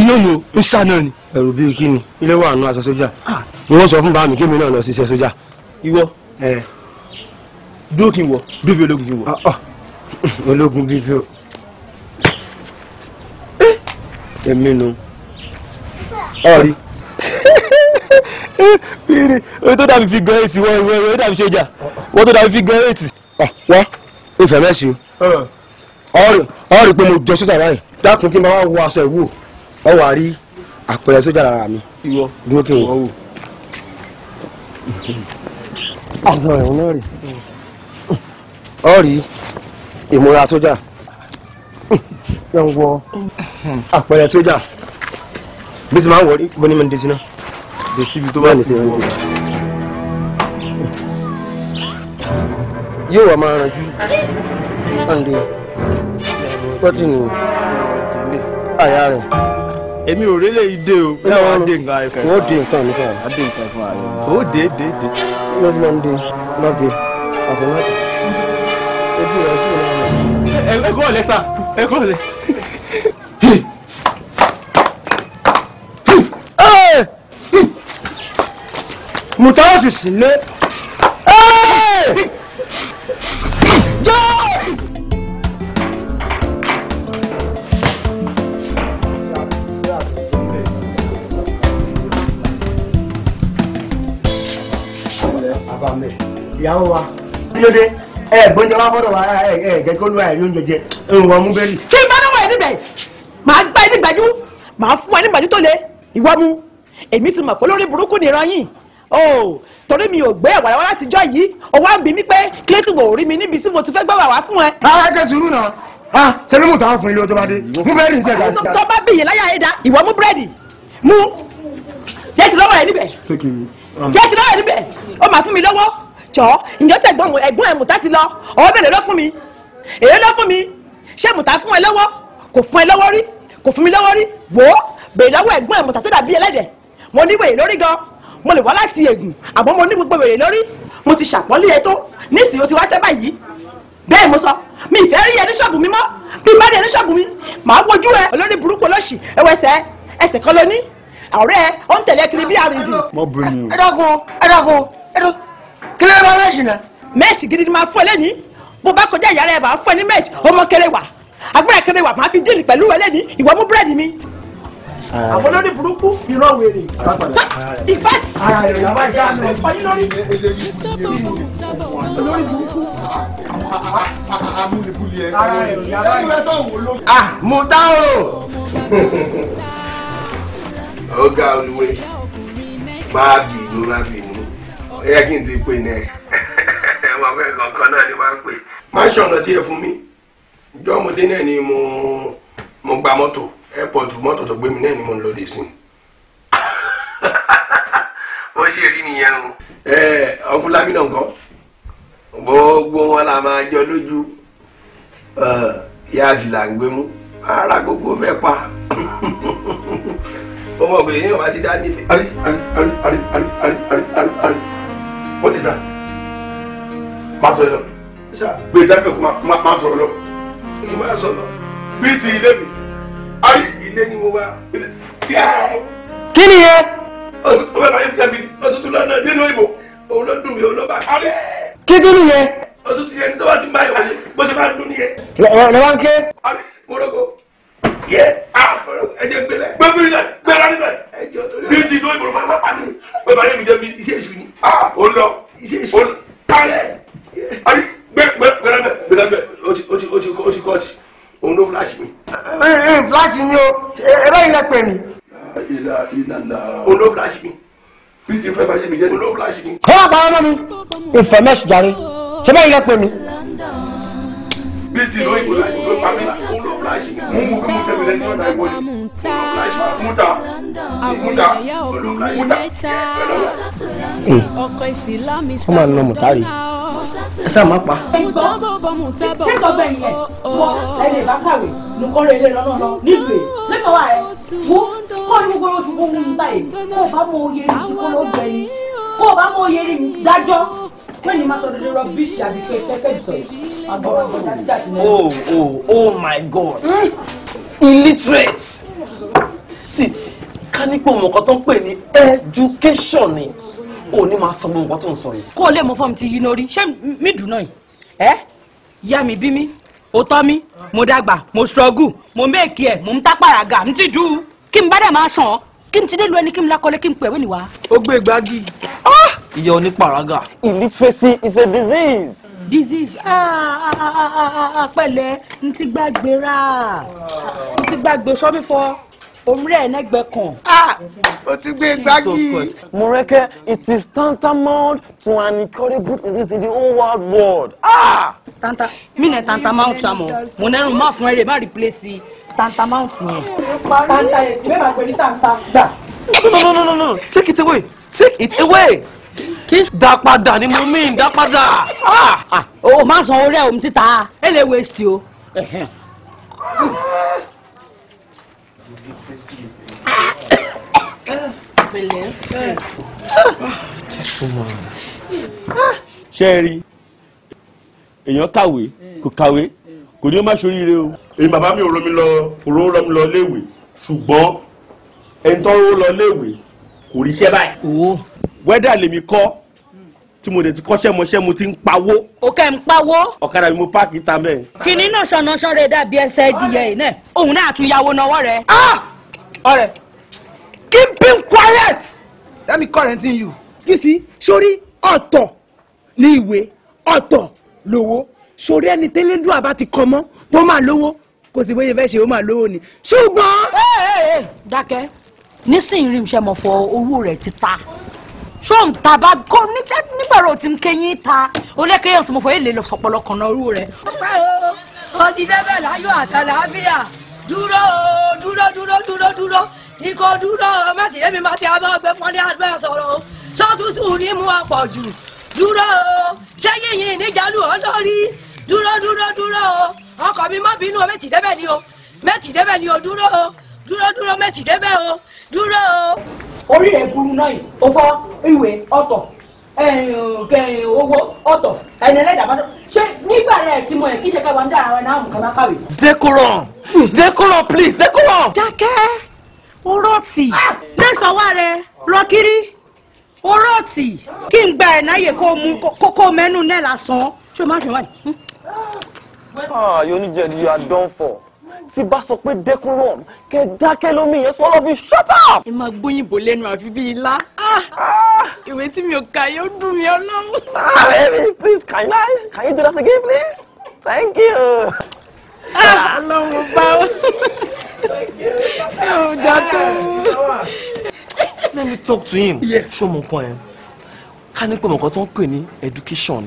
iná ni ó ń ṣá náà ni. ẹrù bíi kí ni ilé wà nù aṣọ sójà ni wọn sọ fún bàámi kémi náà lọ ṣiṣẹ́ sójà. ìwọ dúró kí n wọ dúró bí ológun kí n wọ. ológun bíi bí o eh! èmi nu ọ̀rí. <laughs> wíìrì oye tó dàbí fi gan èsì wọ ìwé oye o sójà wọ́n tó dàbí fi gan èsì. wá ìfẹ́ mẹ́sì o ọ rí i pé mo jọ sójà báyìí dákun kí n bá wá wọ aṣọ ìwò ọ wà rí àpẹẹrẹ sójà lára mi dúró kí n wò. aṣọ ẹ̀wọ̀n náà rè ọ rí ìmúra sójà ẹ ń wọ àpẹẹrẹ sójà bí sì máa ń wọ rí bó ní mọ̀ ní desina. desibi tó bá ti wọ. yóò wá máa ranjú kọ́tì nù àyà rẹ̀. èmi ò rélé ìdè o ẹ wá dé nǹkan ẹ̀fẹ̀. wọ́n dé nǹkan mi fún wa. a dé nǹkan fún wa rẹ̀. ó dé dé dé. lọ́dún lọ́dún dé lọ́dún àfọwọ́dé. ebi rẹ̀ sì náà. ẹ kọ́ ọ̀lẹ́ sá ẹ kọ́ ọ̀lẹ́. mutawasi sílé. bá mẹ́ ìyàwó wa kí ló dé ẹ gbọ́njẹ wá bọ́dọ̀ wa ẹ ẹ jẹ́ kí olúwa ẹ̀rí oúnjẹ jẹ ìwọ̀n mú bẹ́rì. tí ìbá náà wà ní bẹ̀ màá gbá ẹni gbàjú màá fún ẹni gbàjú tó le ìwọ mu èmi ti mọ̀ pé lórí burúkú nìran yìí o torí mi ò gbé ẹ̀wà wá látijọ́ yìí o wá ń bi mí pé kílẹ̀tì wò rí mi níbi tí mo ti fẹ́ gbé wà wá fún ẹ. ara ṣe sùúrù náà a ah, ṣe mímú tàwọn fún ilé ọjọ́ bá dé mú bẹ́ẹ̀rì jẹ́ gàdí. tó bá bìyìn láyà ẹ̀dá ìwọ mú búrẹ́dì mú jẹ́ kí lọ́wọ́ rẹ̀ níbẹ̀ jẹ́ kí lọ́wọ́ níbẹ̀ ó máa fún mi lọ́wọ́ jọ ǹjọ́ tẹ̀ gbọ́n ẹ̀gbọ́n ẹ̀ mùtá ti lọ ọ̀ọ́ bẹ̀rẹ̀ lọ fún mi èyí lọ fún mi ṣé mùtá fún ẹ lọ́wọ́ kò fún ẹ lọ́wọ́ rí kò fún mi lọ́wọ́ rí wò ó bèrè lọ́wọ́ ẹ̀gbọ́n ẹ̀ mùtá tó dàbí ẹlẹ́dẹ̀ mo ní wèrè lórí gan mo lè wá láti ègùn àmọ́ mo ní gbogbo wèrè lórí mo ti ṣàpọ́nlé ẹ tó nísìnyí o ti wá tẹ́ báyìí bẹ́ẹ̀ mo sọ mi ìfẹ́ rí ẹ ní ṣọ́ọ̀bù mi mọ́ bí bá rí ẹ ní ṣọ́ọ̀bù mi màá wojú ẹ olórí burúkú olóṣì ẹwẹ́sẹ̀ ẹsẹ̀ kan lóní ọ̀rẹ́ ọ ń tẹ̀lé kiri bí àrídì. mo bẹ ni o. ẹ dọ́gun ẹ dọ́gun ẹ dọ́ kílẹ̀ bá mẹ́sì náà. mẹ́sì gidi ni máa fọ́ ẹ lẹ́ni bó bá kọjá ìyá rẹ̀ bá fọ́ ẹ ní mẹ́sì ọmọ kẹrẹ wà agbára kẹrẹ wà máa fi díìlì pẹ̀lú ẹ lẹ́ni ìwọ mú búrẹ́dì mi. àwọn olórí burúkú ìran wèrè. ìfẹ́ olórí burúkú. amúnibúlì ẹ. ah mú tá oge oluwe máa bì inú bi bì inú gị yẹ kwe n ti pè ẹ ẹ wà fẹ́ kankan pè. tí ẹ fún mi jọmọdé ni mụ mụ gba mọ́tò airport mọ́tò gbé mi náà ni mo lọ ṣe rí gbogbo ara gbogbo <laughs> ọmọ ògbè yẹn wàá ti dá nílẹ̀. ari ari ari ari ari ari ari ari ari what is that? máa sọ lọ. gbé dábẹ́ kó máa sọ lọ. kí máa sọ lọ. bí ti ilé mi. ari ilé ni mo wá. kí ni yẹn. o bẹ ka yẹ jẹbi òtútù lọ́nà nínú ìbò òun ló dùn mí òun ló bá kárí. kí tún nìyẹn. ní tó ti ń bá wọlé bó ṣe máa dún nìyẹn. lọ́wọ́ ń ké. ari mo rògbò yẹ ah! ẹjẹ gbẹlẹ gbẹmí lẹ gbẹlẹ níbẹ̀ bí ti lóyún bọlọ bàbá pàdé bàbá yẹn mi jẹ mi iṣẹ́ èṣù ni ah! ó lọ iṣẹ́ èṣù ó parẹ ayi gbẹgbẹ gbẹlẹ bẹ gbẹlẹ bẹ o ti o ti o ti o ti kọọti òun ló fúláṣì mi. fúláṣì yín o ẹ̀rọ yìí lẹ pè mí. òun ló fúláṣì mi bí ti fẹ́ bá yé mi jẹ́ òun ló fúláṣì mi. kọ́ àbáyọ́ mọ́ mi ìfẹ̀mẹ́sì jàre ṣé bẹ́ẹ̀ yìí lẹ pè mí méjì ló ìbò láì ló pa là ó mú mú kí mú tẹ̀mí lẹ́yìn ọ̀dà ìwọ ni fúláṣì mú ta mú ta olú mú ta lọ́wọ́. wọ́n máa ń nà mùtárì ẹ ṣáà pa. kẹ́kọ̀ọ́ bẹ́ẹ̀ yẹn wọ ẹ bá kàwé nǹkan rẹ̀ lè lọ́nà lọ nígbè lẹ́tọ̀ọ́ wa ẹ̀ wọ́n kọ́ ní gbogbo oṣù kó mú un báyìí kó o bá mọ oyè ní kíkọ́ lọ́gbẹ̀ẹ́ yìí kó o bá mọ oyè ní dájọ́ when you ma sọ dede rubbish abi pe kẹkẹ bi oh oh oh my god hmm? illiterate see can you come òun kan tó ń pè education ni ò ní máa sọ gbogbo nǹkan tó ń sọ yìí. kó o lè mọ fọ́ọ̀mù tí yín lórí ṣé mi dùn náà yìí ẹ́ ìyá mi bí mi ó tọ́ mi mo dàgbà mo struggle mo méèkì ẹ̀ mo ń tápàràgà ń ti dùn kí n bá dẹ̀ máa sàn kí n ti dé lu ẹni kí n lakọlé kí n pẹ̀wé nìwá. ó gbé gbági. ó ìyá onípàrágà. illiteracy is a disease. disease ah, ah, ah, pẹ̀lẹ́ n ti gbàgbé ra n ti gbàgbé sọ́bí fọ́ omire ẹ̀nẹ́gbẹ́ kan. o ti gbé gbági. Moreke it is tantamount to an incurable disease in the whole world world. tanta mi nẹ tantamount amọ mo nẹrun má fún ẹrẹ má replace tantamount yẹn. tanta yẹn sì mẹ́ta pẹ̀lú tanta gbà. no no no no no take it away take it away kí. dápadà ni mo mí dápadà. Ah, ah. o má san orí ẹ̀ òun títa ẹ lè waste o. ṣé ẹ rí èèyàn kàwé kò kàwé kò ní ó má ṣoríire o. èyí bàbá mi ò rọ mi lọ òró rọ mi lọ léèwé ṣùgbọ́n ẹni tó rọ lọ léèwé kò ríṣẹ́ báyìí wẹ́dà lèmi kọ́ tí mo dẹ̀ ti kọ́ṣẹ́ mọṣẹ́ mo ti ń pawó. òkè ń pawó. ọ̀kadà mi mo páàkì ta mẹ́rin. kìnìún náà ṣọ̀nà ṣọ̀rẹ́ dàbí ẹsẹ̀ ẹ̀dìyẹ yìí náà òun náà tún yàwó náwó rẹ̀. Ah! ọ̀rẹ́ keep being quiet let me quarantine you. you see sórí ọ̀tọ̀ ní ìwé ọ̀tọ̀ lówó sórí ẹni tẹ́lẹ́dùn àbá ti kọ́ mọ́ tó máa lówó kò sì bóyá fẹ́ ṣe ó máa lówó ni ṣùgbọ́n. dákẹ́ nísìnyí rí mi ṣe mọ̀ fọ owó rẹ̀ ti ta ṣó ń ta bá kó nígbàrò tí ń kéyìn ta olékèyàn tí mo fọ èlé lọ sọpọlọ kan náà rú rẹ. ó ti débẹ̀ láyọ̀ àtàlàáfíà dúró dúró dúró dúró dúró ní kò dúró mẹ́tì èmi máa ti abọ́ gbé fún ní abẹ́ sọ̀rọ̀ sọ́tútù ní mú ọ̀pọ̀ jù dúró ṣé yìnyín níjàlú ọ̀ lórí dúró dúró dúró ọkọ̀ mi má bínú mẹ́tì ni o mẹ́tì débẹ̀ ni o dúró dúró dúró mẹ́tì o dúró orí rẹ̀ burú náà yìí ó fọ́ ìwé ọ̀tọ̀ kẹyìn owó ọ̀tọ̀ ẹni ẹlẹ́dàá bá ṣé nígbà rẹ̀ tí mo yẹ kí ṣe ká wà ń náà mú ká kàwé. decorum hmm. decorum please decorum. dákẹ́ ó rọ̀tì lẹ́sọ̀wá ah! rẹ̀ rọ́kírí ó rọ̀tì kí n gba ẹ̀ náyè kó mú kókó mẹ́nu náà lásán ṣé o má ṣe wáyé. Hmm. Ah! ah yóò ní jẹ́ di you are done for tí bá sọ pé dẹ́kun rọm kẹ dákẹ́ lómi yẹn sọ lọ́bí shut up. ẹ máa gbóyìnbó lẹ́nu àfi bíi ilá ah. Ah. ìwé tí mi ò kà yóò dùn mí ọlọ́run. ah baby please can I? can you do that again please thank you. ọlọ́run ah, bá o ẹ ò já tó o. let me talk to him. yes ṣé mo kàn ẹ́ ká ní pé mo kàn tó ń pè ní education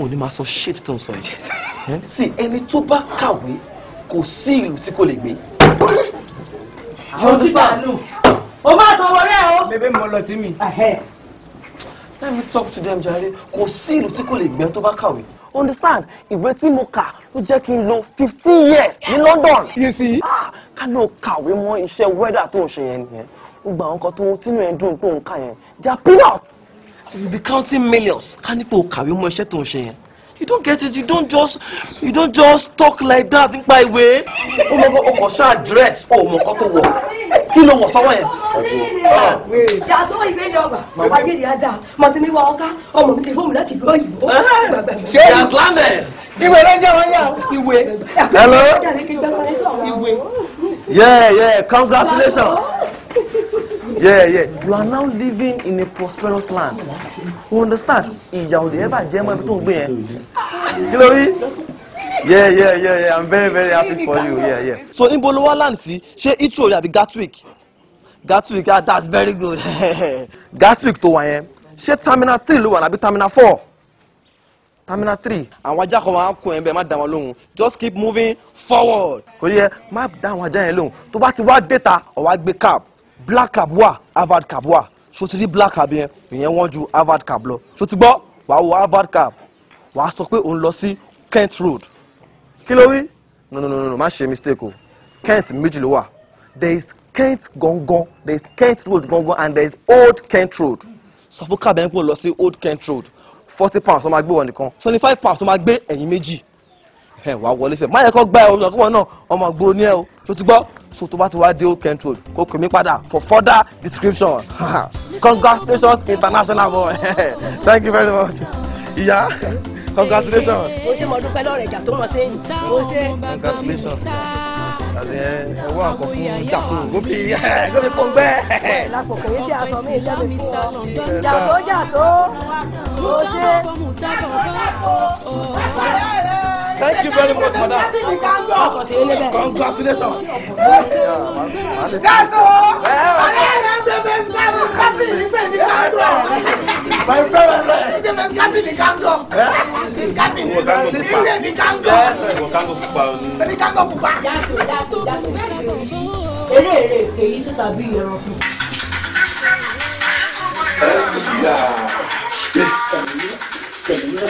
ò ní máa sọ shit tó ń sọ yìí sí ẹni tó bá kàwé kò sí ìlú tí kò lè gbé. àwọn títà nù o máa sanwó rẹ o. bébè mo lọ tí mi. let me talk to them jare kò sí ìlú tí kò lè gbé tó bá kàwé. understand ìwé tí mo kà ló jẹ́ kí n lo fifteen years ní London. yé sí. Ah, ká ló kàwé mọ iṣẹ́ wẹ́dà tó ń ṣe yẹn nìyẹn ó gba àwọn kan tó tínú ẹ̀ ń dùn tó ń kà yẹn they are peanuts. you be counting millions ká nípò kàwé mọ iṣẹ́ tó ń ṣe yẹn you don't get it you don't just you don't just talk like that nípa ìwé ó mọ kó ọkọ ṣáà dress ó mọ kó tó wọ kí ló wọ sọwọ yẹn. yàtọ̀ ìwé ìjọba bàbá yé ni a dà màtẹ́mi wa ọ̀ká ọmọ mi ti fóònù láti gbé òyìnbó. ṣé ìsìlámẹ̀. ìwé ló jẹ́ wọn yà ó. ìwé. hello. ìwé. yeah yeah congratulations yeah, yeah. You are now living in a prosperous land. You understand? Ìyà ò lè ẹ́bà jẹ́ mọ́ ibi tó ń gbé yẹn. Kí ló rí? Yeah, yeah, yeah, yeah. I'm very, very happy for you. Yeah, yeah. So, níbo ló wá land sí? Ṣé Heathrow àbí Gatwick? Gatwick, ah, that's very good. <laughs> Gatwick tó wà yẹn. Ṣé terminal three ló wà àbí terminal four? terminal three. àwọn ajá kan máa ń kun ẹ̀ bẹ́ẹ̀ má dá wọn lóhùn just keep moving forward. kò yẹ má dá àwọn ajá yẹn lóhùn tó bá ti wá dé ta ó wá gbé cab black cab wà harvard cab wà so black cab yẹn ìyẹn wọ́n ju harvard cab lọ so ti gbọ́ wàá wo harvard cab wàá sọ pé òun lọ sí kent road kí ló wí no no no no má ṣe mistake o kent méjì ló wà there is kent gangan there is kent road gangan and there is old kent road sọ fún cab yẹn pé òun lọ sí old kent road forty pounds wọ́n máa gbé wọn nìkan twenty five pounds wọ́n máa gbé ẹ̀yin méjì ẹ wàá wọlé sẹ má yẹ kó gbá ẹ o ìgbà kó wọn náà ọmọ àgbòrò ní ẹ o tó so tó bá ti wá dé old kent road mí padà for further description <laughs> congratulations international boy <laughs> thank you very much ìyá congratulations. o ṣe mọ dúpẹ́ lọ́rẹ̀ ìjà tó mọ sẹ́yìn o ṣe. congratulations ẹ wá nǹkan fún jàpọ̀ gómìn pọ́ngbẹ́. lápòkò yìí tí a sọ mí ìjẹ́ mi fún ọ jàtó jàtó o ṣe. Thank you very much for that. Congratulations. That's all. My parents. Ìgbẹ́ mi kábí ní kángọ̀. Ìgbẹ́ mi kábí ní kángọ̀. Ìgbẹ́ mi kángọ̀. Ìgbẹ́ mi kángọ̀. Ìgbẹ́ mi Eré èrè èyí tó tàbí ẹran funfun. Allez,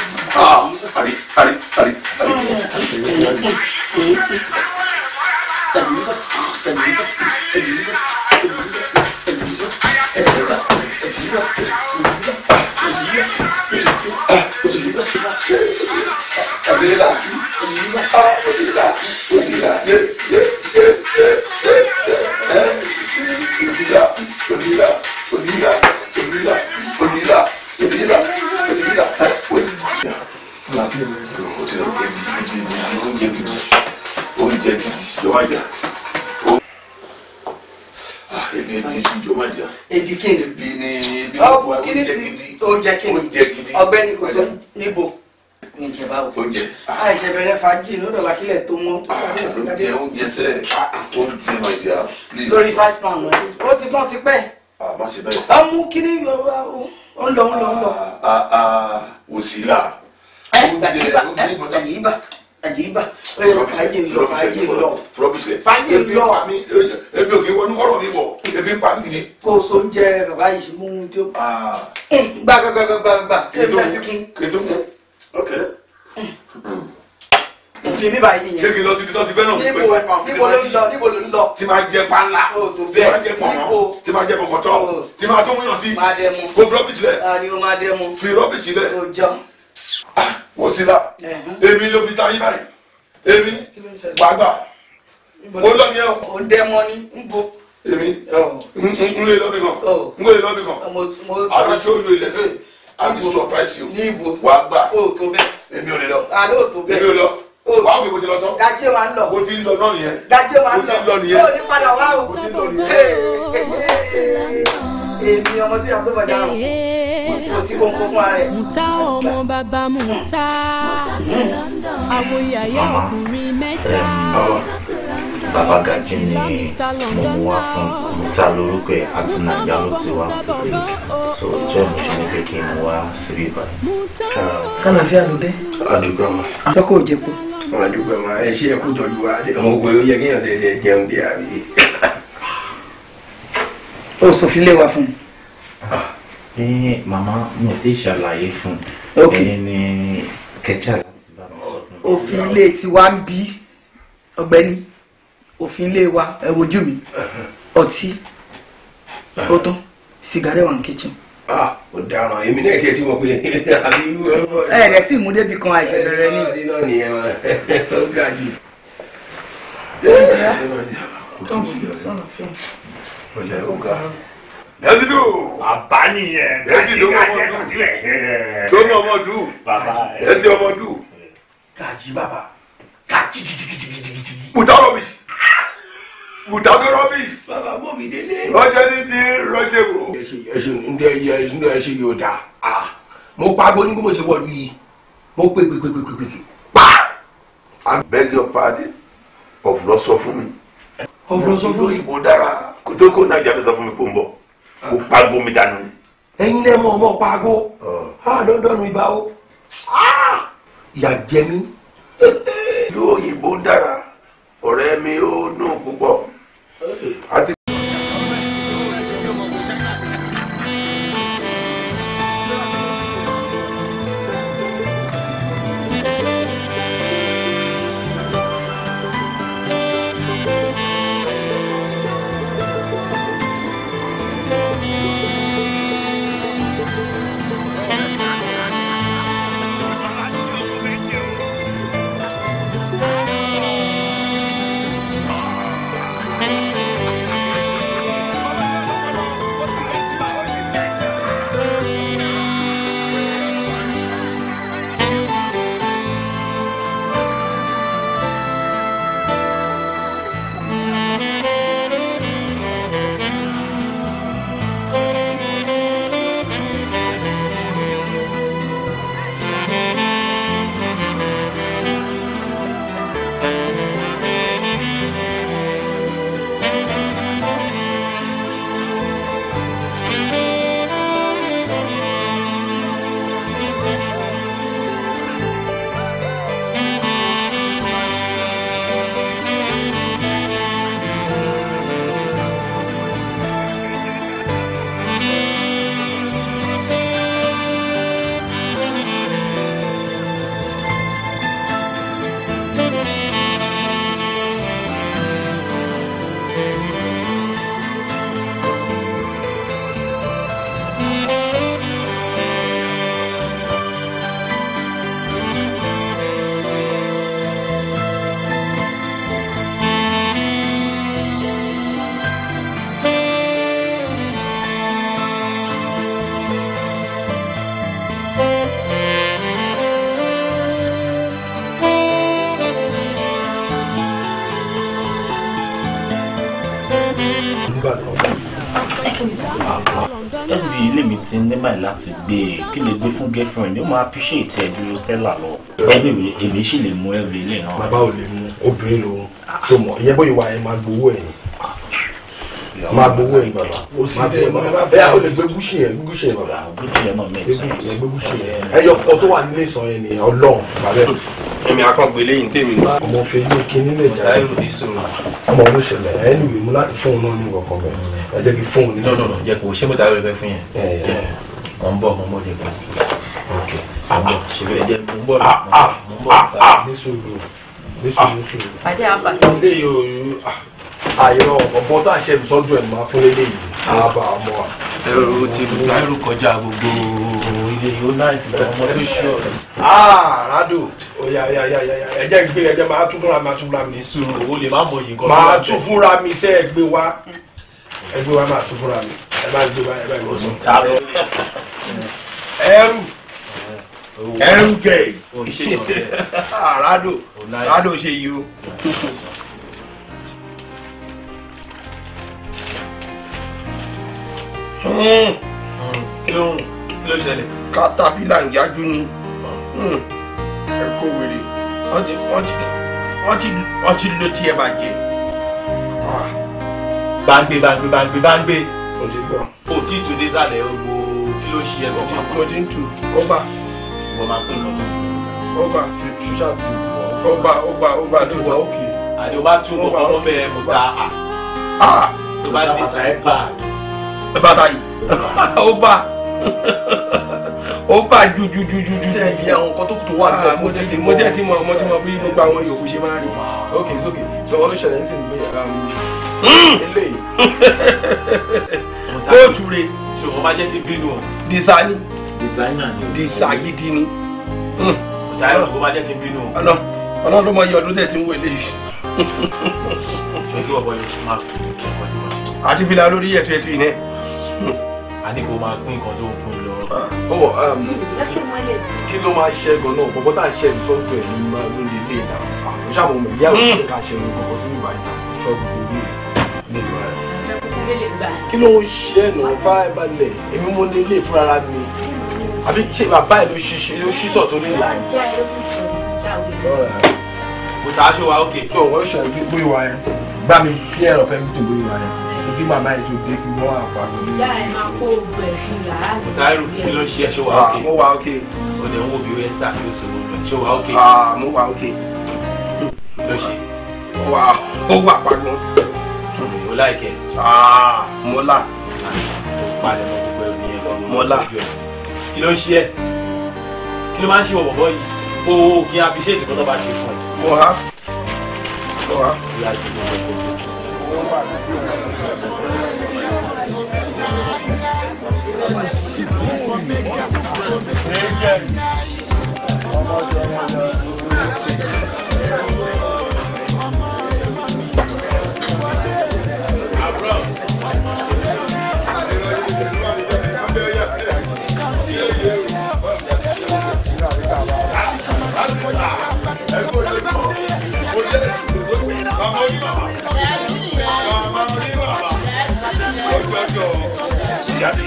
ọtí náà bẹ́ẹ̀ bí oúnjẹ gidi oúnjẹ gidi jọba jà ebi ebi jọba jà ebi kí ni ebi ni ebi gbogbo oúnjẹ gidi oúnjẹ kí ni oúnjẹ gidi ọ̀gbẹ́ni kò sọ níbo oúnjẹ báwo oúnjẹ àìsè ah, bẹ̀rẹ̀ fàájì lọ́dọ̀ wa kílẹ̀ tó mọ́ ah, oúnjẹ oúnjẹ sẹ oúnjẹ máa jà please lórí five pound ó ti tán ti pẹ́ ah, ọmú kí ni ó ń lọ ń lọ ń lọ. wòsílà àjìbá àjìbá fàájì ńlọ fàájì ńlọ fàájì ńlọ. ebi òkè wọnú ọ̀rọ̀ mi bọ ebi ń pa mí gidi. kó o so ń jẹ bàbá yìí mú un tó. gbàgbàgbàgbàgbà ok òfin bíbá yìí nìyẹn. ṣé kí n lọ síbi tó ti fẹ́ náà. níbo níbo ló ń lọ níbo ló ń lọ. tí máa jẹ pàlà tí máa jẹ pọ̀nà tí máa jẹ bọ̀kọ̀tọ̀ tí máa tó múyàn sí. máa dẹ mu. kó fi rọ́bìsì lẹ̀. ni o máa dẹ o jẹun mo sì la èmi ló fi ta yín báyìí èmi wàá gbà o. o ń dẹ́ mọ́ ní bo. èmi n lè lọ́bì kan n kò lè lọ́bì kan àbí sóyún ilẹ̀ sí àbí surprise you wàá gbà èmi ò lè lọ èmi ò lọ wà á wí bó ti lọ tán. dajé wa ń lọ. bó ti lọ náà nìyẹn. dajé wa ń lọ. bó ti lọ nìyẹn. yóò ní padà wá o. bó ti lọ nìyẹn. èmi ọmọ tí yàtọ̀ bàjẹ́ rà kò sí kóńkó fún ara rẹ̀. Mùtá ọmọ bàbá Mùtá àwòyè àyà ọkùnrin mẹ́ta. Bàbá Gàjí ni mo mú wá fún Mùtá lórúkọ ẹ̀ àti Nàìjíríà ló ti wá fún mi. Oh, so ìjọ mi ṣe ní pé kí n wá síbí ìbàdàn. Kálàfíà ló dé. Àdúgbò ọmọ. Tọ́kọ̀ ò jẹ́ pọ̀. Àdúgbò ẹ ṣe é kó tọ́jú wa. Mo gbé oyè kéèyàn tẹ̀lé jẹun bí àbí. Ó sọ fi lé wa fún mi pé màmá mi ò tí ì ṣàlàyé fún un ẹ̀yin ni kẹjá láti bá mi sọ fún un. òfin ilé tiwa ń bí ọ̀gbẹ́ni òfin ilé wa ẹ wojú mi ọtí ó tán sìgárẹ wà ní kíchìn. Ah, ọ̀daràn èmi náà tiẹ̀ tí mo pe àbí. ẹ rẹ sì mú débi kan àìsàn bẹ̀rẹ̀ ni. ọdún náà nìyẹn wọn ó ga jù. ọjà ọjà ọjà ọjà ọjà dẹ́sídò. bàbá nìyẹn dẹ́sí tó mọ̀ ọmọdù tó mọ̀ ọmọdù dẹ́sí ọmọdù. kàjí bàbá kàjí gidigidigidigidi. without rubbish without rubbish. bàbá mọ̀ mi délé. rọ́ṣẹ́ ní ti rọ́ṣẹ́ wò. ẹṣin ẹṣin ẹṣin yóò dà mo pa agbo ní bí mo ṣe wọ̀lú yìí mo pè pè pè pè pè pa. I beg your pardon Of fún Of ọ̀fùlọ́sọ fún mi. ìbò dára kótókó náà jáde sọ fún mi kó ń o pagbo mi dànù. ẹ̀yin lẹ mọ ọmọ pagbo a dandan mi bá o ìyà jẹ mí. ìlú òyìnbó dára ọ̀rẹ́ mi ó dùn púpọ̀. báyìí láti gbé e kí lè gbé fún girlfriend yóò máa appreciate ẹ dúró Stella lọ ẹbí mi èmi sì lè mú ẹbí ilé náà. bàbá ò lè mú obìnrin lòun tó mọ ìyẹn bóyá ìwà ẹ máa gbowó ẹ máa gbowó ẹ bàbá ó sì dé ẹ ó lè gbé gúúsì ẹ gúúsì ẹ bàbá gúúsì ẹ náà mẹ́sàn án gbé gúúsì ẹ ẹ ọkọ tó wà nílé ìsàn yẹn nìyẹn Ọlọ́run bàbá èmi akọ́gbé lẹ́yìn tèmi ni. ọmọ fi ní kinní lè jà ẹ́ ọmọ ló ṣẹlẹ̀ ẹ́ nìwé mú láti fóun náà ní kọ̀ọ̀kan bẹ̀ ẹ jẹ́ kí fóun ní. lọ́nà jẹ́ kó ṣé mọ̀tà rẹ̀ fẹ́ fún yẹn mo ń bọ̀ mo ń bọ̀ dẹ̀gbọ́n mo ń bọ̀ ah, ah. ṣe bẹ́ẹ̀ jẹ́ ah, mo ń bọ̀ mo ń bọ̀ ta ní sùúrù ní sùúrù. pàdé àfà. ilé yóò yú àyọ̀ ọ̀bọ̀n tó à ń ṣe ìsọ́jú ẹ̀ máa fún lélẹ̀ yìí àbá ọmọ wa. ẹrù ti bùtáìrù kọjá gbogbo ilé yóò náà sì lọ ọmọ tó ṣú ọ̀rẹ́. rádò oya ya ya ya ẹjẹ gbé ẹjẹ máa tún fúnra máa tún fúnra mi. sùúrù owó lè má mọ yìí gan. máa tún fúnra mi sẹ́ ẹ gbé wá ẹ gbé máa tún fúnra mi ẹ bá gbé wá ẹ bá gbé wá. ta ló M, ẹrù gẹ̀ẹ́ rádò rádò ṣe yìí o. Hmm. Hmm. kí ló ṣẹlẹ̀. katapila ń jájú ni hmm. ẹ kó wèrè wọ́n ti wọ́n ti wọ́n ti wọ́n ti lo tiẹ̀ bàjẹ́. gbàgbé ah. gbàgbé gbàgbé gbàgbé. o ti gbọ́. o ti tún dé sàlẹ̀ o kí ló ṣe ẹgbẹ́ ọba. mo ti ń tu ọba. ìwọ máa pè mọ́. ọba ṣíṣà tu ọba ọba ọba tu ọba òkè. àdé o bá tú ọkọ ọmọ bẹ́ẹ̀ mo ta a. Ah! tó bá dé sàrẹ́ bá a. ẹ bá báyìí ọba ó bà <laughs> ju ju ju ju ju. tẹ ẹ àwọn nǹkan tó tó wà lọ. Ah, mo ti mo jẹ ti mọ mo ti mọ bí gbogbo àwọn yòókù ṣe máa rí. Ah. ok it's ok so wọn ló ṣẹlẹ̀ ń sìn gbé yàrá mi. kóòtù rẹ̀ ṣùgbọ́n bá jẹ́ ti bínú o. disa ni. designer ni. disa gidi ni. ọ̀tá ẹ̀rọ kó bá jẹ́ ti bínú o. ọlọ ọlọ́run ló mọ iye ọdún tẹ̀ tí ń wọ eléyìí. ṣé kí ọ̀bọ yẹn máa kún kí ọ̀bọ ti wá. àti fìlà lórí ẹ̀tú ẹ̀tú yìí náà. a ní kó máa pín nǹkan tó ń pín lọ. ọwọ um, kí ló máa ṣe gan náà bọ̀bọ̀ tá à ń ṣe ní sọ́ọ̀tù ẹ̀ ní máa lórí ilé ìdáná àwọn ṣàbọ̀mọ̀ ìyá òṣèlú ká ṣe ní kọ̀ọ̀kan sí ìbàdàn ṣọ́ọ̀bù orí ẹ̀ nílùú ẹ̀ kí ló ń ṣe ẹ̀nà fáìbalẹ̀ èmi mo ní ilé ìfúrara mi àbí ṣe bàbá ẹ̀ ló ṣiṣẹ́ ló ṣí sọ̀tún ní ìlà. kò tá a wa ókè. tó o ṣe ìgbé gbé wa yẹn bá mi clear of everything gbé wa yẹn ìdí màmá ètò kí wọ́n àpapọ̀. ìyá ẹ̀ máa kó ogun ẹ̀ sí yàrá mi. kí ló ṣe ẹ̀ wa ókè. mo wà ókè. o ní owó bí wẹ́n sáà yóò sọ̀rọ̀ rẹ̀ ṣe wa ókè. Ah, mo wà ókè. ló ṣe. ó wà pàgọ́ o láìkẹ́. Ah, mọ́là. padà lọ gbogbo ẹbí yẹn lọ. mọ́là. kí ló ń ṣe ẹ́ kí ló máa ń ṣe wọ̀ bọ̀ yìí o kì í appreciate kó tó bá ṣe fún ẹ. mo ha mo ha. ìyá ju gbogbo ẹgbẹ́. Thank you. Bye.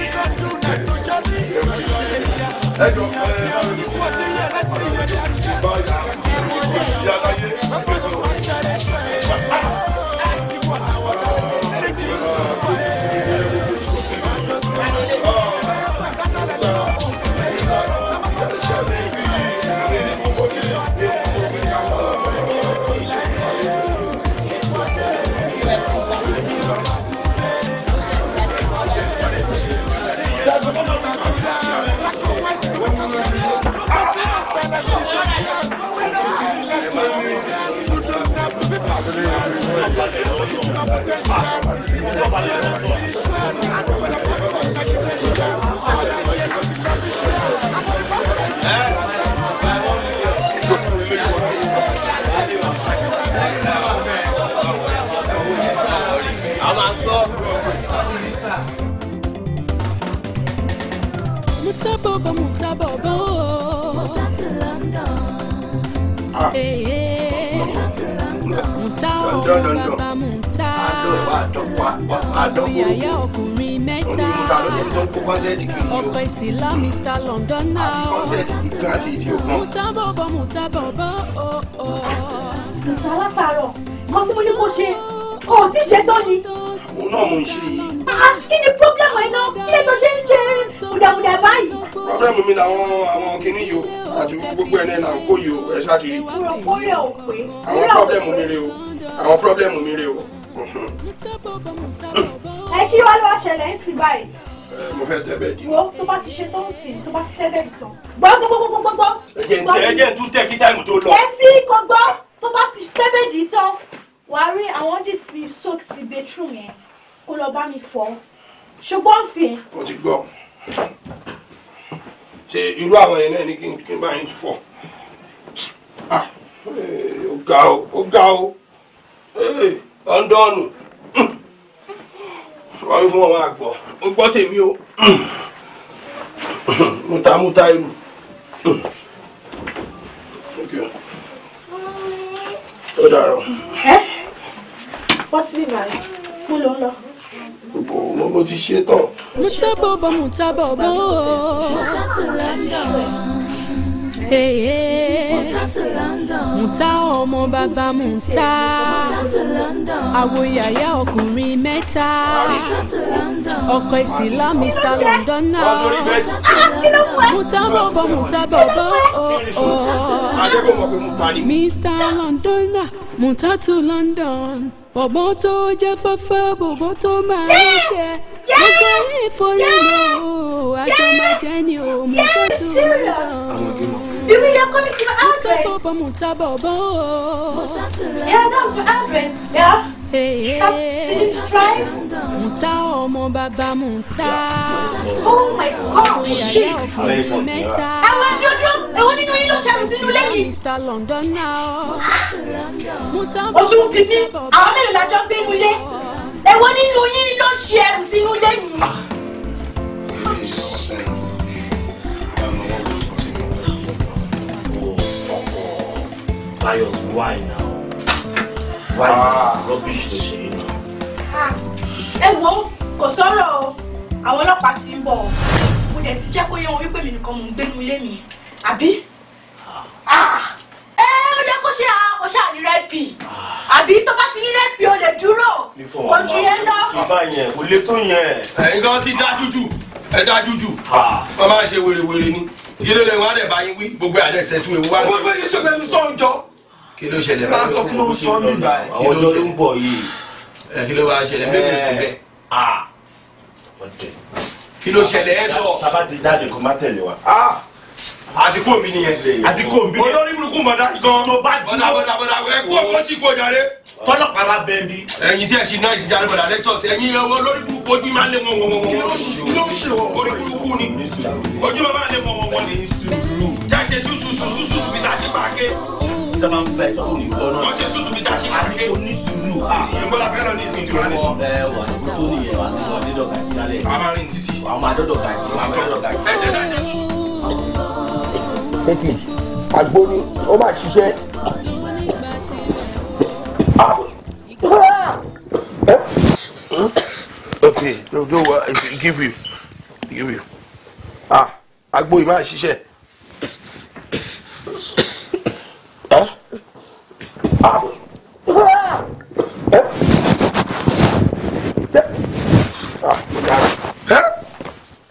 Mutabobo, mutabobo, mutati London. Ah. Hey, hey. Mutati London. Mutao, baba mẹ́ta òyàyà ọkùnrin mẹ́ta ọ̀pẹ ìsìlá Mr. Londona mùtàbọ̀bọ̀ mùtàbọ̀bọ̀ ooo. Oh, oh. mùtà aláfàárọ̀ kan tí mo ní kó ṣe kò tí ṣe tán ni. òun náà mò ṣe ah, kí ni pírọ́blẹ́mù ẹ̀ náà kí lẹ́tọ̀ ṣe ń ṣe mùdàmùdà báyìí. pírọ́blẹ́mù mi làwọn àwọn kinní yìí o àti gbogbo ẹ̀ náà là ń kó yìí o ẹ̀ ṣáà ti rí. àwọn pírọ́blẹ́mù mi rè o àwọn pírọ́blẹ́mù mi rè o ẹ kí wá ló wá ṣẹlẹ̀ ń sìn báyìí. mo fẹ́ tẹ bẹ́ẹ̀ di. wo tó bá ti ṣe tó ń sìn tó bá ti ṣe bẹ́ẹ̀ tán. gbọ́ gbọ́gbọ́gbọ́gbọ́. ẹ jẹ́ tún tẹ kí táìmù tó lọ. etí kò gbọ́ tó bá ti tẹ́ bẹ́ẹ̀ di tán wàá rí àwọn díìsì soak sí bedroom yẹn kó lọ bá mi fọ ṣùgbọ́n sí. mo ti gbọ́ ṣe irú àwọn yẹn náà ní kí n bá yín fọ ah, eh, ó ga ó ó ga ó lọ́ńdọ́ọ̀nù wọ́n wí fún ọmọ àgbọ̀ ó gbọ́ tèmi o mutamuta irú. ó dàrọ. wọ́n sí bíbáyìí mo lò ń lọ mo mo ti ṣe tán. mo tábọ̀ bọ̀ mo tábọ̀ bọ̀ mo tán ti Mùtá ti London. Mùtá ọmọ bàbá Mùtá. Mùtá ti London. Àwòyàyà ọkùnrin mẹ́ta. Mùtá ti London. ìsìlá Mr. London náà. Mùtá ti London. Mùtá bọ̀bọ̀ Mùtá bọ̀bọ̀ oh, oh. Mr. London náà. Mùtá ti London. Bọ̀bọ̀ tó jẹ́ fẹ́fẹ́ bọ̀bọ̀ tó máa ń jẹ. Gbogbo ìforí lò ó. Oh, àjọ máa jẹ́ ni òun Mùtá ti London. You mean you're coming to my address? Yeah, that's my address. Yeah. Hey, hey, that's drive. Oh my gosh, shit. I want you to know you know you know Sherry sínú lẹ́yìn. Mr. London now. O tún kì ní àwọn mélòó la jọ I want Èwo nínú yín ló ṣe ẹrù sínú lẹ́yìn? us? why now? Why ah. now? Rubbish ah. ló ṣe iná. Ẹ wo, kò sọ̀rọ̀ o, àwọn ọlọ́pàá ti ń bọ̀ o. Mo dẹ̀ ti jẹ́ kó yẹ wọn wípé mi nìkan mò ń gbénu ilé mi, àbí? Ah. Ẹ ó yẹ kó ṣe kó ṣáà ní rẹ́pì. Àbí tó bá ti ní rẹ́pì o lè dúró. Kò ju yẹn lọ. Ìbá yẹn, kò lè tó yẹn. Ẹ̀yin gan ti dájú jù, ẹ dájú jù. Wọ́n máa ń ṣe wèrèwèrè ni. Kí ló lè wọ́n dẹ̀ bá wí, gbogbo àdẹ̀sẹ̀ tún ewu wá. Gbogbo ìṣògbẹ́ni sọ̀njọ́ kí ló ṣẹlẹ̀ bá sọ kí ló ń sọ bí bá kí ló ń bọ̀ yìí kí ló bá ṣẹlẹ̀ bẹ́ẹ̀ sì bẹ́ẹ̀ kí ló ṣẹlẹ̀ ẹ sọ. tá ti jáde kó má tẹ̀lé wa àti kó mi nìyẹn àti kó mi olórí burúkú bọ̀dá gan bọ̀dá bọ̀dá bọ̀dá ẹ kú ọkọ tí kò jàre. tọ́lọ́pàá bá bẹ́ẹ̀ bí. ẹ̀yin tí ẹ ṣe náà ìṣèjáde bọ̀dá lexus ẹ̀yin olórí burúkú ojú máa lé wọn wọn wọn wọn olórí burúkú ni ojú máa lé wọn wọn wọn ni. jẹ́ ṣe ṣùtù ṣùṣù ṣùṣù bí tá a ṣe bá a ké tó máa ń gba ẹ̀sọ́ òní kọ́ náà. wọ́n ṣe sùn tún bí dá sí àdúgbò. àdúgbò ní sùúrù ha. ìyẹnbọ́lá fẹ́ràn ní ìsìn ìjọba ní sùn. ẹ wà tó nìyẹn wà nígbà dídọ̀ gàjí lálẹ́. a máa rìn títí. àwọn máa dọ́dọ̀ gàjí. àwọn máa dọ́dọ̀ gàjí. ẹ ṣe dájẹ́ sùn. èkì agbóni ó máa ṣiṣẹ́. okay no no uh, give you give you ah agbo yìí máa ṣiṣẹ́. Eh?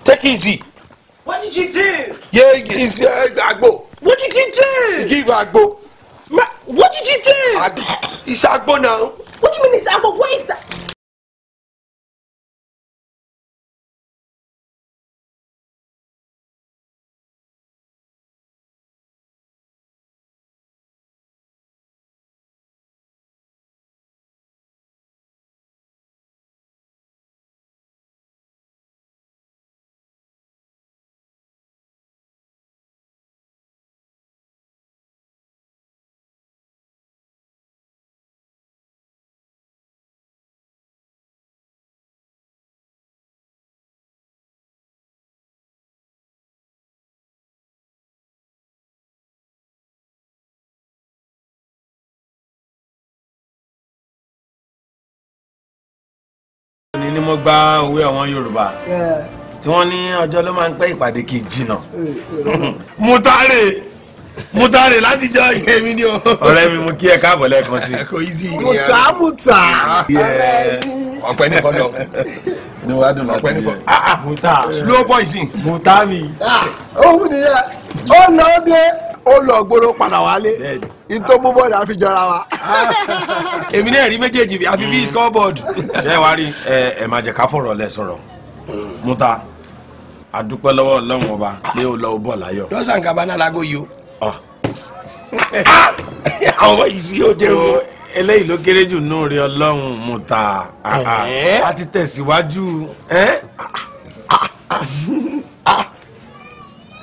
Take easy. What did you do? Yeah, he's uh, agbo. What did you do? Give agbo. Ma, what did you do? Agbo. It's agbo now. What do you mean it's agbo? Where is that? ni mo gba òwe àwọn Yorùbá tí wọ́n ní ọjọ́ ló máa ń pẹ́ ìpàdé kì í jìnà. mutare mutare láti jọ ìyẹn mi ni o. ọ̀rẹ́ mi mo kí ẹ káàbọ̀ lẹ́ẹ̀kan sí i. muta muta. <laughs> ọ̀pẹ ní fọlọ ni wàá dùn láti rí ẹ. Ah, ah. muta slow poison. muta mi. òun nìyẹn ó lọ dé ó lọ gbóró padà wálé ìtò búbọ̀ ni a fi jọra wa. <laughs> èmi náà rí méjèèjì bí àfi bí mm. scoreboard. <laughs> ṣé wàá rí ẹ ẹ máa jẹ ká fọ̀rọ̀ lẹ sọ̀rọ̀ mm. múta a dúpẹ́ lọ́wọ́ ọlọ́run ọba pé ó lọ ó bọ̀ láyọ̀. lọ́sàn kabana lago yìí o. <laughs> àwọn yìí sí òde o. eléyìí ló kéré jù nù rí ọlọ́run múta a ti tẹ̀síwájú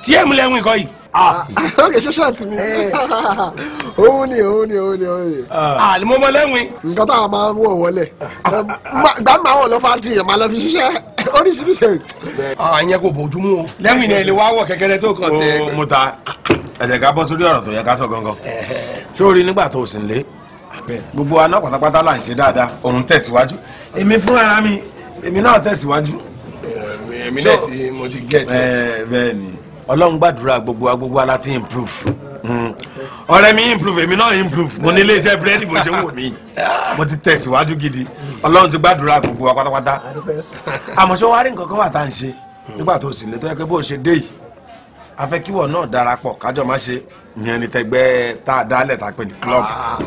tí ẹ̀ mú lẹ́wìn kọ́ yìí. Ah. ah, ok ṣọṣọ àti mi òun ni òun ni òun ni òun ni. àlùmọ́mọ́ ah. ah, lẹ́wìn. nǹkan tá a máa ń wọ̀ wọlé gbà máa wọ̀ lọ́fàdì yẹn máa lọ fi ṣiṣẹ́ oríṣiríṣi. àyẹn kò bójúmú o lẹ́wìn náà lè wá wọ̀ kẹ́kẹ́rẹ́ tó kàn tẹ́. ó mú ta ẹ̀jẹ̀ ká bọ́ sórí ọ̀rọ̀ tó yẹ ká sọ gangan sórí nígbà tó o sì ń lé gbogbo aná pátápátá là ń ṣe dáadáa òun tẹ̀síwájú èmi fúnra mi èmi náà tẹ̀síwájú. èmi náà ti mo ti gẹ̀ eh, bẹ́ẹ̀ ni ọlọ́run gbàdúrà gbogbo agbogbo ala ti improve hmm. ọ̀rẹ́ mi improve èmi náà improve mo ní iléeṣẹ́ búrẹ́dì bó ṣe wù mí mo ti tẹ̀síwájú gidi ọlọ́run ti gbàdúrà gbogbo wa pátápátá àmọ́ ṣé wàá rí nǹkan kan wà tá à ń ṣe nígbà tó sì lè tó yẹ pé bó ṣe dé yìí a fẹ́ kíwọ̀ náà darapọ̀ kájọ má ṣe yẹn ni tẹgbẹ́ tá a dálẹ̀ tá a pè ní club ah,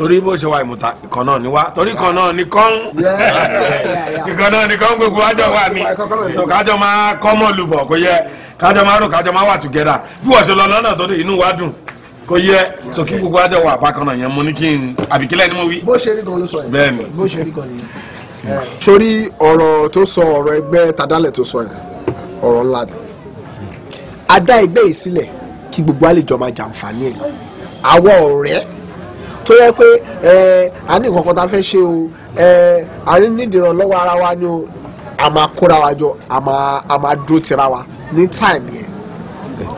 torí bó ṣe wa ìmúta ìkan náà ni wa torí ìkan náà ni kán <laughs> ìkan náà ni kán gbogbo ajọ wa mi so kájọ máa kọ́ mọ́ lùbọ̀ kò yẹ kájọ máa rò kájọ máa wà together bí wọ́n ṣe lọ lọ́nà tó dé wa dùn yẹ so gbogbo ajọ wa bákan yẹn mo ní kí n ni mo wí. bó ṣe rí ló sọ yẹn bó ṣe rí hmm. eh. sórí ọ̀rọ̀ tó sọ ọ̀rọ̀ ẹgbẹ́ tó sọ yẹn ọ̀rọ̀ ńlá tó yẹ pé a ní nǹkan kan tá a fẹ́ ṣe o a ní ìdìrọ̀ lọ́wọ́ ara wa ni o a máa kóra wa jọ a máa dúró tira wa ní táìmù yẹn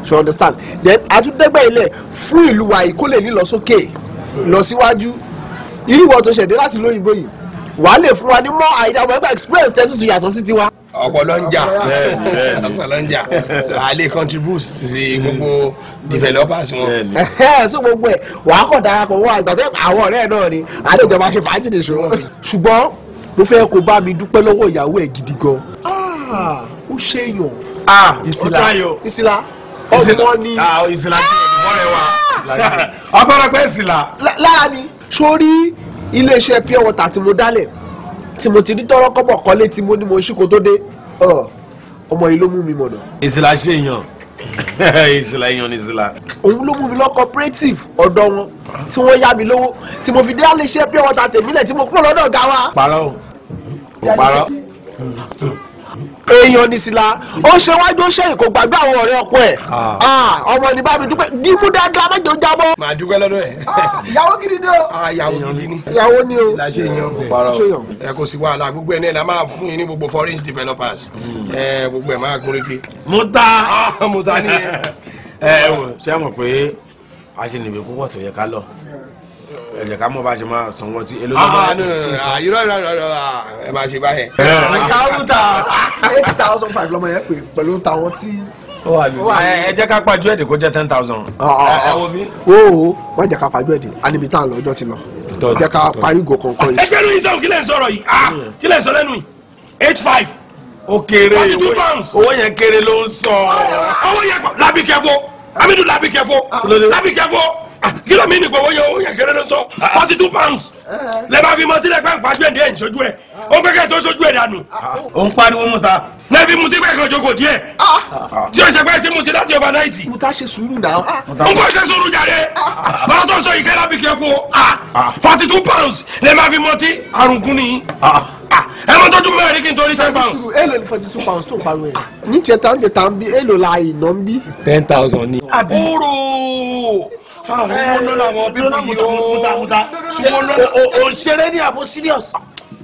so understand then àtúndẹ́gbẹ́ ilẹ̀ fún ìlú wa yìí kó lè nílọ sókè lọ síwájú irú ìwọ tó ṣẹ̀dé láti lóyìnbó yìí wàá lè fún wa ní mọ́ àìdáwọ̀ ẹgbẹ́ express tẹ́tù tó yàtọ̀ sí tiwa ọpọlọ ń jà ọpọlọ so a lè contribute sí gbogbo developers wọn. so gbogbo ẹ wàá kàn darapọ̀ wọ́n àgbà tó àwọn ọ̀rẹ́ náà ni àdéjọba ṣe fàájì lè ṣòro ṣùgbọ́n mo fẹ́ kó bá mi dúpẹ́ lọ́wọ́ ìyàwó ẹ̀ gidi gan. Ah, ó ṣe yàn. Ah, ìsìlá ìsìlá ọdún ni. Ah, ìsìlá ti ọdún rẹ wa. ọgbọ́dọ̀ pé ìsìlá. lára mi sórí iléeṣẹ́ pure water tí mo dálẹ̀ tí mo ti rí tọrọ kọ́bọ̀ kọ́lé tí mo ní mo ṣí kó tó dé ọmọ yìí ló mú mi mọ̀nà. ìsìlá ṣe èèyàn <laughs> ìsìlá èèyàn ní ìsìlá. òun ló mú mi lọ cooperative ọ̀dọ̀ wọn tí wọ́n yá mi lówó tí mo fi dé àlè ṣe pure water tèmílẹ̀ tí mo kúrò lọ́dọ̀ ọ̀gá wa. parọ́ o parọ́ èèyàn ní sila ó ṣe wájú sẹ́yìn kò gbàgbé àwọn ọ̀rẹ́ ọkọ ẹ̀ ah. Ah, ọmọ ní bá mi dúpẹ́ dìbò dáadáa mẹ́jọ jábọ́. màá dúpẹ́ lọ́dọ̀ ẹ̀. Ah, ìyàwó gidi ni o. ìyàwó gidi ni. ìyàwó ni o. làṣẹ èèyàn bẹ ẹ kò sí wàhálà gbogbo ẹ náà la máa fún yín ní gbogbo foreign developers hmm. ẹ gbogbo ẹ máa gún régé. muta muta ni <laughs> ẹ wò ṣé mo pé a ṣe níbi púpọ̀ tó yẹ ká lọ ẹ jẹ́ ká mọ̀ bá ṣe máa san wọn tí èlò lọ́wọ́ ní ìsọ. irọ́ irọ́ irọ́ ah, ẹ máa ṣe báyẹn. àkàwùtà <laughs> eight thousand five lọ́mọ yẹn pè pẹ̀lú tàwọn tí. ẹ jẹ́ ká pàjọ́ ẹ̀dẹ̀ kó jẹ́ ten thousand. Ah, ah, ẹ wo mi. wo wọ́n jẹ́ ká pàjọ́ ẹ̀dẹ̀ anibi tá à ń lọ ọjọ́ ti lọ. jẹ́ ká parí ìgò kọ̀ọ̀kan yìí. ẹgbẹ́ lóyún sọ̀rọ̀ kí lè sọ̀rọ̀ yìí kí lè sọ lẹ́nu eight five. ó kéré owó yẹn kéré ló ń sọ. owó yẹn labi kẹfọ amidu labi kẹfọ labi kẹfọ. Ah, kí ló mi ní gbowó yẹ owó yẹn kéré ló ń sọ ah. forty two pounds eh. lẹ́ẹ̀ma fi mọtí lẹ́ẹ̀pẹ́ ìpàjọ́ ẹ̀ ń sojú ẹ̀ ó pẹ́ kẹ́ tó sojú ẹ̀ dànù. Ah. ó ń pariwo mu ta. lẹ́ẹ̀ fi mutí pẹ́ẹ́kan jókòó díẹ̀ tí o ṣe pé ti mutí láti overnight. muta ṣe sùúrù náà. n kò ṣe sùúrù jàre bọ́lá tó ń sọ yìí kẹ́lá bí kẹ́kọ̀ọ́ forty two pounds lẹ́ẹ̀ma fi mọtí àrùnkún nìyí ẹ mọ tọdún mẹ́rin kí n torí ten pounds. èlò ni forty two pounds tó parọ ẹ níjẹta níjẹta ń bí èlò la ìná ń bí. ten thousand ni. àbí. ooo ọmọ làwọn bíbí yìí o o ṣeré ní àbò serious.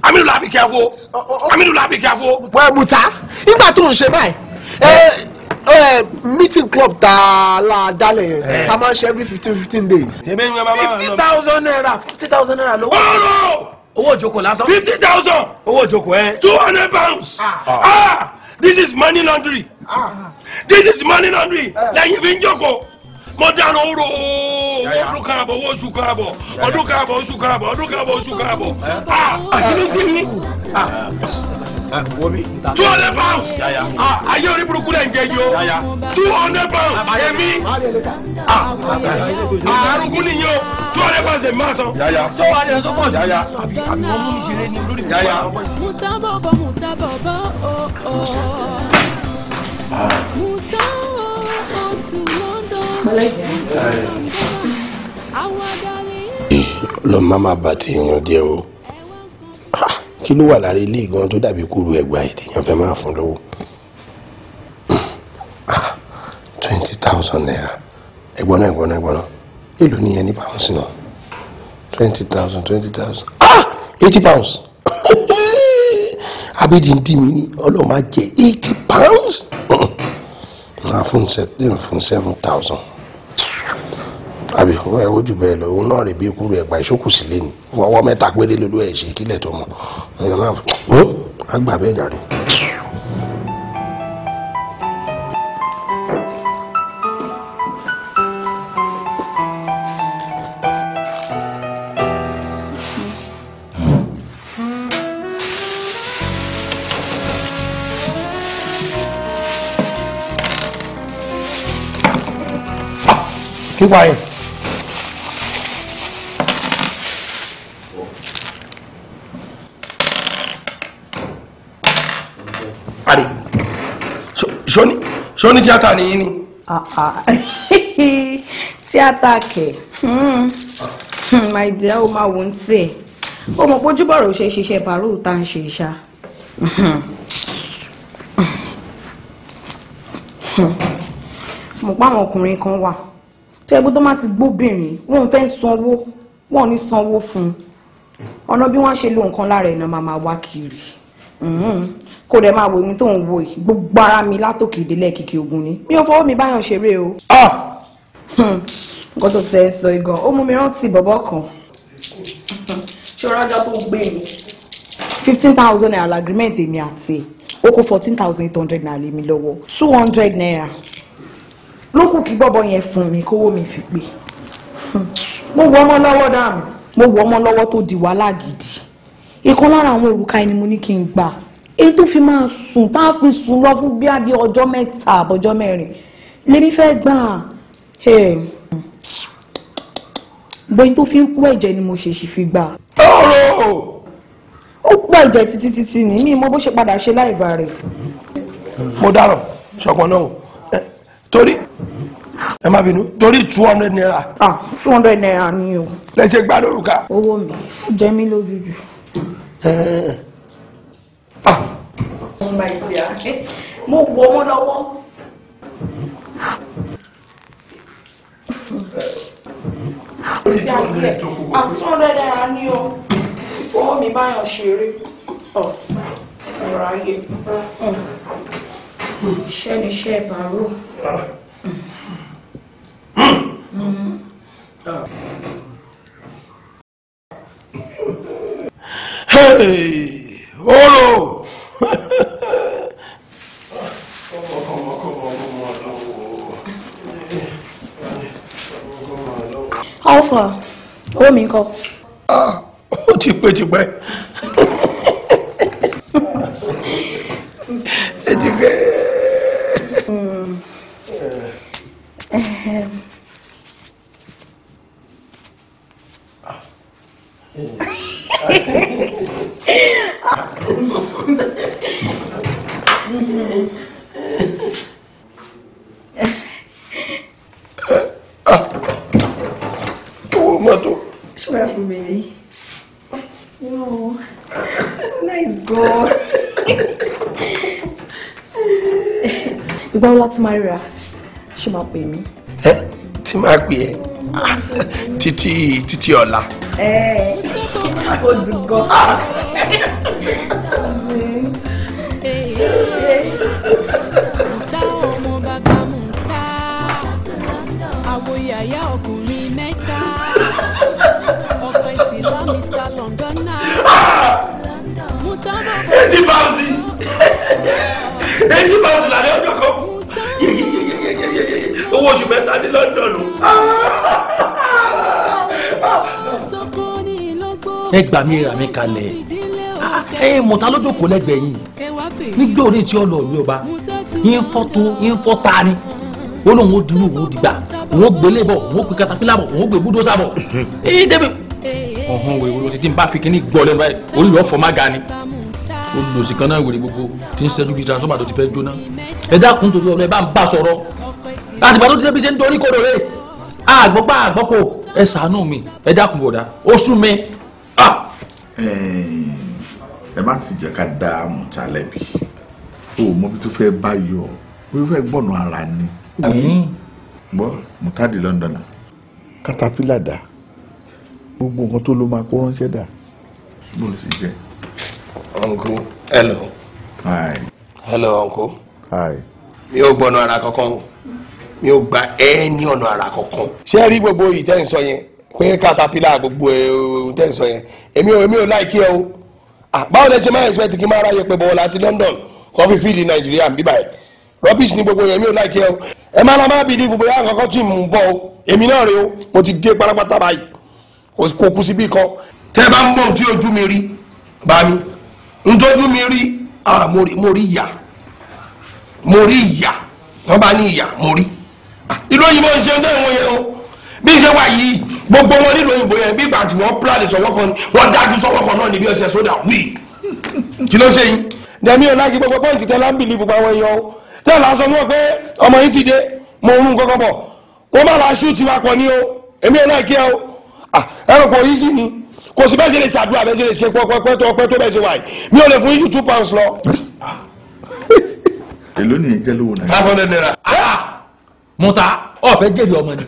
Aminu la bi careful Aminu muta nígbà tó ń ṣe báyìí meeting club ta la dalẹ̀ yẹn ta eh. máa ṣe every fifteen fifteen days. fifty thousand naira fifty thousand naira lówó. bọ́ọ̀lù owó òjòkó lásán. fifty thousand owó òjòkó ẹ. two hundred pounds ah. ah. this is money laundry ah. this is money laundry eh. lẹ́yìn fi ń jókòó mo dáná ọdún kan oṣù kan ọdún kan oṣù kan àbọ̀ ọdún kan àbọ̀ oṣù kan àbọ̀ ah, àkínní sí yín. Ah. Ah, two hundred pounds ayé orí burúkú lẹ̀ ń yìí o two hundred pounds èmi àrùkù nìyí o two hundred pounds èmi máa san. ṣé wàá lè sọ pọ̀ jù àbí àbí wọ́n mú mi ṣeré ní olórí mi wà lọ́wọ́ ìṣe. mutabọ̀bọ̀ lọ má má bàtì èèyàn jẹ o kí ló wà lára ilé gan tó dàbí kúrú ẹgbàá èèyàn fẹ́ máa fún lówó twenty thousand naira ẹ̀gbọ́n náà ẹ̀gbọ́n náà ẹ̀gbọ́n náà èlò nìyẹn ní pounds náà twenty thousand twenty thousand ah eighty pounds <laughs> abidjan dì mí ní ọlọ́run máa jẹ eighty pounds máa fún seven fún seven thousand àbí ẹ wojú bẹ́ẹ̀ lọ òun náà rè bí ikú rẹ̀ gba ìṣókù sílé ni fọwọ́ mẹ́ta péré lólu ẹ̀ ṣe kílẹ̀ tó mọ̀ ẹ̀ máa fún hm? un àgbà bẹ́ẹ̀ jàre. pààyàn. àrè sọ́ni tíátà nìyí ni. tíátà ah, ah. <laughs> kẹ̀ hmm. hmm, my dear ó máa wò ń tiẹ̀ ó mọ̀ pé ojúbọ̀rọ̀ ṣe ṣiṣẹ́ bàárò tá à ń ṣe ṣá. Hmm. mo pa àwọn ọkùnrin kan wà tó ẹgbẹ́ tó má ti gbóbìnrin wọn fẹ́ sanwó wọn ò ní sanwó fún un ọ̀nà bí wọ́n ṣe lo nǹkan lára ẹ̀ náà máa máa wá kiri kó dẹ̀ máa wò mí tó ń wo yìí gbogbo ara mi látòkè ìdílé kìkì ogun ni mi ò fọwọ́ mi báyọ̀ ṣeré o. Ah! nǹkan tó tẹ sọ igan ó mú mi rántí bọ̀bọ̀ kan ṣọ́ra ọjọ́ tó gbé mi fifteen thousand naira agreement èmi àti ó fourteen thousand eight hundred naira lé mi lọ́wọ́ two hundred naira lókù kí bọ́bọ́ yẹn fún mi kówó mi fi pé mo wọ ọmọ lọ́wọ́ dànù mo wọ ọmọ lọ́wọ́ tó di wàhálà gidi ìkan lára àwọn òrùka ẹni mo ní kí n gbà èyí tó fi máa sùn tá a fi sùn lọ fún bíi àbí ọjọ́ mẹ́ta àbọ̀jọ́ mẹ́rin lèmi fẹ́ gbà bóyin tó fi ń kú ẹ̀jẹ̀ ni mo ṣèṣì fi gbà. ó pọ̀ ẹ̀jẹ̀ títí títí ni mi mo bó ṣe padà ṣe láì bá rẹ̀. mo dárò ṣọpọ náà torí ẹ má bínú torí two hundred naira. ah two hundred naira ni o. lẹ ṣe gbá lórúkà. owó mi ó jẹ mí lójú ah. oh my dear eh, mo wọ ọmọ lọ́wọ́. orí two hundred tó kú wọ. ah two hundred naira o fọwọ́ mi báyọ̀ ṣeré oh, ọ̀rọ̀ ayé. Ah iṣẹ́ ni iṣẹ́ ìbárò. Ah. Hmm. Ah. oro alfa owó mi ń O ah, ó ti pẹ́ ti pẹ́. bọ́lá tí máa ríra ṣe máa pè mí. ẹ tí máa pè ẹ títí títí ọ̀la. ẹ ẹ o gan. àwòyàyà ọkùnrin mẹ́ta ọkọ̀ ìsìlá Mr. Londona. kan owó oṣù mẹ́ta ní London. ẹ gbà mí ra mi kalẹ̀ ah, ẹ mọ̀tá lójú kò lẹ́gbẹ̀ẹ́ yìí nígbà òde tí ó lọ ìlú ọba yín fọ́tò yín fọ́ta ni ó lóun ó dúró òun ó dìgbà òun ó gbélé bọ̀ òun ó pe katapila bọ̀ òun ó gbé búdósà bọ̀ èyí débi ọ̀hún wèrè olóṣì tí n bá fi kíní gbọ́ lẹ́nu báyìí ó lọ́ọ́ fọ́ má ga ni olùsìkan náà wèrè gbogbo tí ń ṣẹ́jú bíi transformer tó ti fẹ́ jóná ẹ dákun torí ọlọ́ ẹ bá ń bá sọ̀rọ̀ àtìgbà tó ti débi ṣe ń dorí kodò rè àgbọ́pá àgbọ́pò ẹ ṣàánú mi ẹ dákun bọ̀dá ó sú mi. ẹ má sì jẹ́ ká dá mùtá lẹ́bi o mọ bí tó fẹ́ bá yọ o fẹ́ gbọ́nà ara ni. gbọ́ mùtá di London na katapila dà gbogbo nǹkan tó ló máa kó ránṣẹ́ dà bó o sì jẹ́. uncle hello. hi. hello uncle. hi. mi ò gbọ́nà ara kankan o mi ò gba ẹ ní ọ̀nà àrà kankan. ṣé ẹ rí gbogbo ìtẹ́ǹsọ yẹn pé katapila gbogbo ìtẹ́ǹsọ yẹn èmi ò èmi ò láìkí ẹ o báwo lẹ ṣe máa expect kí n máa ráyè pé bọ̀wọ̀ láti London kan fi fíìlì Nàìjíríà ń bíbà ẹ̀ rubbish ni gbogbo yẹn mi ò láìkí ẹ o ẹ má la má bìí dìbò bóyá nǹkan kan tún mú bọ́ o èmi náà rè o mo ti dé pátápátá báyìí kò kú síbí kan tẹ́ bá ń bọ̀ tí ojú mi rí bá mi ntọ́jú mi rí mo rí ìyà mo rí ìyà wọ́n bá ní ìyà mo rí ìlú òyìnbó ń ṣe ń tẹ́ ìwọ̀n yẹn o bí ṣe wà yìí gbogbo wọn nílùú òyìnbó yẹn bí ìgbà tí wọ́n plan sọ̀wọ́ kan wọ́n dájú sọ̀wọ́ kan náà níbi ọ̀sẹ̀ sódà wí kí ló ṣe yín. dẹ̀mí ò láàgì gbogbo pọ́ǹtì tẹ́lá ń bìlì fúnpa wọn yọ o tẹ́lá sọ wọn pé ọmọ yìí ti dé mo ń rún kọ́kọ́ bọ̀ wọ́n má la ṣú tiwa pọ̀ ní o èmi ò láàgì ẹ o ẹ̀rọ kò yí sí ni kò sí bẹ́ẹ̀ ṣe lè ṣàdúrà bẹ́ẹ̀ ṣe lè ṣe pẹ́pẹ́ tó pẹ́ tó bẹ́ẹ̀ ṣe wáyé mi ò lè fún yín two pounds lọ. èló nìyẹn jẹ́ lówó náírà. five hundred naira. Ah! muta ọ̀fẹ́ jèrè ọmọ ni.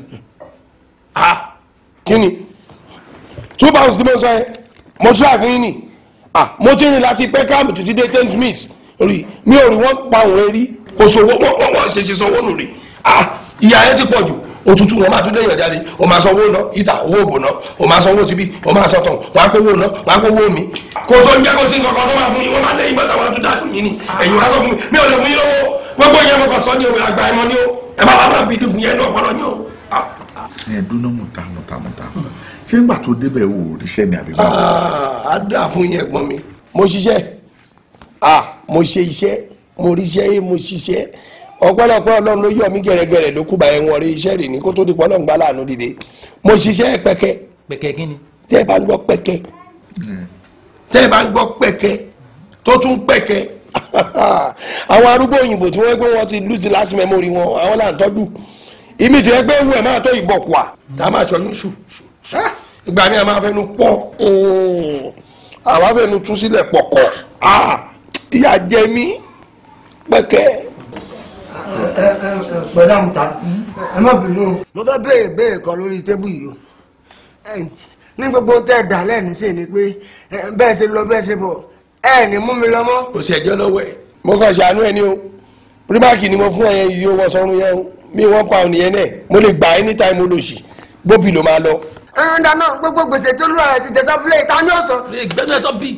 kí ni two pounds tí mo sọ yẹn mo ṣe àfihàn ni mo ti rìn láti peckham títí dé ten smith rí mi ò rí wọ́n pa òun rí kò sówó wọ́n wọ́n ṣe ṣe sanwó nù rí ìyá yẹn ti pọ̀ jù òtútù wọn máa tún dé ìyọ̀dáde o máa sanwó ná ìta owó òbò ná o máa sanwó tibí o máa sọtọ̀ wọn á pé owó ná wọn á pé owó mi. kò sọ ní jákòó sí nǹkan kan tó máa fún yín wọn máa lé ìgbà táwọn á tún dá yín ni ẹ̀yin wá sọ fún mi mi ò lè fún yín lọ́wọ́ gbogbo ìyẹn mo kàn sọ ní omi àgbà ẹ̀mọ́ ni ó ẹ bá bàbá bíi dùn yẹn náà gbọ́dọ̀ yín o. Ah, ah. ẹ dúná mùtá mùtá mùtá ṣé ń gbà tó débẹ̀ wò ó ríṣẹ́ ni àbí báwo. Ah, a dáa fún yẹn gbọ́n mi mo ṣiṣẹ́ a mo ṣe iṣẹ́ mo ríṣẹ́ mo ṣiṣẹ́ ọ̀pọ̀lọpọ̀ Ọlọ́run ló yọ mí gẹ̀rẹ́gẹ̀rẹ́ ló kú bá ẹwọn rí iṣẹ́ rè ní kó tó di pọ Ọlọ́run gbá láàánú dìde mo ṣiṣẹ́ pẹkẹ. pẹkẹ kí ni. tẹ́ bá ń gbọ́ pẹkẹ tẹ́ bá ń gbọ́ pẹkẹ tó tún pẹkẹ àwọn arúgbó òyìnbó tí wọ́n gbé wọn ti lose last memory wọn àwọn là ń tọ́jú ìmí tí wọ́n gbé wù ẹ̀ máa tó ìbọ̀kùà tá a máa sọ yín sùn ìgbà mi a máa fẹnu pọ̀ àwa fẹnu tú sílẹ̀ pọ̀kọ̀ ìyà jẹ mí pẹ̀kẹ́. pẹ̀lú àwọn ta ẹ má bínú. mo fẹ́ béèrè béèrè kan lórí tébù yìí o ní gbogbo tẹ́ ẹ̀ dà lẹ́nu sí ni pé bẹ́ẹ̀ ṣe lọ bẹ́ẹ̀ ṣe bọ̀ ẹ ní mú mi lọ́mọ́. kò sí ẹjọ́ lọ́wọ́ ẹ̀ mo kàn ṣàánú ẹ ní o primark ni mo fún ẹ yìí owó sọrun yẹn o mi one pound yẹn náà mo lè gbà anytime mo lò sí gbóbi ló máa lọ. ẹn dáná gbogbo gbèsè tó lúwa ti jẹ sọfúnlẹ ìta ní ọsàn. gbẹmí ẹsọ bíi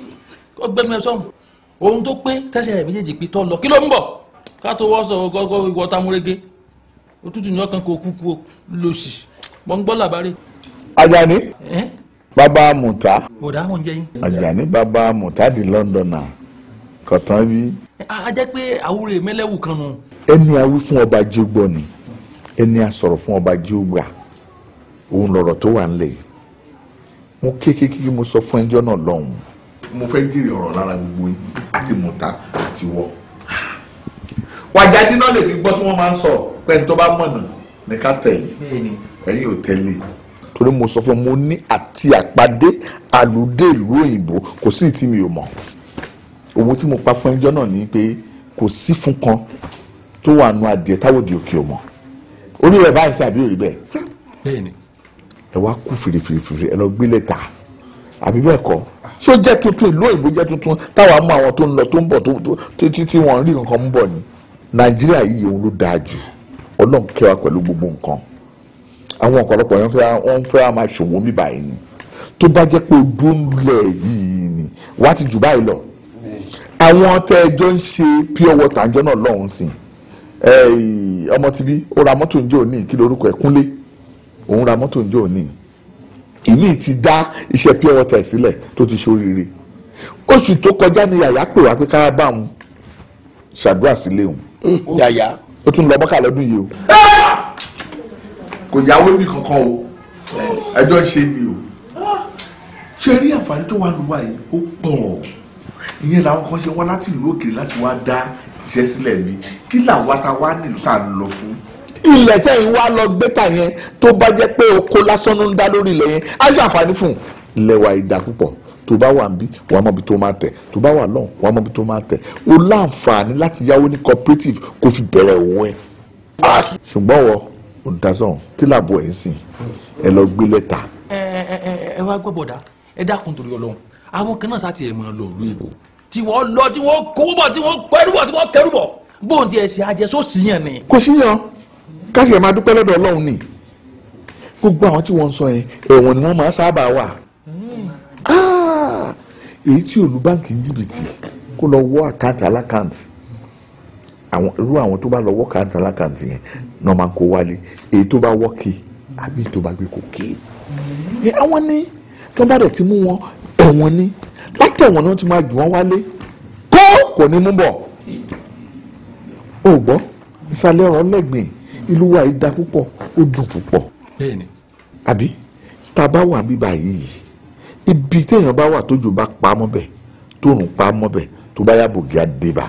kó gbẹmí ẹsọ ohun tó pé tẹsẹ̀ rẹ méjèèjì pé tọ lọ kí ló ń bọ̀ ká tó wọ sọ gọgọ ìwọ tamúrégé òtútù ní ọkàn kò kúkú lòsì mọ ń gbọ́ làbárè. Àjàní. Baba muta ajani bàbá muta di londona kọtán bí. a jẹ́ pé àwúrè mẹ́lẹ́wù kan nù. ẹni awí fún ọba jígbọ́ ni ẹni asọ̀rọ̀ fún ọba jígbà òun lọ̀rọ̀ tó wà nílẹ̀ mo kékeré mo sọ fún ẹjọ́ náà lọ́hùn. mo fẹ́ jèrè ọ̀rọ̀ lára gbogbo yìí àti muta àti wọ. wàjáde náà lè fi gbọ́ tí wọ́n máa ń sọ pẹ́ni tó bá mọ̀nà ní ká tẹ̀lé ẹ̀yin ò tẹ̀lé torí mo sọ fún ọ mo ní àti àpadé àlùdé ìlú òyìnbó kò sí ìtì mi ò mọ̀ owó tí mo pa fún ẹjọ́ náà ni pé kò sí fún kan tó wà nù adìẹ táwòdì òkè ò mọ̀ orí rẹ̀ báyìí sàbí òrí bẹ́ẹ̀ bẹ́ẹ̀ni ẹ wá kú fìrìfìrìfìrì ẹ lọ gbélé ta àbí bẹ́ẹ̀ kọ́ ṣó jẹ́ tuntun ìlú òyìnbó jẹ́ tuntun táwa mú àwọn tó ń lọ tó ń bọ̀ tí wọ́n rí nǹkan ń bọ̀ ni nàìjíríà yìí òun ló dáa jù ọlọ́run pẹ̀lú gbogbo nǹkan àwọn ọ̀pọ̀lọpọ̀ yẹn wọ́n fẹ́ máa ṣòwò mi báyìí ni tó bá jẹ́ pé odó ń lẹ̀ yìí ni wà ti jù báyìí lọ àwọn tẹ́ ẹ ń ṣe pure water àjọ náà lọ́hùn sí ọmọ tibí ó ra mọ́tò ń jẹ́ òní kí lorúkọ ẹ̀ kúnlé òun ra mọ́tò ń òní ìmí ti dá iṣẹ́ pure water sílẹ̀ tó ti ṣoríire oṣù tó kọjá ni yàyà pè wá pé ká bá òun ṣàdúrà sílé òun yàyà ó tún lọ mọ́kà yìí o kò yáwó ní kankan o ẹjọ́ ṣe ni o ṣe rí àǹfààní tó wà lùwà yìí ó pọ̀ ìyẹn làwọn kan ṣe wá láti ìlú òkèèrè láti wá dá iṣẹ́ sílẹ̀ mi kí làwa ta wá nílùú tá a lọ fún. ilẹ̀ tẹ́yìn wá lọ gbé tà yẹn tó bá jẹ́ pé oko lásán ló ń dá lórí ilẹ̀ yẹn á ṣàǹfààní fún un. lẹ́wà ìdá púpọ̀ tó bá wà níbí wàá mọbi tó máa tẹ̀ tó bá wà lọ́hùn wàá mọbi tó máa tẹ̀ o láǹfààní láti yáwó ní cooperative kó fi bẹ̀rẹ̀ òun ẹ̀. Ah! ṣùgbọ́n wọ ó da sọ̀hún kí làbọ̀ ẹ̀ ń sìn ẹ lọ gbé lẹ́tà. ẹ ẹ ẹ wá gbọ́ bọ̀dá ẹ dákun torí ọlọ́run àwọn kan náà sá tiẹ̀ máa lọ ìlú èbó tí wọ́n lọ tí wọ́n kó bọ̀ tí wọ́n kẹrù bọ̀ tí wọ́n kẹrù bọ̀ bóun ti ẹ̀ ṣe àjẹsó síyàn ni. kò síyàn kásìyàn máa dúpẹ́ lọ́dọ̀ ọlọ́run ni gbogbo àwọn tí wọ́n ń sọ yẹn ẹ̀wọ̀n ni wọ́n máa sábà wà. Ah! èyí tí olú báǹkì ń jìbìtì kó lọ wọ àkáǹtì alákàǹtì irú àwọn tó bá lọ wọ àkáǹtì alákàǹtì yẹn náà máa ń kó wálé èyí tó bá wọ́ọ̀kì àbí tó bá gbé kòkè àwọn ní tó bá dẹ̀ ti mú wọn tẹ̀wọ̀n ní látẹ̀wọ̀n náà ti máa jù wọ́n wálé kó kò ní mú bọ̀ ò gbọ́ ìsàlẹ̀ ọ̀rọ̀ lẹ́gbìn ìlú wa yìí da púpọ̀ ó dùn púpọ̀ àbí tá bá wà bíbá yìí ibi téèyàn bá wà tójú bá pa mọ́ bẹ̀ tóòrùn pa mọ́ bẹ̀ tó bá yá bògì dé bá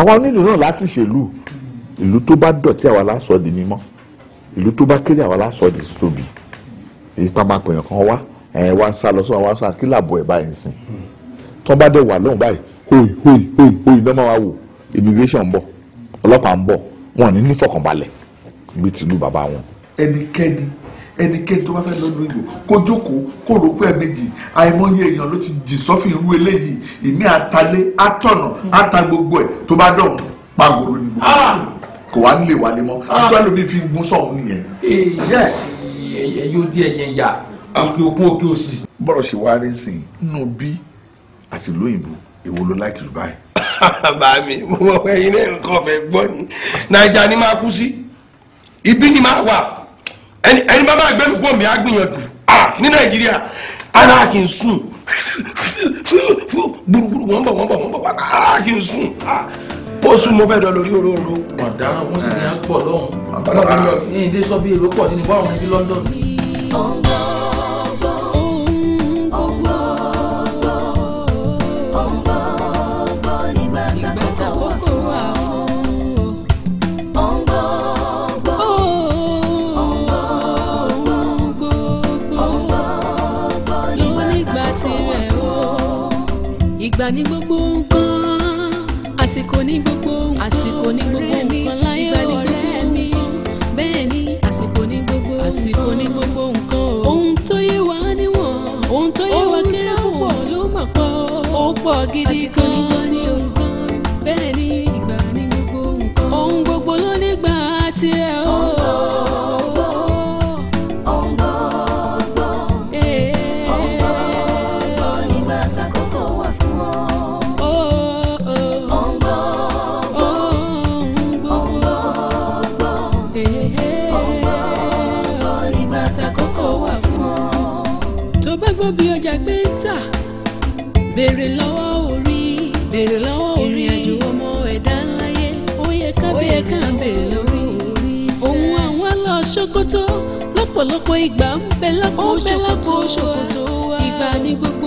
àwa onílù náà lásìṣèlú ìlú tó bá dọ̀tí àwa la sọ di mímọ́ ìlú tó bá kéré àwa la sọ di tóbi èyí pa máa pèèyàn kan wá ẹ̀yìn wá ń sá lọ sọ́nà wá ń sá kí làbọ̀ ẹ̀ báyìí sìn tí bá dẹ̀ wà lóhùn báyìí hoi hoi hoi hoi lọ́mọ wa wò immigration ń bọ̀ ọlọ́pàá ń bọ̀ wọn ní nífọ̀kànbalẹ̀ bí tìlú bàbá wọn. ẹnikẹ́ni ẹnikẹ́ni tó bá fẹ́ lọ lóyún kó jókòó kó rò pé ẹ̀mejì àìmọye èèyàn ló ti jì sọ́fìn irú eléyìí ìmí àtalé àtọ̀nà àta ẹ̀ tó bá dọ̀ pàgòrò ni kò wá nílé wálé mọ́ àtúntò àlòmí fi gún sọ̀hún nìyẹn. ẹyẹ yóò di ẹyẹ ya òkè òkun òkè òsì. bọ́rọ̀ ṣe wá rí sìn nínú bí àti lóyìnbó èwo ló láì kìlú báyìí. bàmí mo mọ pé iná nǹkan fẹ́ gbọ́ ni naija ni máa kú sí ibi ni máa wà ẹni bá bá gbẹ́mí kú omi á gbìyànjú ní nàìjíríà ara kì í sùn gbúrúgbúrú wọ́n bọ̀ wọ́n bọ̀ wọ́n bọ̀ ara kì í sùn pósù mo fẹ́ dọ lórí òróró. ọ̀daràn wọn sì ní à ń pọ̀ lọ́hùn-ún. ọlọ́run ní ìdí sọ bí èrò pọ̀ nínú báwọn ní London. ọ̀rọ̀ gidi kan ni o bẹ́ẹ̀ ni ìgbà ni gbogbo nǹkan ohun gbogbo ló eh. nígbà tiẹ̀ o. Oh, oh. gbogbo eh, eh. bí ọjà gbé ń tà béèrè lọ. lọ́pọ̀lọpọ̀ ìgbà ń bẹ lápò ṣòkòtò wa ìgbà ní gbogbo.